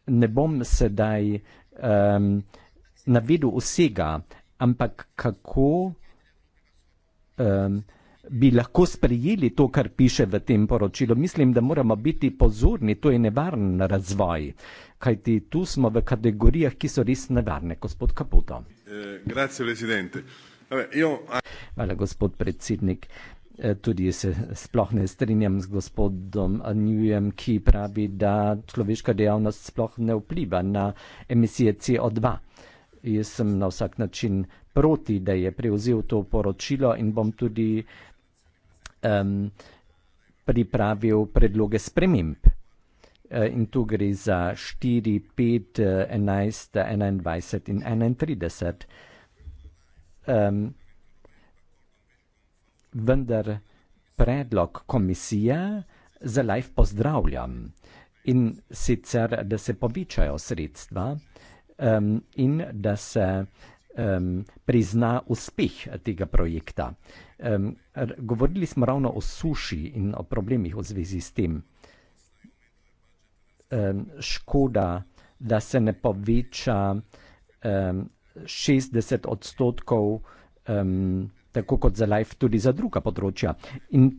ne bom sedaj um, navedel vsega, ampak kako um, bi lahko sprejeli to, kar piše v tem poročilu. Mislim, da moramo biti pozorni, to je nevaren razvoj, kajti tu smo v kategorijah, ki so res nevarne, gospod Kaputo. Eh, Hvala, gospod predsednik. Eh, tudi se sploh ne strinjam z gospodom Anjujem, ki pravi, da človeška dejavnost sploh ne vpliva na emisije CO2. Jaz sem na vsak način proti, da je prevzel to poročilo in bom tudi uh, um, pripravil predloge sprememb. E, in tu gre za 4, 5, 11, 21 in 31. Um, vendar predlog komisije za lajf pozdravljam in sicer, da se povečajo sredstva um, in da se um, prizna uspeh tega projekta. Um, govorili smo ravno o suši in o problemih v zvezi s tem. Um, škoda, da se ne poveča um, 60 odstotkov, um, tako kot za life, tudi za druga področja. In,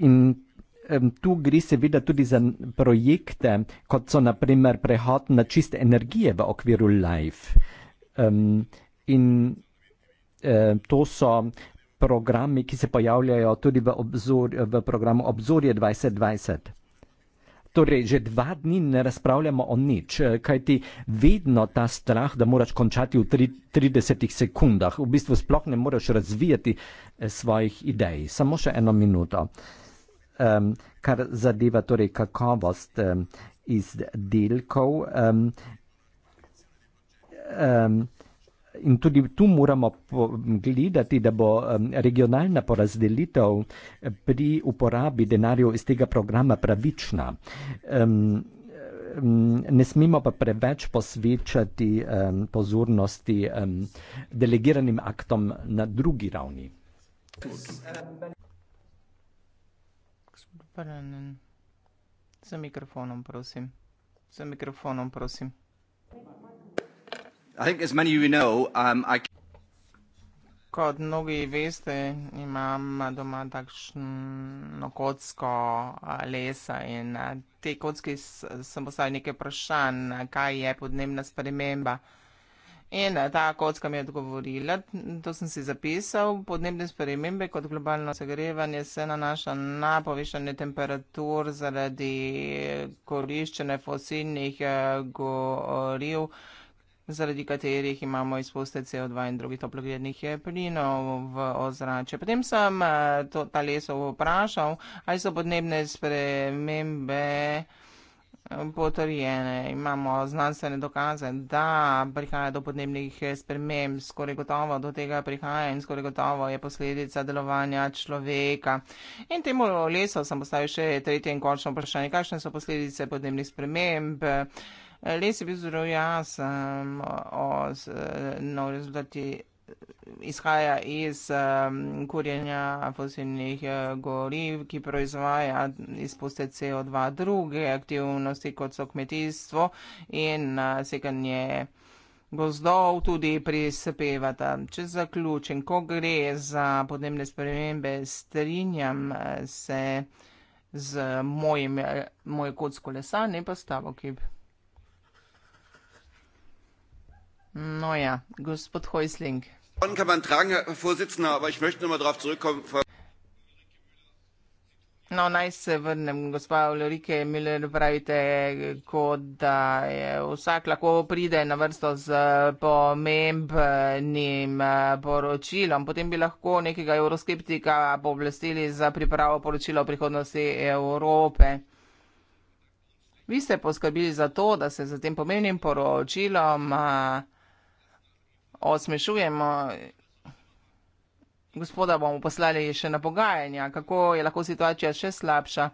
in tu gre seveda tudi za projekte, kot so naprimer prehod na čiste energije v okviru LIFE. Um, in uh, to so programi, ki se pojavljajo tudi v, obzor, v programu Obzorje 2020. Torej, že dva dni ne razpravljamo o nič, e, kajti vedno ta strah, da moraš končati v 30 tri, sekundah, v bistvu sploh ne moreš razvijati e, svojih idej. Samo še eno minuto. Uh, um, kar zadeva torej kakovost um, izdelkov. Um, um, in tudi tu moramo gledati, da bo um, regionalna porazdelitev pri uporabi denarjev iz tega programa pravična. Um, um Ne smemo pa preveč posvečati um, pozornosti um, delegiranim aktom na drugi ravni. Prenen. Za mikrofonom, prosim. Za mikrofonom, prosim. I think as many of you know, um, I... Kot mnogi veste, imam doma takšno kocko eh, lesa in eh, te kocki sem postavil nekaj vprašanj, kaj je podnebna sprememba. In eh, ta kocka mi je odgovorila, to sem si zapisal, podnebne spremembe kot globalno segrevanje se nanaša na povišanje temperatur zaradi koriščene fosilnih eh, goriv, zaradi katerih imamo izpuste CO2 in drugih toplogrednih eh, plinov v ozračje. Potem sem to, ta leso vprašal, ali so podnebne spremembe potrjene, imamo znanstvene dokaze, da prihaja do podnebnih sprememb, skoraj gotovo do tega prihaja in skoraj gotovo je posledica delovanja človeka. In temu leso sem postavil še tretje in končno vprašanje, kakšne so posledice podnebnih sprememb. Les je bil zelo jasen o novih rezultatih izhaja iz um, kurjenja fosilnih uh, goriv, ki proizvaja izpuste CO2, druge aktivnosti kot so kmetijstvo in uh, sekanje gozdov tudi prispevata. Če zaključim, ko gre za podnebne spremembe, strinjam uh, se z mojim, uh, mojo kocko lesa, ne pa stavo, ki bi. No ja, gospod Häusling. Davon kann man tragen, Herr Vorsitzender, aber ich möchte nochmal darauf zurückkommen. No, naj se vrnem, gospa Ulrike Miller, pravite, kot da je vsak lahko pride na vrsto z pomembnim eh, poročilom. Potem bi lahko nekega euroskeptika povlastili za pripravo poročila o prihodnosti Evrope. Vi ste poskrbili za to, da se za tem pomembnim poročilom. A, eh, osmešujemo. Gospoda bomo poslali še na pogajanja, kako je lahko situacija še slabša.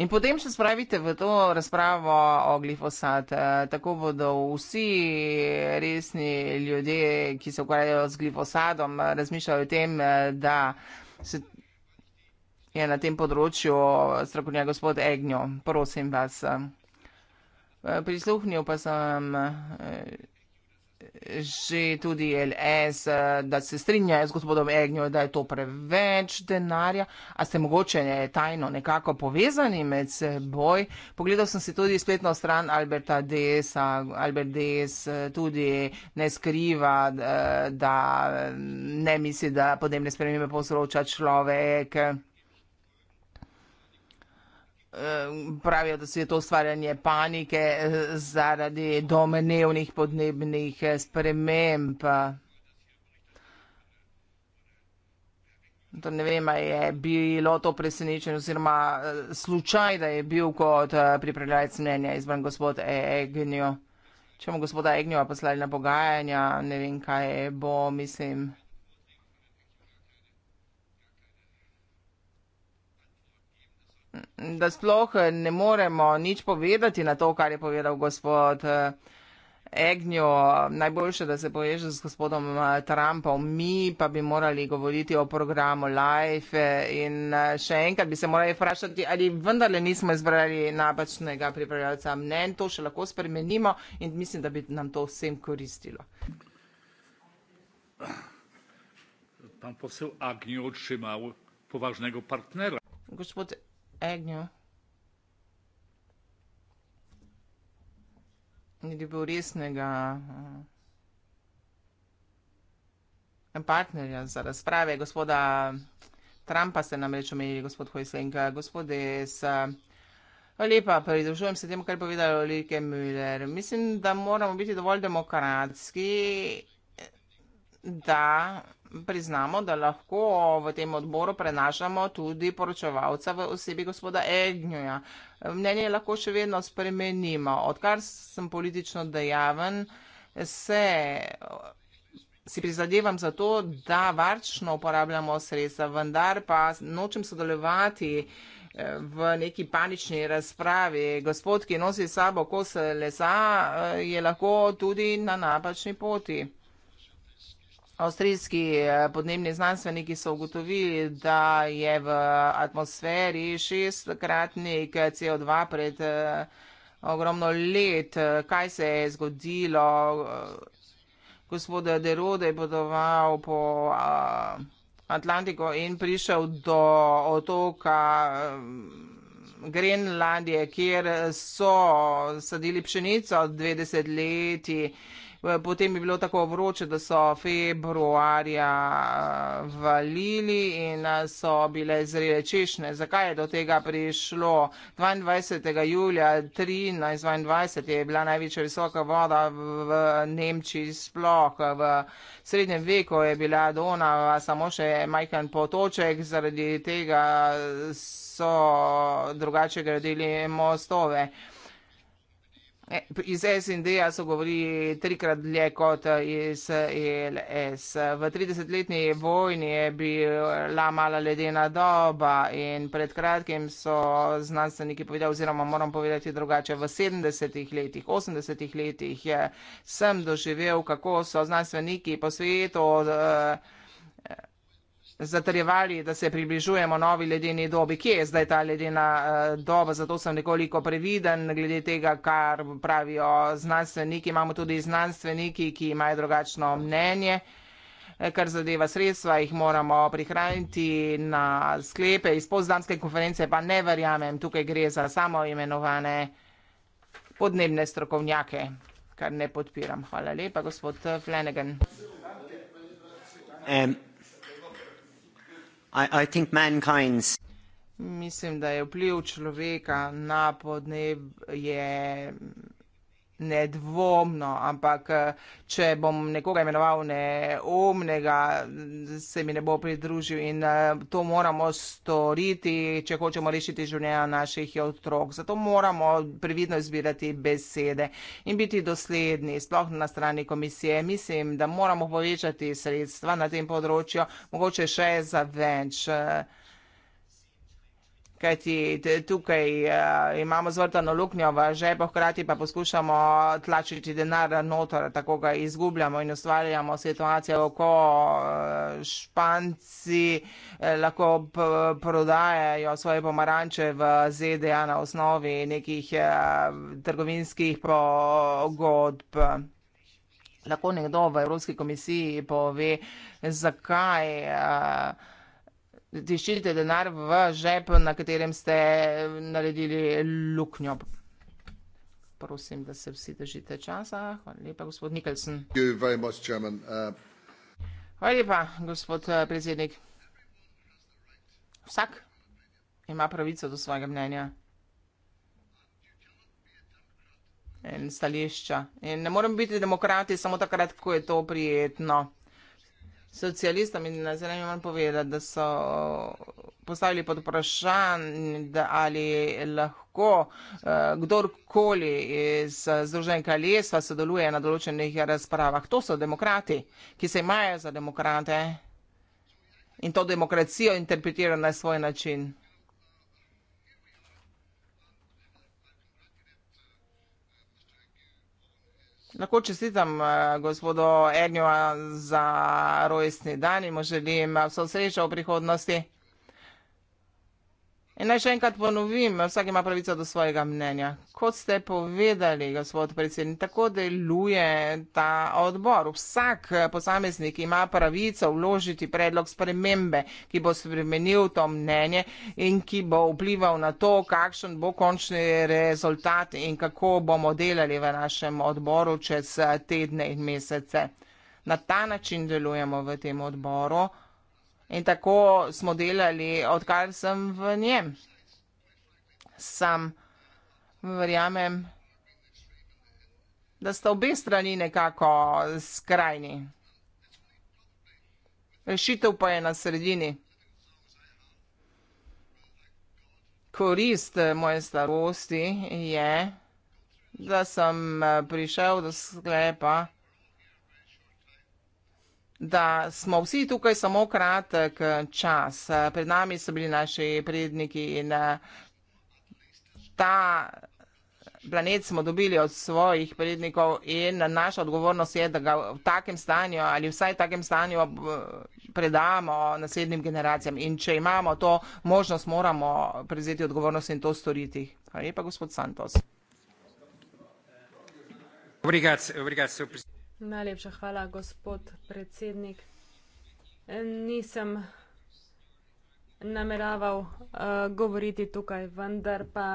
In potem še spravite v to razpravo o glifosat. E, tako bodo vsi resni ljudje, ki se ukvarjajo z glifosatom, razmišljali o tem, e, da se je na tem področju strokovnja gospod Egnjo. Prosim vas. E, prisluhnil pa sem že tudi LS, eh, da se strinjajo z gospodom Egnjo, da je to preveč denarja, a ste mogoče ne, tajno nekako povezani med seboj. Pogledal sem si tudi spletno stran Alberta Desa, Albert Des eh, tudi ne skriva, eh, da ne misli, da podnebne spremembe povzroča človek pravijo, da se je to ustvarjanje panike eh, zaradi domenevnih podnebnih eh, sprememb. To ne vem, ali je bilo to presenečenje oziroma eh, slučaj, da je bil kot pripravljalec mnenja izbran gospod Egnjo. Če bomo gospoda Egnjo poslali na pogajanja, ne vem, kaj bo, mislim. da sploh eh, ne moremo nič povedati na to, kar je povedal gospod eh, Egnjo. Najboljše, da se poveže z gospodom eh, Trumpom, mi pa bi morali govoriti o programu Life in še enkrat bi se morali vprašati, ali vendarle nismo izbrali napačnega pripravljalca mnen, to še lahko spremenimo in mislim, da bi nam to vsem koristilo. Pan poseł Agni otrzymał poważnego partnera. Gospodzie. Agnew. Ni dobil resnega uh, partnerja za razprave. Gospoda Trumpa ste namreč omenili, gospod Hoisling. Gospode, s, uh, lepa, pridružujem se temu, kar je povedal Olike Müller. Mislim, da moramo biti dovolj demokratski, da priznamo, da lahko v tem odboru prenašamo tudi poročevalca v osebi gospoda Egnjuja. Mnenje lahko še vedno spremenimo. Odkar sem politično dejaven, se, si prizadevam za to, da varčno uporabljamo sredstva, vendar pa nočem sodelovati eh, v neki panični razpravi. Gospod, ki nosi sabo kose lesa, eh, je lahko tudi na napačni poti. Avstrijski eh, podnebni znanstveniki so ugotovili, da je v atmosferi šestkratnik CO2 pred eh, ogromno let. Kaj se je zgodilo? Eh, gospod Derode je potoval po Atlantiko in prišel do otoka Grenlandije, kjer so sadili pšenico 20 leti. Eh, potem je bilo tako vroče, da so februarja eh, valili in eh, so bile zrele češnje. Zakaj je do tega prišlo? 22. julija 1322 je bila največja visoka voda v Nemčiji sploh. V srednjem veku je bila Donava samo še majhen potoček, zaradi tega so drugače gradili mostove. Iz SND-ja so govorili trikrat dlje kot iz ELS. V 30-letni vojni je bila mala ledena doba in pred kratkim so znanstveniki povedali, oziroma moram povedati drugače, v 70-ih letih, 80-ih letih sem doživel, kako so znanstveniki po svetu. Uh, zatrjevali, da se približujemo novi ledeni dobi. Kje je zdaj ta ledena eh, doba? Zato sem nekoliko previden glede tega, kar pravijo znanstveniki. Imamo tudi znanstveniki, ki imajo drugačno mnenje. Eh, kar zadeva sredstva, jih moramo prihraniti na sklepe iz pozdanske konference, pa ne verjamem, tukaj gre za samo imenovane podnebne strokovnjake, kar ne podpiram. Hvala lepa, gospod Flanagan. Um. Mislim, da je vpliv človeka na podnebje nedvomno, ampak eh, če bom nekoga imenoval neumnega, se mi ne bo pridružil in eh, to moramo storiti, če hočemo rešiti življenja naših otrok. Zato moramo previdno izbirati besede in biti dosledni, sploh na strani komisije. Mislim, da moramo povečati sredstva na tem področju, mogoče še za več. Eh, kajti tukaj uh, imamo zvrtano luknjo v žepu, hkrati pa poskušamo tlačiti denar noter, tako ga izgubljamo in ustvarjamo situacijo, ko eh, španci eh, lahko prodajajo svoje pomaranče v ZDA na osnovi nekih uh, trgovinskih pogodb. Lahko nekdo v Evropski komisiji pove, zakaj. Uh, tiščite denar v žep, na katerem ste eh, naredili luknjo. Prosim, da se vsi držite časa. Hvala lepa, gospod Nikolsen. Uh... Hvala lepa, gospod eh, predsednik. Vsak ima pravico do svojega mnenja in stališča. In ne morem biti demokrati samo takrat, ko je to prijetno socialistom in zelenim moram povedati, da so postavili pod vprašanje, da ali lahko eh, kdorkoli iz Združenja kraljestva sodeluje na določenih razpravah. To so demokrati, ki se imajo za demokrate in to demokracijo interpretirajo na svoj način. Lahko čestitam eh, gospodu Ernjova za rojstni dan in mu želim vso srečo v prihodnosti. In naj še enkrat ponovim, vsak ima pravico do svojega mnenja. Kot ste povedali, gospod predsednik, tako deluje ta odbor. Vsak posameznik ima pravico vložiti predlog spremembe, ki bo spremenil to mnenje in ki bo vplival na to, kakšen bo končni rezultat in kako bomo delali v našem odboru čez tedne in mesece. Na ta način delujemo v tem odboru. In tako smo delali, odkar sem v njem. Sam verjamem, da sta obe strani nekako skrajni. Rešitev pa je na sredini. Korist eh, moje starosti je, da sem eh, prišel do sklepa, da smo vsi tukaj samo kratek eh, čas. Eh, pred nami so bili naši predniki in eh, ta planet smo dobili od svojih prednikov in naša odgovornost je, da ga v takem stanju ali vsaj v takem stanju predamo naslednjim generacijam. In če imamo to možnost, moramo prevzeti odgovornost in to storiti. Hvala lepa, gospod Santos. Obrigac, obrigac, Najlepša hvala, gospod predsednik. Nisem nameraval uh, govoriti tukaj, vendar pa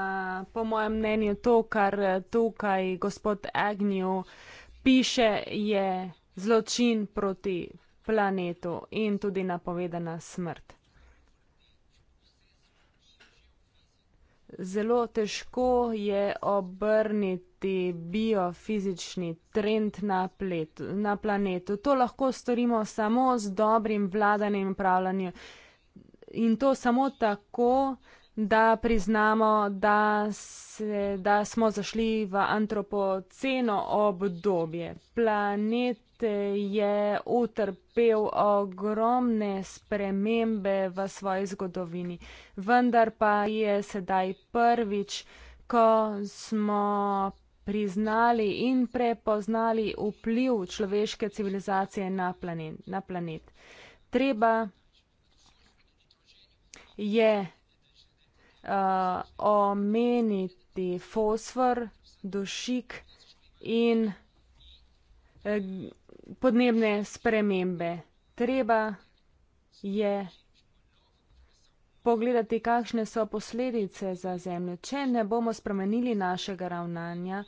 po mojem mnenju to, kar tukaj gospod Agnew piše, je zločin proti planetu in tudi napovedana smrt. Zelo težko je obrniti spremljati biofizični trend na, plet, na planetu. To lahko storimo samo z dobrim vladanjem in upravljanjem. In to samo tako, da priznamo, da, se, da smo zašli v antropoceno obdobje. Planet je utrpel ogromne spremembe v svoji zgodovini, vendar pa je sedaj prvič, ko smo priznali in prepoznali vpliv človeške civilizacije na planet. Na planet. Treba je uh, omeniti fosfor, dušik in eh, podnebne spremembe. Treba je pogledati, kakšne so posledice za zemljo. Če ne bomo spremenili našega ravnanja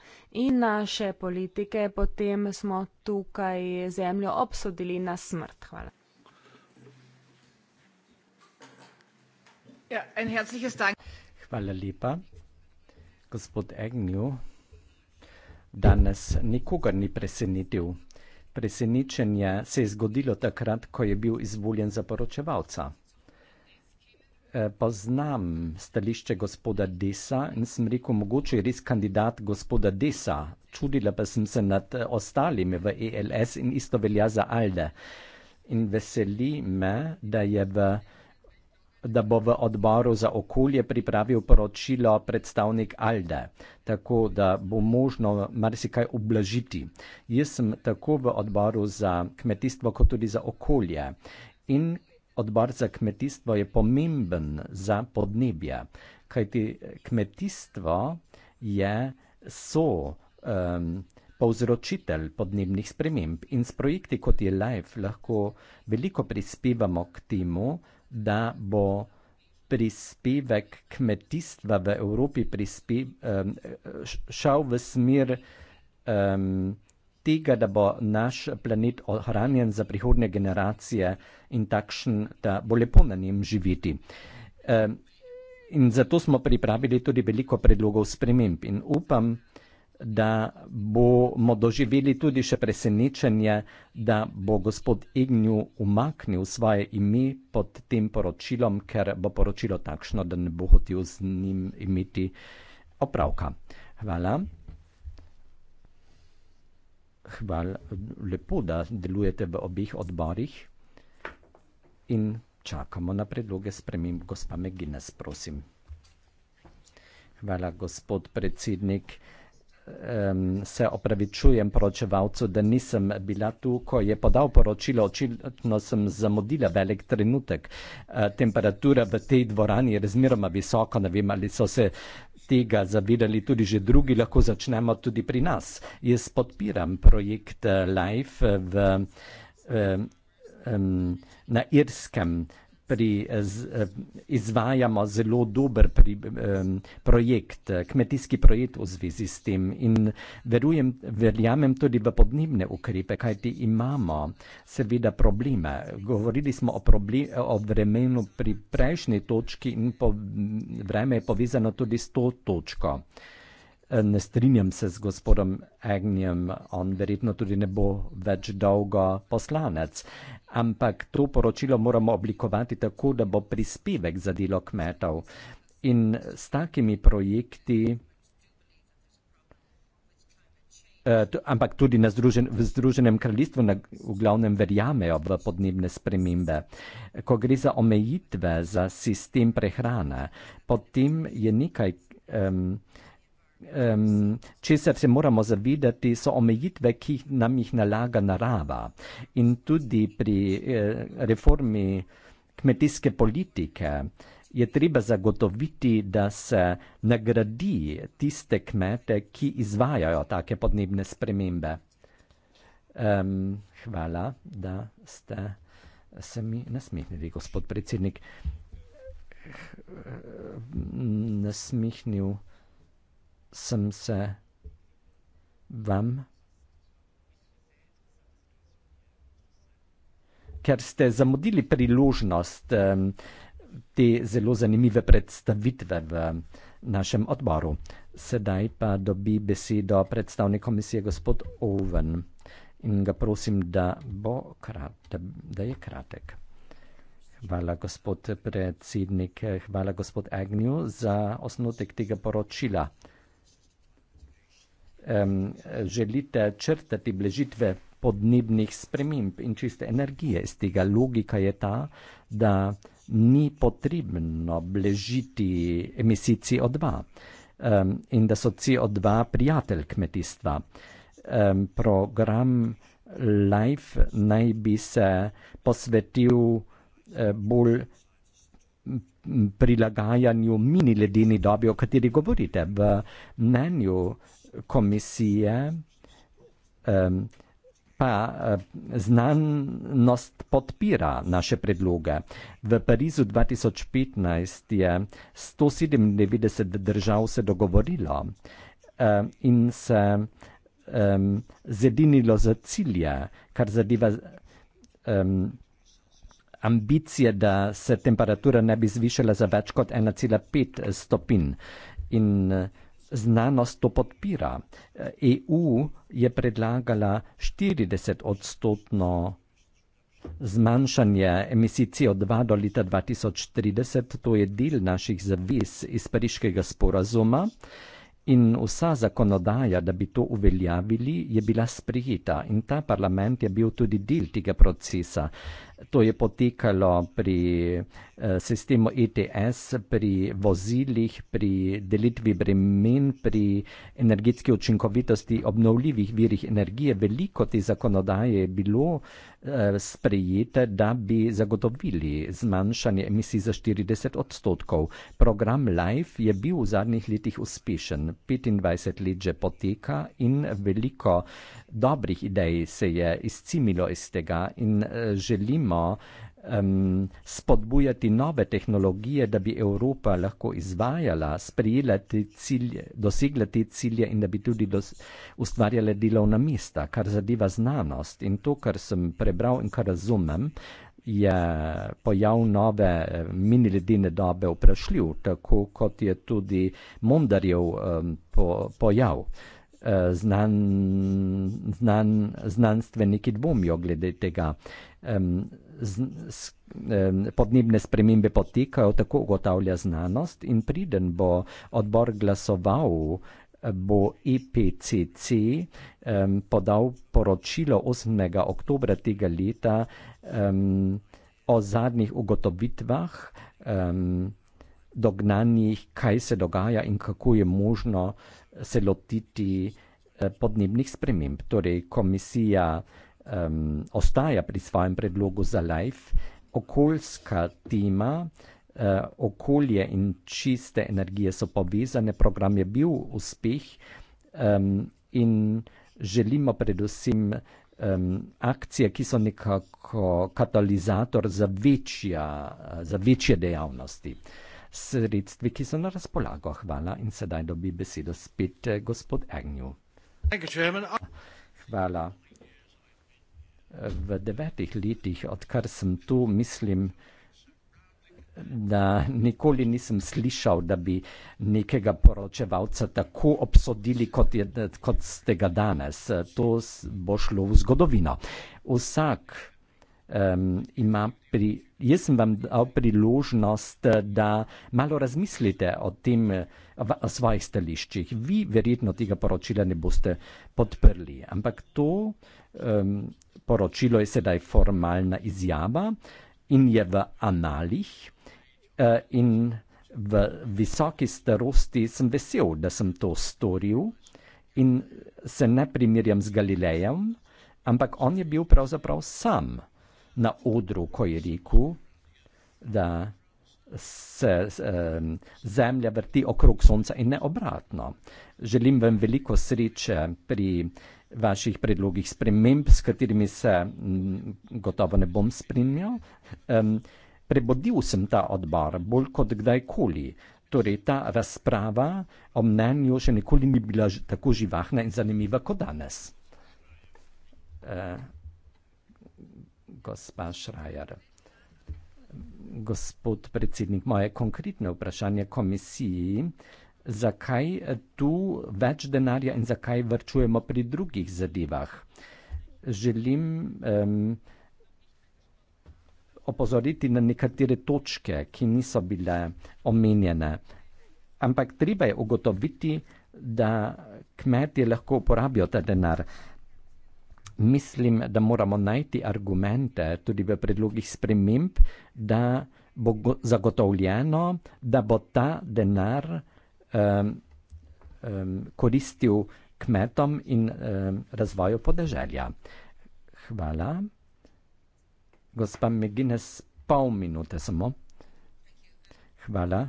in naše politike, potem smo tukaj zemljo obsodili na smrt. Hvala. Ja, Hvala lepa. Gospod Egnju, danes nikogar ni presenetil. Presenečenje se je zgodilo takrat, ko je bil izvoljen za poročevalca. Eh, poznam stališče gospoda Desa in sem rekel, mogoče je res kandidat gospoda Desa. Čudila pa sem se nad eh, ostalimi v ELS in isto velja za Alde. In veseli me, da, v, da bo v odboru za okolje pripravil poročilo predstavnik Alde, tako da bo možno marsikaj oblažiti. Jaz sem tako v odboru za kmetijstvo, kot tudi za okolje. In odbor za kmetijstvo je pomemben za podnebje, kajti kmetijstvo je so um, povzročitelj podnebnih sprememb in s projekti kot je LIFE lahko veliko prispevamo k temu, da bo prispevek kmetijstva v Evropi prispe, um, šel v smer um, tega, da bo naš planet ohranjen za prihodnje generacije in takšen, da bo lepo na njem živeti. E, in zato smo pripravili tudi veliko predlogov sprememb in upam, da bomo doživeli tudi še presenečenje, da bo gospod Egnju umaknil svoje ime pod tem poročilom, ker bo poročilo takšno, da ne bo hotel z njim imeti opravka. Hvala hvala lepo, da delujete v obih odborih in čakamo na predloge sprememb. Gospa Megines, prosim. Hvala, gospod predsednik um, se opravičujem poročevalcu, da nisem bila tu, ko je podal poročilo, očitno sem zamudila velik trenutek. Uh, temperatura v tej dvorani je razmeroma visoka, ne vem, ali so se tega zavedali tudi že drugi, lahko začnemo tudi pri nas. Jaz podpiram projekt uh, Life eh, v, uh, um, na Irskem pri, z, izvajamo zelo dober pri, um, projekt, kmetijski projekt v zvezi s tem in verujem, verjamem tudi v podnebne ukrepe, kajti imamo seveda probleme. Govorili smo o, problem, o vremenu pri prejšnji točki in po, vreme je povezano tudi s to točko. Uh, ne strinjam se z gospodom Agnjem, on verjetno tudi ne bo več dolgo poslanec. Ampak to poročilo moramo oblikovati tako, da bo prispevek za delo kmetov. In s takimi projekti, eh, ampak tudi združen, v Združenem kraljestvu, v glavnem verjamejo v podnebne spremembe. Ko gre za omejitve za sistem prehrane, potem je nekaj. Um, Um, česar se moramo zavedati, so omejitve, ki jih nam jih nalaga narava. In tudi pri eh, reformi kmetijske politike je treba zagotoviti, da se nagradi tiste kmete, ki izvajajo take podnebne spremembe. Um, hvala, da ste se mi nasmehnili, gospod predsednik. Eh, nasmehnil sem se vam, ker ste zamudili priložnost te zelo zanimive predstavitve v našem odboru. Sedaj pa dobi besedo predstavnik komisije gospod Oven in ga prosim, da, bo krat, da je kratek. Hvala, gospod predsednik, hvala, gospod Agnew, za osnotek tega poročila um, želite črtati bližitve podnebnih sprememb in čiste energije. Z tega logika je ta, da ni potrebno bližiti emisij CO2 um, in da so CO2 prijatelj kmetijstva. Um, program LIFE naj bi se posvetil uh, bolj prilagajanju mini ledeni dobi, o kateri govorite. V mnenju komisije, pa znanost podpira naše predloge. V Parizu 2015 je 197 držav se dogovorilo in se zedinilo za cilje, kar zadeva ambicije, da se temperatura ne bi zvišala za več kot 1,5 stopin. In uh, znanost to podpira. EU je predlagala 40 odstotno zmanjšanje emisij CO2 do leta 2030, to je del naših zavez iz pariškega sporazuma. In vsa zakonodaja, da bi to uveljavili, je bila sprejeta. In ta parlament je bil tudi del tega procesa. To je potekalo pri eh, sistemu ETS, pri vozilih, pri delitvi bremen, pri energetski učinkovitosti obnovljivih virih energije. Veliko te zakonodaje je bilo eh, sprejete, da bi zagotovili zmanjšanje emisij za 40 odstotkov. Program LIFE je bil v zadnjih letih uspešen, 25 let že poteka in veliko dobrih idej se je izcimilo iz tega in eh, želim, zanima, um, spodbujati nove tehnologije, da bi Evropa lahko izvajala, sprijela te cilje, dosegla te cilje in da bi tudi dos, ustvarjala delovna mesta, kar zadeva znanost. In to, kar sem prebral in kar razumem, je pojav nove miniledine dobe vprašljiv, tako kot je tudi Mondarjev um, po, pojav. E, znan, znan, znanstveniki dvomijo glede tega. Uh, um, z, s, um, podnebne spremembe potekajo, tako ugotavlja znanost in priden bo odbor glasoval, bo IPCC e um, podal poročilo 8. oktobra tega leta um, o zadnjih ugotovitvah, um, dognanjih, kaj se dogaja in kako je možno se lotiti eh, podnebnih sprememb. Torej, komisija uh, um, ostaja pri svojem predlogu za life, okoljska tema, uh, okolje in čiste energije so povezane, program je bil uspeh um, in želimo predvsem um, akcije, ki so nekako katalizator za, večja, za večje dejavnosti. Sredstvi, ki so na razpolago, hvala in sedaj dobi besedo spet eh, gospod Agnew. Hvala v devetih letih, odkar sem tu, mislim, da nikoli nisem slišal, da bi nekega poročevalca tako obsodili, kot, je, kot ste ga danes. To bo šlo v zgodovino. Vsak um, ima pri. Jaz sem vam dal priložnost, da malo razmislite o tem, o svojih stališčih. Vi verjetno tega poročila ne boste podprli, ampak to um, poročilo je sedaj formalna izjava in je v analih. Uh, in v visoki starosti sem vesel, da sem to storil in se ne primerjam z Galilejem, ampak on je bil pravzaprav sam na odru, ko je rekel, da se um, zemlja vrti okrog sonca in ne obratno. Želim vam veliko sreče pri vaših predlogih sprememb, s katerimi se m, gotovo ne bom spremljal. Um, prebodil sem ta odbor bolj kot kdajkoli. Torej, ta razprava o mnenju še nikoli ni bila tako živahna in zanimiva kot danes. Uh, gospa Šrajer, gospod predsednik, moje konkretno vprašanje komisiji zakaj eh, tu več denarja in zakaj vrčujemo pri drugih zadevah. Želim um, opozoriti na nekatere točke, ki niso bile omenjene. Ampak treba je ugotoviti, da kmetje lahko uporabijo ta denar. Mislim, da moramo najti argumente tudi v predlogih sprememb, da bo zagotovljeno, da bo ta denar um, um, koristil kmetom in um, razvoju podeželja. Hvala. Gospa Megines, pol minute samo. Hvala.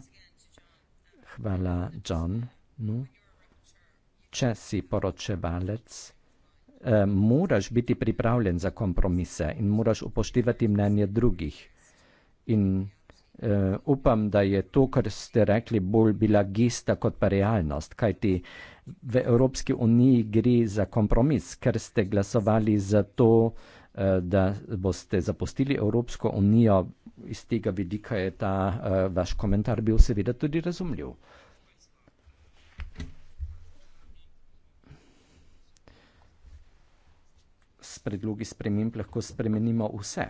Hvala, John. No. Če si poročevalec, eh, moraš biti pripravljen za kompromise in moraš upoštevati mnenje drugih. In uh, upam, da je to, kar ste rekli, bolj bila gesta kot pa realnost, kajti v Evropski uniji gre za kompromis, ker ste glasovali za to, uh, da boste zapustili Evropsko unijo. Iz tega vidika je ta uh, vaš komentar bil seveda tudi razumljiv. S predlogi sprememb lahko spremenimo vse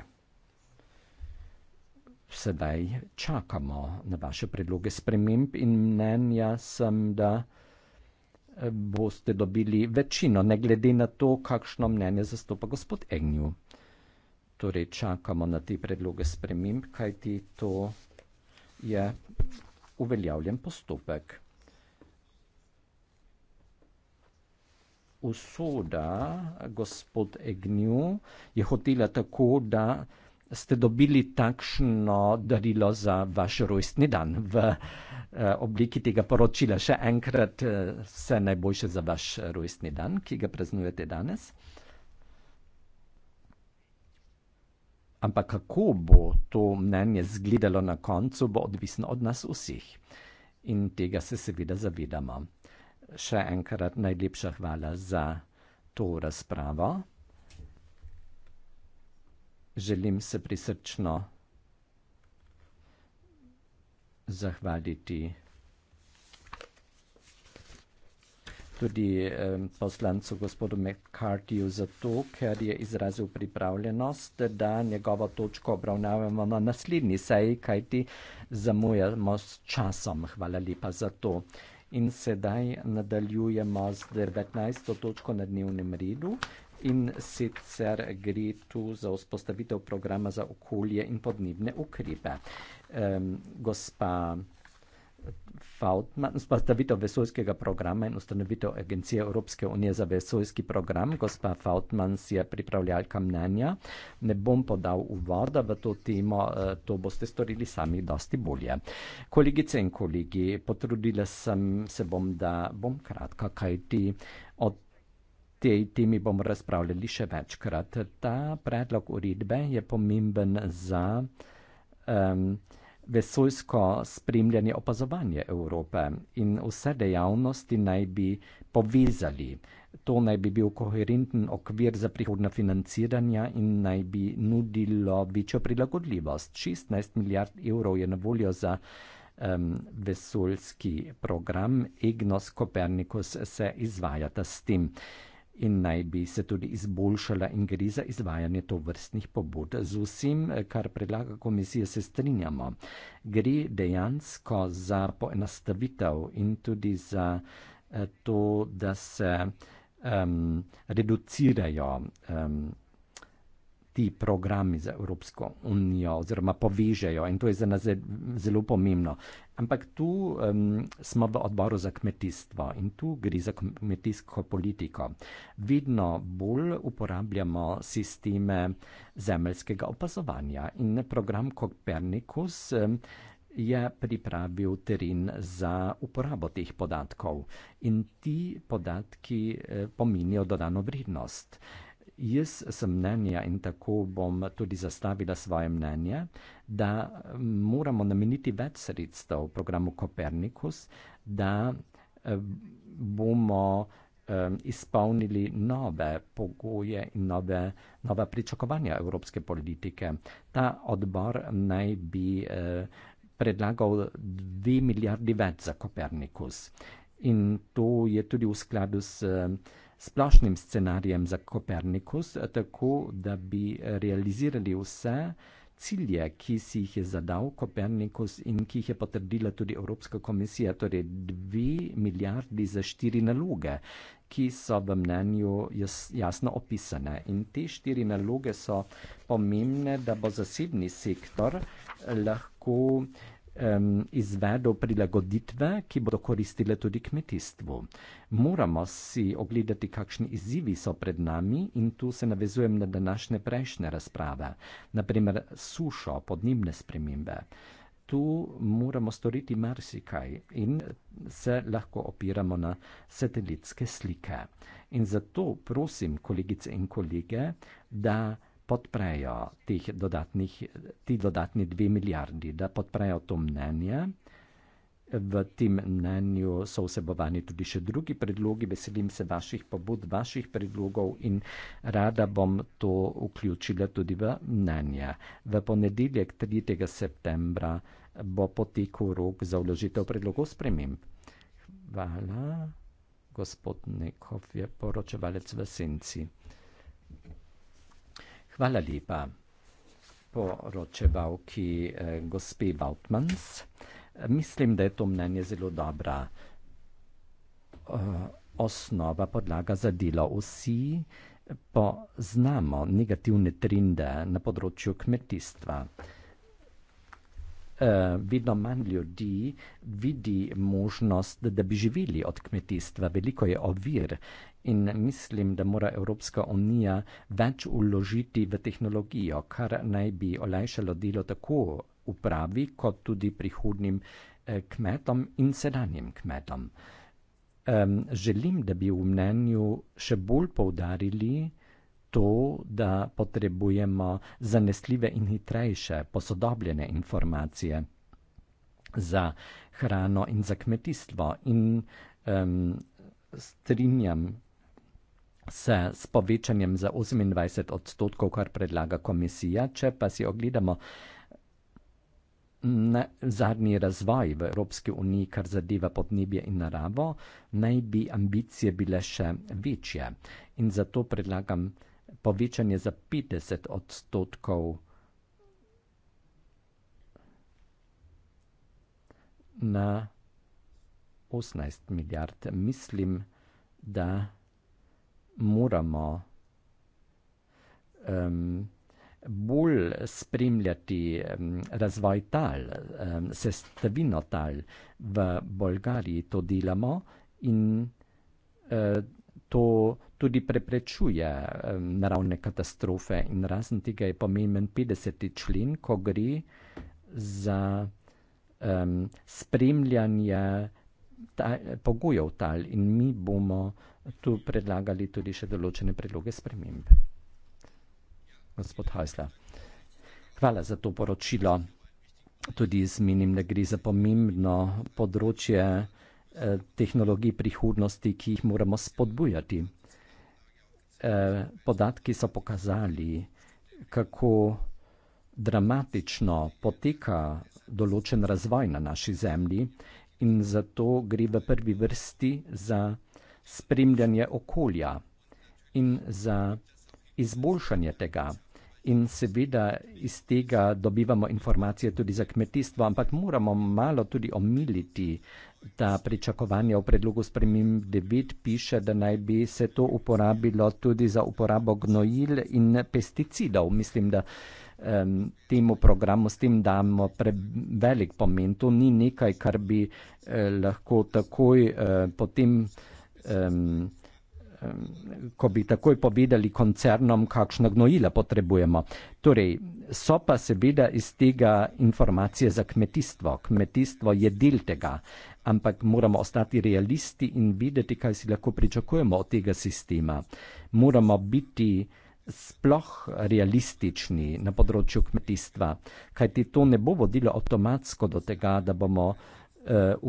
sedaj čakamo na vaše predloge sprememb in mnenja sem, da eh, boste dobili večino, ne glede na to, kakšno mnenje zastopa gospod Engju. Torej čakamo na te predloge sprememb, kajti to je uveljavljen postopek. Usoda gospod Egnju je hotela tako, da ste dobili takšno darilo za vaš rojstni dan v eh, obliki tega poročila. Še enkrat eh, vse najboljše za vaš rojstni dan, ki ga praznujete danes. Ampak kako bo to mnenje zgledalo na koncu, bo odvisno od nas vseh. In tega se seveda zavedamo. Še enkrat najlepša hvala za to razpravo želim se prisrčno zahvaliti tudi eh, poslancu gospodu McCartyju za to, ker je izrazil pripravljenost, da njegovo točko obravnavamo na naslednji seji, kajti zamujamo s časom. Hvala lepa za to. In sedaj nadaljujemo z 19. točko na dnevnem redu, in sicer gre tu za vzpostavitev programa za okolje in podnebne ukrepe. Um, gospa Fautman, vzpostavitev vesoljskega programa in ustanovitev Agencije Evropske unije za vesoljski program. Gospa Fautman si je pripravljalka mnenja. Ne bom podal uvoda v to temo, e, to boste storili sami dosti bolje. Kolegice in kolegi, potrudila sem se bom, da bom kratka, kaj ti. Te, temi bomo razpravljali še večkrat. Ta predlog uredbe je pomemben za um, vesoljsko spremljanje opazovanja Evrope in vse dejavnosti naj bi povezali. To naj bi bil koherenten okvir za prihodna financiranja in naj bi nudilo večjo prilagodljivost. 16 milijard evrov je na voljo za um, vesoljski program, Egnos Kopernikus se izvajata s tem. Uh, in naj bi se tudi izboljšala in gre za izvajanje tovrstnih pobud. Z vsem, kar predlaga komisija, se strinjamo. Gre dejansko za poenostavitev in tudi za eh, to, da se um, reducirajo um, ti programi za Evropsko unijo oziroma povežejo in to je za nas zelo pomembno. Ampak tu um, smo v odboru za kmetijstvo in tu gre za kmetijsko politiko. Vedno bolj uporabljamo sisteme zemljskega opazovanja in program Kopernikus um, je pripravil teren za uporabo teh podatkov in ti podatki uh, eh, pominjajo dodano vrednost. Jaz sem mnenja in tako bom tudi zastavila svoje mnenje, da moramo nameniti več sredstev programu Kopernikus, da eh, bomo eh, izpolnili nove pogoje in nove, nove pričakovanja evropske politike. Ta odbor naj bi eh, predlagal 2 milijardi več za Kopernikus. In to je tudi v skladu s uh, splošnim scenarijem za Kopernikus, tako da bi realizirali vse cilje, ki si jih je zadal Kopernikus in ki jih je potrdila tudi Evropska komisija, torej dve milijardi za štiri naloge, ki so v mnenju jasno opisane. In te štiri naloge so pomembne, da bo zasebni sektor lahko um, izvedel prilagoditve, ki bodo koristile tudi kmetijstvu. Moramo si ogledati, kakšni izzivi so pred nami in tu se navezujem na današnje prejšnje razprave, naprimer sušo, podnebne spremembe. Tu moramo storiti marsikaj in se lahko opiramo na satelitske slike. In zato prosim kolegice in kolege, da podprejo dodatnih, ti dodatni dve milijardi, da podprejo to mnenje. V tem mnenju so vsebovani tudi še drugi predlogi. Veselim se vaših pobud, vaših predlogov in rada bom to vključila tudi v mnenje. V ponedeljek 3. septembra bo potekel rok za vložitev predlogov sprememb. Hvala, gospod Nekov je poročevalec v senci. Hvala lepa. Poroče bavki eh, gospe Bautmans. Mislim, da je to mnenje zelo dobra eh, osnova, podlaga za delo. Vsi poznamo negativne trende na področju kmetijstva. Uh, vedno manj ljudi vidi možnost, da, da bi živeli od kmetijstva. Veliko je ovir, uh, In mislim, da mora Evropska unija več uložiti v tehnologijo, kar naj bi olajšalo delo tako upravi, kot tudi prihodnim eh, kmetom in sedanjim kmetom. Um, želim, da bi v mnenju še bolj poudarili to, da potrebujemo zanesljive in hitrejše posodobljene informacije za hrano in za kmetijstvo in um, strinjam se s povečanjem za 28 odstotkov, kar predlaga komisija. Če pa si ogledamo zadnji razvoj v Evropski uniji, kar zadeva podnebje in naravo, naj bi ambicije bile še večje. In zato predlagam povečanje za 50 odstotkov. Na 18 milijard mislim, da moramo um, bolj spremljati um, razvoj tal, um, sestavino tal. V Bolgariji to delamo in uh, To tudi preprečuje um, naravne katastrofe in razen tega je pomemben 50. člen, ko gre za um, spremljanje tal, pogojev tal in mi bomo tu predlagali tudi še določene predloge sprememb. Gospod Hasla, hvala za to poročilo. Tudi jaz menim, da gre za pomembno področje eh, tehnologij prihodnosti, ki jih moramo spodbujati. Eh, podatki so pokazali, kako dramatično poteka določen razvoj na naši zemlji in zato gre v prvi vrsti za spremljanje okolja in za izboljšanje tega. In seveda iz tega dobivamo informacije tudi za kmetijstvo, ampak moramo malo tudi omiliti ta pričakovanja. V predlogu spremem 9 piše, da naj bi se to uporabilo tudi za uporabo gnojil in pesticidov. Mislim, da uh, um, temu programu, s tem damo prevelik pomen. To ni nekaj, kar bi eh, lahko takoj eh, potem. Um, Ko bi takoj povedali koncernom, kakšna gnojila potrebujemo. Torej, so pa seveda iz tega informacije za kmetijstvo. Kmetijstvo je del tega, ampak moramo ostati realisti in videti, kaj si lahko pričakujemo od tega sistema. Moramo biti sploh realistični na področju kmetijstva, kajti to ne bo vodilo avtomatsko do tega, da bomo uh,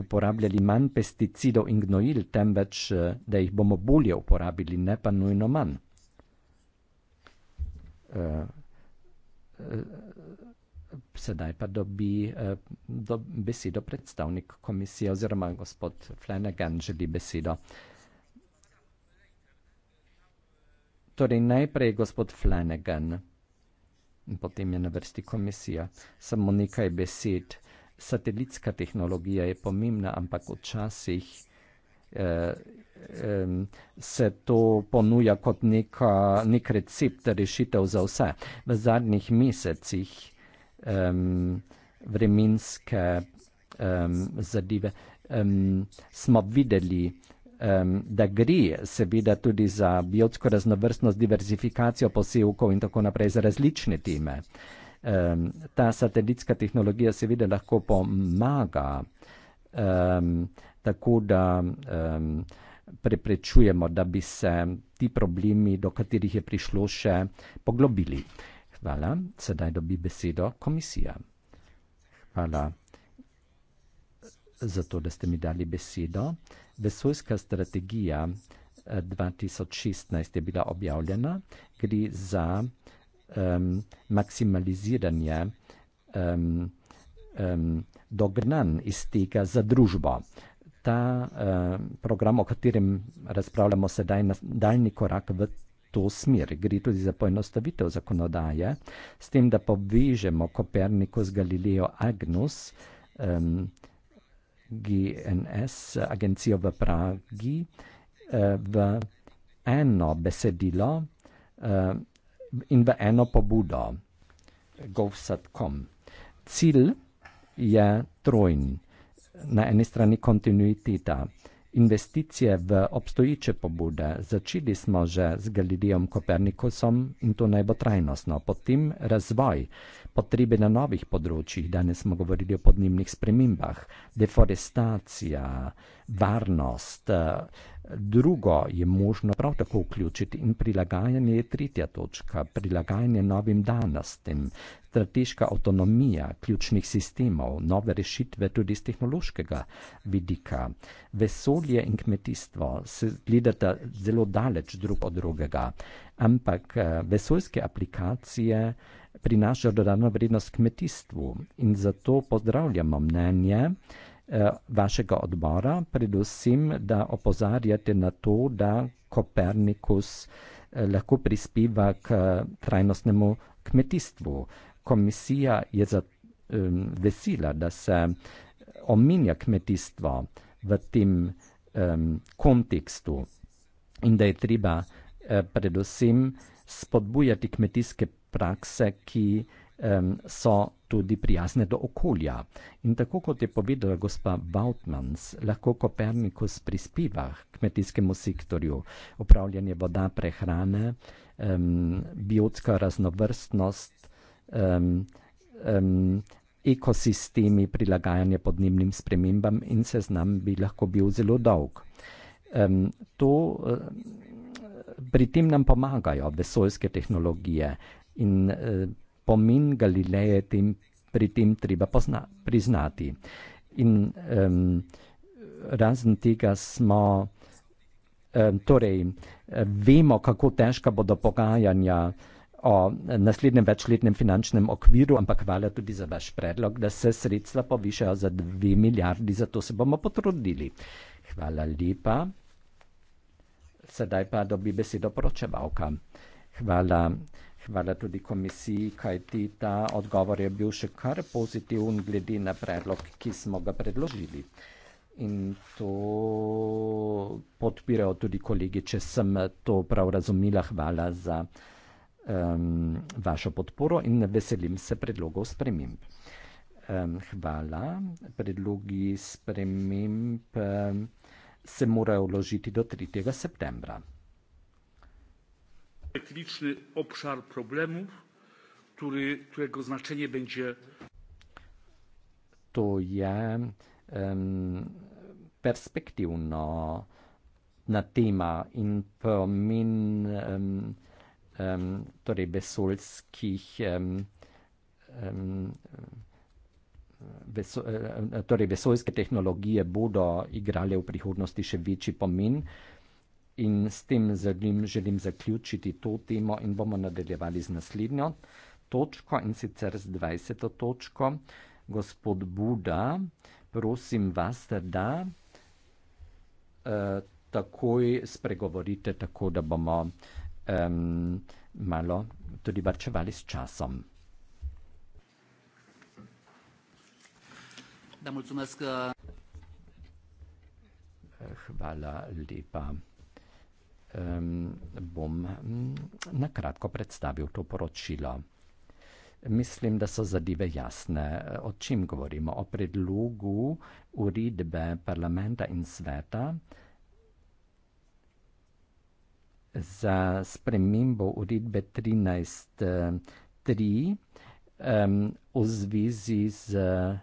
uporabljali manj pesticidov in gnojil, temveč uh, da jih bomo bolje uporabili, ne pa nujno manj. Uh, Sedaj pa dobi do besedo predstavnik komisije oziroma gospod Flanagan želi besedo. Uh, Torej najprej je gospod Flanagan in potem je na vrsti komisija. Samo nekaj besed. Satelitska tehnologija je pomembna, ampak včasih eh, eh, se to ponuja kot neka, nek recept rešitev za vse. V zadnjih mesecih eh, vremenske eh, zadeve eh, smo videli, um, da gre seveda tudi za biotsko raznovrstnost, diverzifikacijo posevkov in tako naprej za različne teme. Um, ta satelitska tehnologija seveda lahko pomaga um, tako, da um, preprečujemo, da bi se ti problemi, do katerih je prišlo, še poglobili. Hvala. Sedaj dobi besedo komisija. Hvala za to, da ste mi dali besedo. Vesoljska strategija 2016 eh, je bila objavljena, gre za um, maksimaliziranje um, um, dognanj iz tega za družbo. Ta um, program, o katerem razpravljamo sedaj, je daljni korak v. To smer gre tudi za poenostavitev zakonodaje, s tem, da povežemo Koperniko z Galilejo Agnus, um, GNS, agencijo v Pragi, eh, v eno besedilo eh, in v eno pobudo, govsat.com. Cilj je trojn. Na eni strani kontinuiteta, investicije v obstoječe pobude. Začeli smo že z Galilejem Kopernikusom in to naj bo trajnostno, potem razvoj potrebe na novih področjih. Danes smo govorili o podnebnih spremembah, deforestacija, varnost. Drugo je možno prav tako vključiti in prilagajanje je tretja točka, prilagajanje novim danostem, strateška avtonomija ključnih sistemov, nove rešitve tudi iz tehnološkega vidika. Vesolje in kmetijstvo se gledata zelo daleč drug od drugega, ampak eh, vesoljske aplikacije prinaša dodano vrednost kmetijstvu in zato pozdravljamo mnenje eh, vašega odbora, predvsem, da opozarjate na to, da Kopernikus eh, lahko prispeva k eh, trajnostnemu kmetijstvu. Komisija je za, um, vesela, da se omenja kmetijstvo v tem um, kontekstu in da je treba uh, predvsem spodbujati kmetijske prakse, ki um, so tudi prijazne do okolja. In tako kot je povedala gospa Bautmans, lahko Kopernikus prispeva k kmetijskemu sektorju upravljanje voda, prehrane, um, biotska raznovrstnost, um, um, ekosistemi, prilagajanje podnebnim spremembam in se z nam bi lahko bil zelo dolg. Um, to, um, pri tem nam pomagajo vesoljske tehnologije, in eh, pomen Galileje tem, pri tem treba pozna, priznati. In eh, razen tega smo, eh, torej eh, vemo, kako težka bodo pogajanja o naslednjem večletnem finančnem okviru, ampak hvala tudi za vaš predlog, da se sredstva povišajo za dve milijardi, zato se bomo potrudili. Hvala lepa. Sedaj pa dobi besedo poročevalka. Hvala. Hvala tudi komisiji, kaj ti ta odgovor je bil še kar pozitiven glede na predlog, ki smo ga predložili. In to podpirajo tudi kolegi, če sem to prav razumila. Hvala za um, vašo podporo in veselim se predlogov sprememb. Um, hvala. Predlogi sprememb um, se morajo vložiti do 3. septembra specyficzny obszar problemów, który, którego znaczenie będzie. To jest um, perspektywno na tema in pomin um, um, torej vesoljskih um, um, veso, torej vesoljske tehnologije bodo igrale v prihodnosti še večji pomen. In s tem želim, želim zaključiti to temo in bomo nadaljevali z naslednjo točko in sicer z 20. točko. Gospod Buda, prosim vas, da uh, takoj spregovorite, tako da bomo um, malo tudi varčevali s časom. Eh. Hvala lepa bom mm, na kratko predstavil to poročilo. Mislim, da so zadeve jasne, o čem govorimo. O predlogu uredbe parlamenta in sveta za spremembo uredbe 13.3 v zvezi z eh,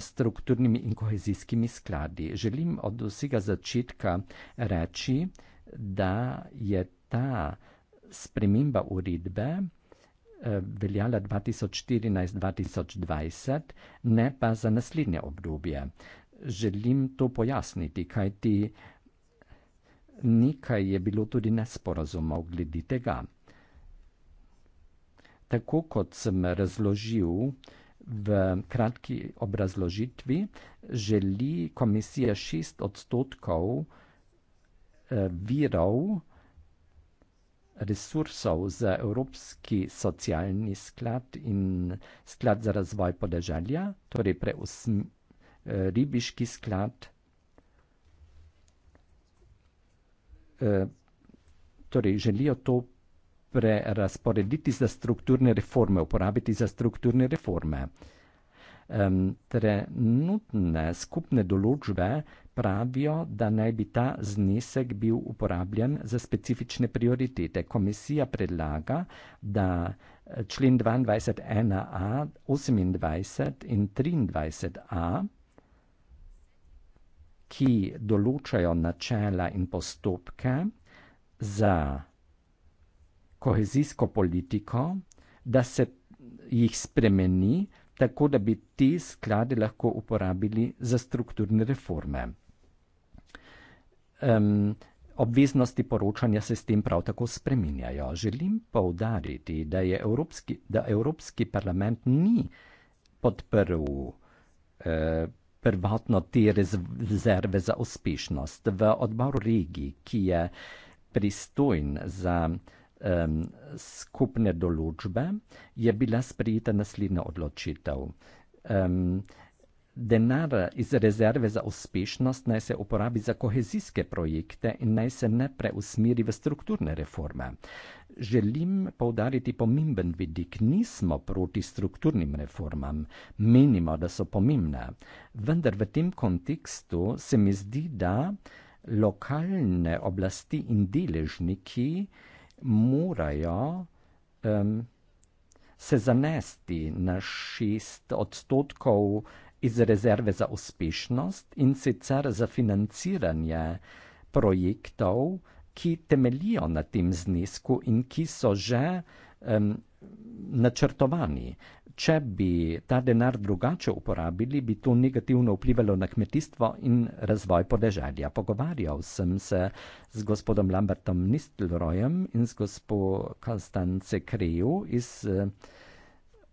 strukturnimi in kohezijskimi skladi. Želim od vsega začetka reči, da je ta sprememba uredbe eh, veljala 2014-2020, ne pa za naslednje obdobje. Želim to pojasniti, kajti nekaj je bilo tudi nesporazumov glede tega. Tako kot sem razložil v kratki obrazložitvi, želi komisija šest odstotkov Eh, virov, resursov za Evropski socialni sklad in sklad za razvoj podeželja, torej preusm, eh, ribiški sklad, eh, torej želijo to prerasporediti za strukturne reforme, uporabiti za strukturne reforme. Trenutne skupne določbe pravijo, da naj bi ta znesek bil uporabljen za specifične prioritete. Komisija predlaga, da eh, člen 22.1a, 28 in 23a, ki določajo načela in postopke za kohezijsko politiko, da se jih spremeni. Tako da bi te sklade lahko uporabili za strukturne reforme. Um, Obveznosti poročanja se s tem prav tako spreminjajo. Želim povdariti, da, Evropski, da Evropski parlament ni podprl eh, prvotno te rezerve za uspešnost. V odboru regij, ki je pristojn za eh, skupne določbe, je bila sprejeta naslednja odločitev. Eh, Denar iz rezerve za uspešnost naj se uporabi za kohezijske projekte in naj se ne preusmeri v strukturne reforme. Želim povdariti pomemben vidik. Nismo proti strukturnim reformam, menimo, da so pomembne. Vendar v tem kontekstu se mi zdi, da lokalne oblasti in deležniki morajo um, se zanesti na šest odstotkov iz rezerve za uspešnost in sicer za financiranje projektov, ki temelijo na tem znesku in ki so že um, načrtovani. Če bi ta denar drugače uporabili, bi to negativno vplivalo na kmetijstvo in razvoj podeželja. Pogovarjal sem se z gospodom Lambertom Nistelrojem in z gospodom Konstance Kreju iz uh,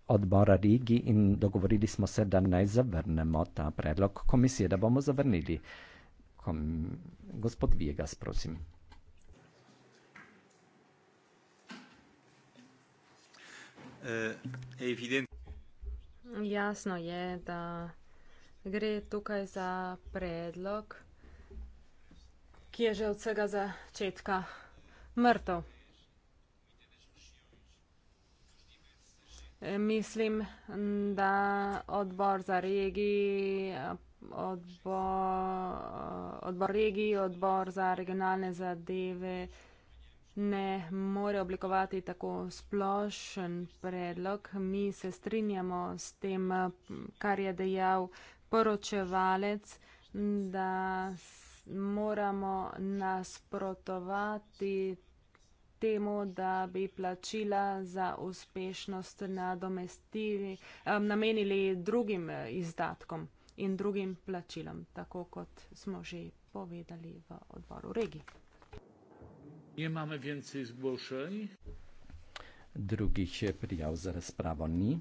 odbora Rigi in dogovorili smo se, da naj zavrnemo ta predlog komisije, da bomo zavrnili. Kom... Gospod Vigas, prosim. Eh, Jasno je, da gre tukaj za predlog, ki je že od vsega začetka mrtev. Mislim, da odbor za regiji, odbor, odbor regiji, odbor za regionalne zadeve ne more oblikovati tako splošen predlog. Mi se strinjamo s tem, kar je dejal poročevalec, da moramo nasprotovati temu, da bi plačila za uspešnost namenili drugim eh, izdatkom in drugim plačilom, tako kot smo že povedali v odboru regi. Imamo več izboljšanj? Drugih eh, prijav za razpravo ni.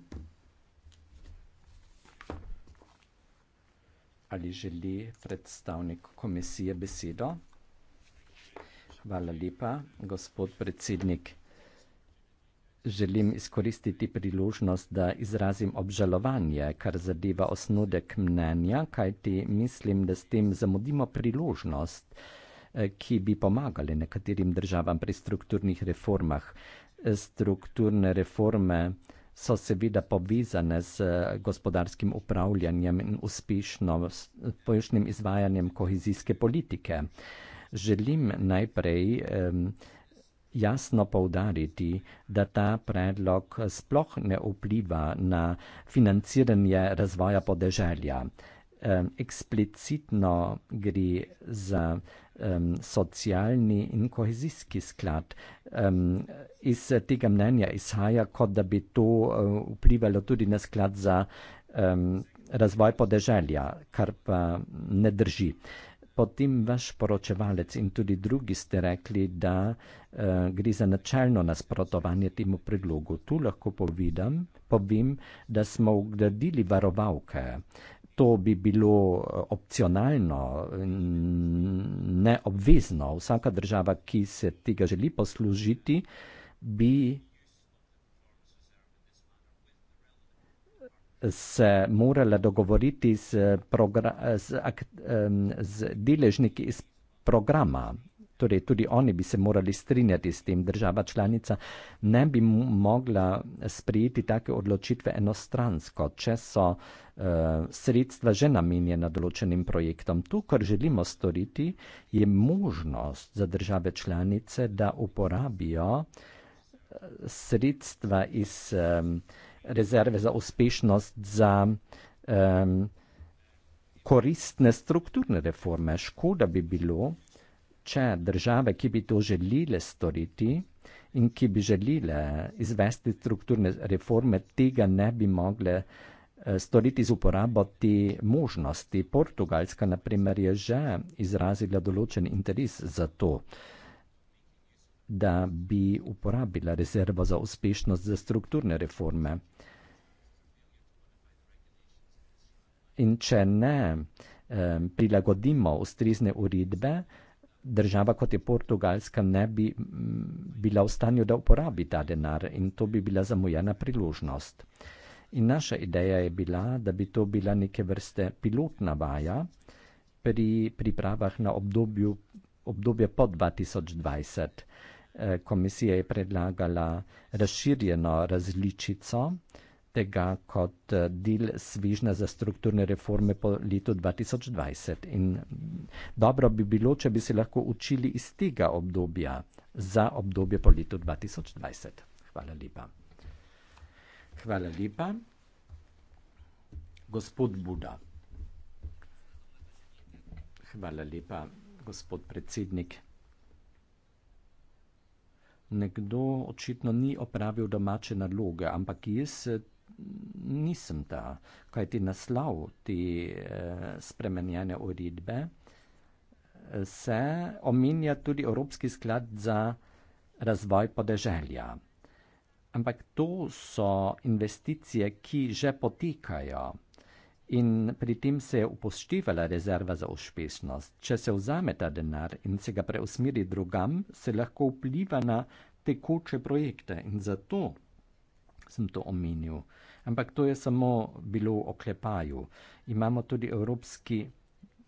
Ali želi predstavnik komisije besedo? Hvala lepa, gospod predsednik. Želim izkoristiti priložnost, da izrazim obžalovanje, kar zadeva osnodek mnenja, kajti mislim, da s tem zamudimo priložnost, eh, ki bi pomagali nekaterim državam pri strukturnih reformah. Strukturne reforme so seveda povezane z eh, gospodarskim upravljanjem in uspešnim izvajanjem kohezijske politike želim najprej um, jasno povdariti, da ta predlog sploh ne vpliva na financiranje razvoja podeželja. Um, eksplicitno gre za um, socialni in kohezijski sklad. Um, iz tega mnenja izhaja, kot da bi to uh, vplivalo tudi na sklad za um, razvoj podeželja, kar pa ne drži. Uh, potem vaš poročevalec in tudi drugi ste rekli, da uh, gre za načeljno nasprotovanje temu predlogu. Tu lahko povidam, povem, da smo vgradili varovalke. To bi bilo eh, opcionalno, neobvezno. Vsaka država, ki se tega želi poslužiti, bi se morale dogovoriti z, z, um, z deležniki iz programa. Torej, tudi oni bi se morali strinjati s tem, država članica ne bi mogla sprijeti take odločitve enostransko, če so uh, sredstva že namenjena določenim projektom. To, kar želimo storiti, je možnost za države članice, da uporabijo eh, sredstva iz. Um, rezerve za uspešnost, za um, koristne strukturne reforme. Škoda bi bilo, če države, ki bi to želele storiti in ki bi želele izvesti strukturne reforme, tega ne bi mogle eh, storiti z uporabo te možnosti. Portugalska, naprimer, je že izrazila določen interes za to. Uh, da bi uporabila rezervo za uspešnost za strukturne reforme. In če ne prilagodimo ustrezne uredbe, država kot je Portugalska ne bi bila v stanju, da uporabi ta denar in to bi bila zamujena priložnost. In naša ideja je bila, da bi to bila neke vrste pilotna vaja pri pripravah na obdobju, obdobje po 2020. Eh, komisija je predlagala razširjeno različico tega kot eh, del svižna za strukturne reforme po letu 2020. In mm, dobro bi bilo, če bi se lahko učili iz tega obdobja za obdobje po letu 2020. Hvala lepa. Hvala lepa. Gospod Buda. Hvala lepa, gospod predsednik nekdo očitno ni opravil domače naloge, ampak jaz eh, nisem ta, kaj ti naslov te eh, spremenjene uredbe eh, se omenja tudi Evropski sklad za razvoj podeželja. Ampak to so investicije, ki že potekajo in pri tem se je upoštevala rezerva za uspešnost. Če se vzame ta denar in se ga preusmeri drugam, se lahko vpliva na tekoče projekte in zato sem to omenil. Ampak to je samo bilo o klepaju. Imamo tudi Evropski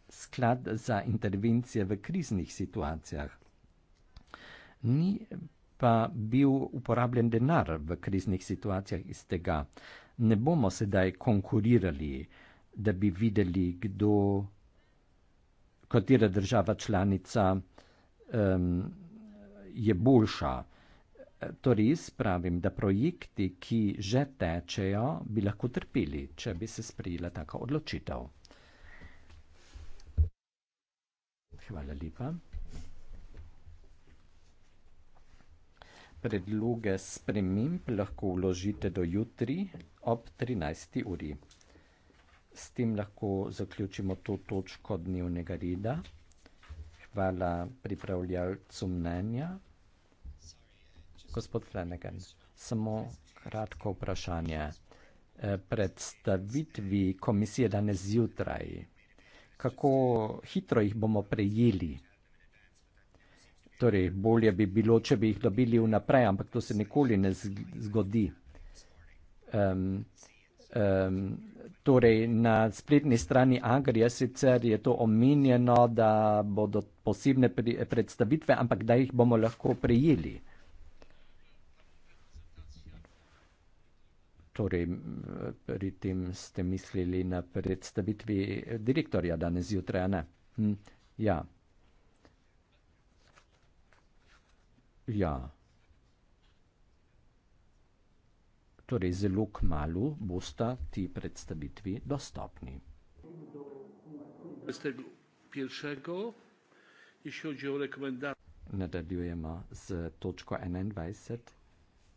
sklad za intervencije v kriznih situacijah. Ni pa bil uporabljen denar v kriznih situacijah iz tega. Ne bomo sedaj konkurirali da bi videli, kdo, katera država članica um, je boljša. Torej, jaz pravim, da projekti, ki že tečejo, bi lahko trpeli, če bi se sprejela taka odločitev. Hvala lepa. Predloge sprememb lahko vložite do jutri ob 13. uri s tem lahko zaključimo to točko dnevnega reda. Hvala pripravljalcu mnenja. Gospod Flanagan, samo kratko vprašanje. E, predstavitvi komisije danes zjutraj, kako hitro jih bomo prejeli? Torej, bolje bi bilo, če bi jih dobili vnaprej, ampak to se nikoli ne zgodi. Um, Um, torej, na spletni strani Agrija sicer je to omenjeno, da bodo posebne pri, predstavitve, ampak da jih bomo lahko prijeli. Torej, pri tem ste mislili na predstavitvi direktorja danes zjutraj, ne? Hm, ja. Ja. torej zelo k malu bosta ti predstavitvi dostopni. Nadaljujemo z točko 21,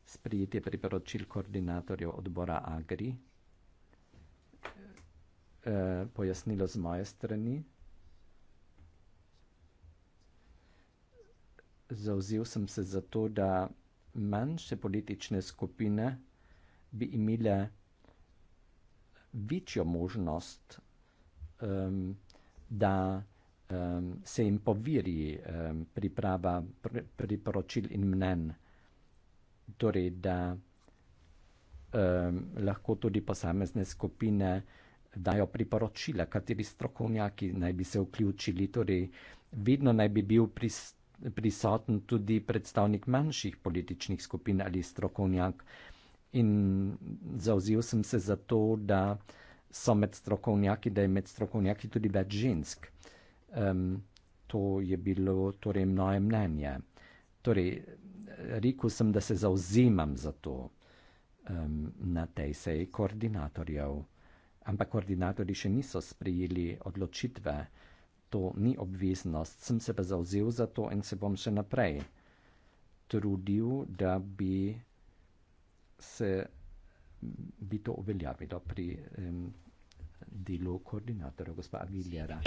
sprijetje priporočil koordinatorjev odbora Agri, e, pojasnilo z moje strani. Zauzel sem se za to, da manjše politične skupine bi imele večjo možnost, um, da um, se jim poviri um, priprava pr priporočil in mnen, torej da um, lahko tudi posamezne skupine dajo priporočila, kateri strokovnjaki naj bi se vključili, torej vedno naj bi bil pris prisoten tudi predstavnik manjših političnih skupin ali strokovnjak in zauzel sem se za to, da so med strokovnjaki, da je med strokovnjaki tudi več žensk. Um, to je bilo torej moje mnenje. Torej, rekel sem, da se zauzemam za to um, na tej seji koordinatorjev, ampak koordinatorji še niso sprejeli odločitve, to ni obveznost. Sem se pa zauzel za to in se bom še naprej trudil, da bi se bi to uveljavilo pri um, delu koordinatora, gospa Aguilera.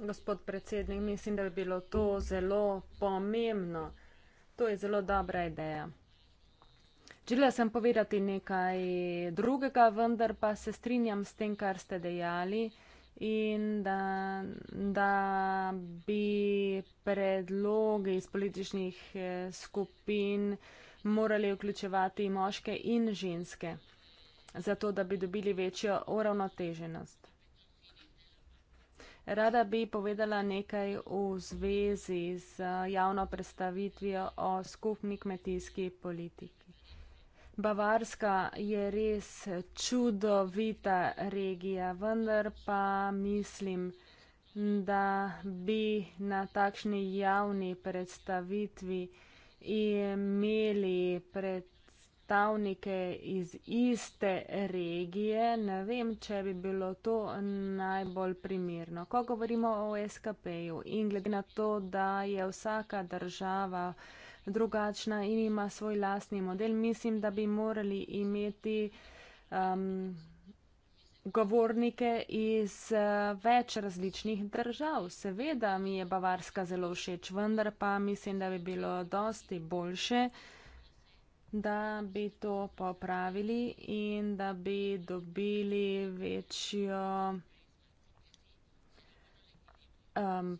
Gospod predsednik, mislim, da bi bilo to zelo pomembno. To je zelo dobra ideja. Želela sem povedati nekaj drugega, vendar pa se strinjam s tem, kar ste dejali in da, da bi predloge iz političnih eh, skupin eh, morali vključevati moške in ženske, zato da bi dobili večjo uravnoteženost. Rada bi povedala nekaj v zvezi z javno predstavitvijo o skupni kmetijski politiki. Bavarska je res čudovita regija, vendar pa mislim, da bi na takšni javni predstavitvi imeli predstavnike iz iste regije, ne vem, če bi bilo to najbolj primirno. Ko govorimo o SKP-ju in glede na to, da je vsaka država drugačna in ima svoj lastni model, mislim, da bi morali imeti. Um, govornike iz eh, več različnih držav. Seveda mi je Bavarska zelo všeč, vendar pa mislim, da bi bilo dosti boljše, da bi to popravili in da bi dobili večjo um,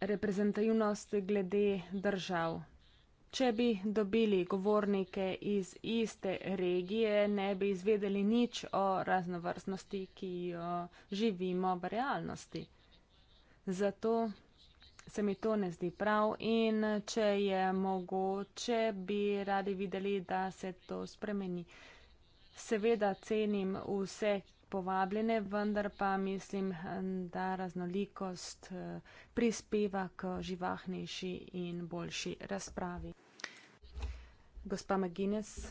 reprezentativnost glede držav. Če bi dobili govornike iz iste regije, ne bi izvedeli nič o raznovrstnosti, ki jo živimo v realnosti. Zato se mi to ne zdi prav in če je mogoče, bi radi videli, da se to spremeni. Seveda cenim vse, povabljene, vendar pa mislim, da raznolikost eh, prispeva k živahnejši in boljši razpravi. Gospa Maginez,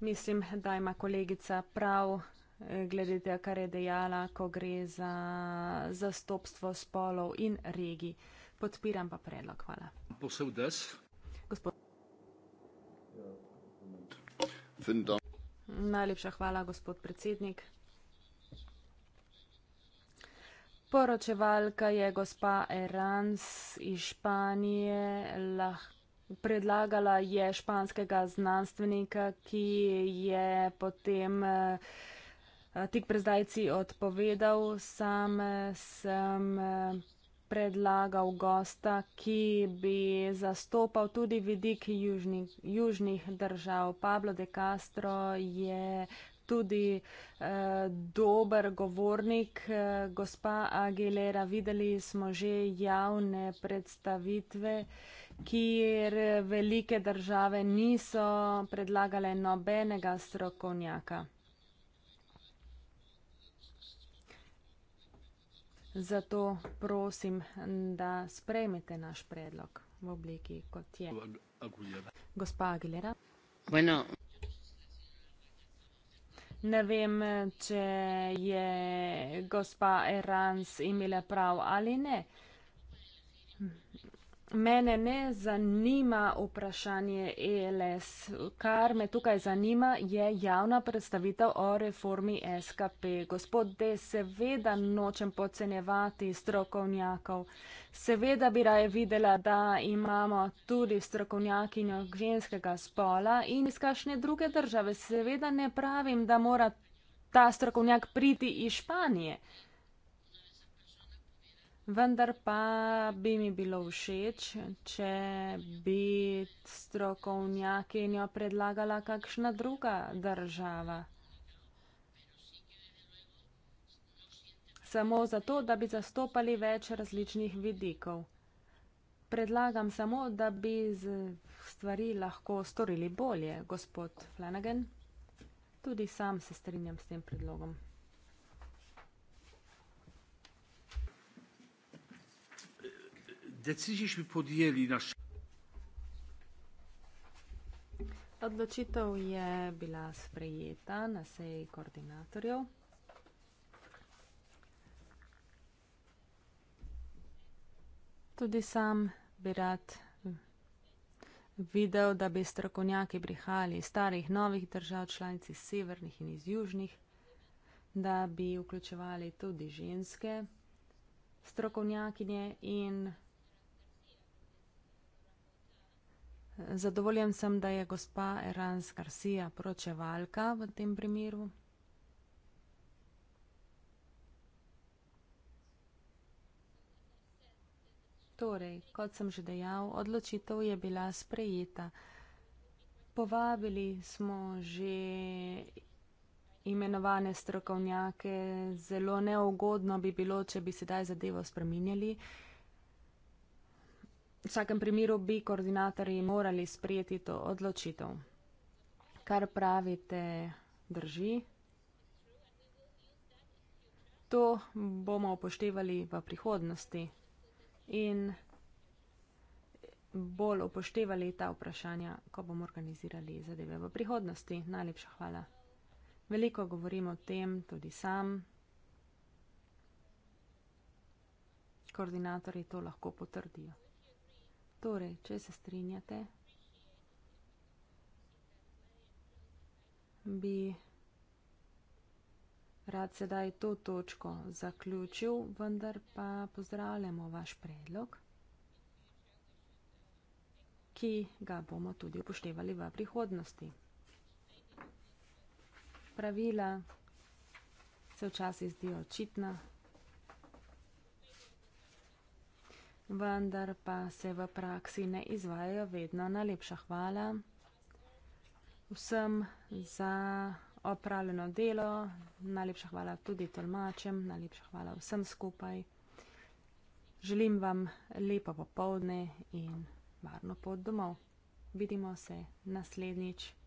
mislim, da ima kolegica prav eh, glede tega, kar je dejala, ko gre za zastopstvo spolov in regij. Podpiram pa predlog. Hvala. Posel des. Gospod. Ja, Najlepša hvala, gospod predsednik. Poročevalka je gospa Erans iz Španije. Predlagala je španskega znanstvenika, ki je potem eh, tik pred zdajci odpovedal. Sam eh, sem. Eh, predlagal gosta, ki bi zastopal tudi vidik južni, južnih držav. Pablo de Castro je tudi eh, dober govornik. Eh, gospa Aguilera, videli smo že javne predstavitve, kjer velike države niso predlagale nobenega strokovnjaka. Zato prosim, da sprejmete naš predlog v obliki, kot je. Gospa Aguilera. Bueno. Ne vem, če je gospa Erans imela prav ali ne. Mene ne zanima vprašanje ELS. Kar me tukaj zanima je javna predstavitev o reformi SKP. Gospod D, seveda nočem podcenjevati strokovnjakov. Seveda bi raje videla, da imamo tudi strokovnjakinjo ženskega spola in iz kakšne druge države. Seveda ne pravim, da mora ta strokovnjak priti iz Španije. Vendar pa bi mi bilo všeč, če bi strokovnjakinjo predlagala kakšna druga država. Samo zato, da bi zastopali več različnih vidikov. Predlagam samo, da bi z stvari lahko storili bolje, gospod Flanagan. Tudi sam se strinjam s tem predlogom. decizijšmi podjeli naš. Odločitev je bila sprejeta na seji koordinatorjev. Tudi sam bi rad videl, da bi strokovnjaki prihajali iz starih, novih držav, članic iz severnih in iz južnih, da bi vključevali tudi ženske strokovnjakinje in Zadovoljen sem, da je gospa Erans Garcia pročevalka v tem primeru. Torej, kot sem že dejal, odločitev je bila sprejeta. Povabili smo že imenovane strokovnjake. Zelo neugodno bi bilo, če bi sedaj zadevo spreminjali. Uh, V vsakem primeru bi koordinatorji morali sprejeti to odločitev. Kar pravite, drži. To bomo upoštevali v prihodnosti in bolj upoštevali ta vprašanja, ko bomo organizirali zadeve v prihodnosti. Najlepša hvala. Veliko govorim o tem tudi sam. Koordinatorji to lahko potrdijo. Torej, če se strinjate, bi rad sedaj to točko zaključil, vendar pa pozdravljamo vaš predlog, ki ga bomo tudi upoštevali v prihodnosti. Pravila se včasih zdijo očitna, vendar pa se v praksi ne izvajajo vedno. Najlepša hvala vsem za opravljeno delo, najlepša hvala tudi tolmačem, najlepša hvala vsem skupaj. Želim vam lepo popovdne in varno pot domov. Vidimo se naslednjič.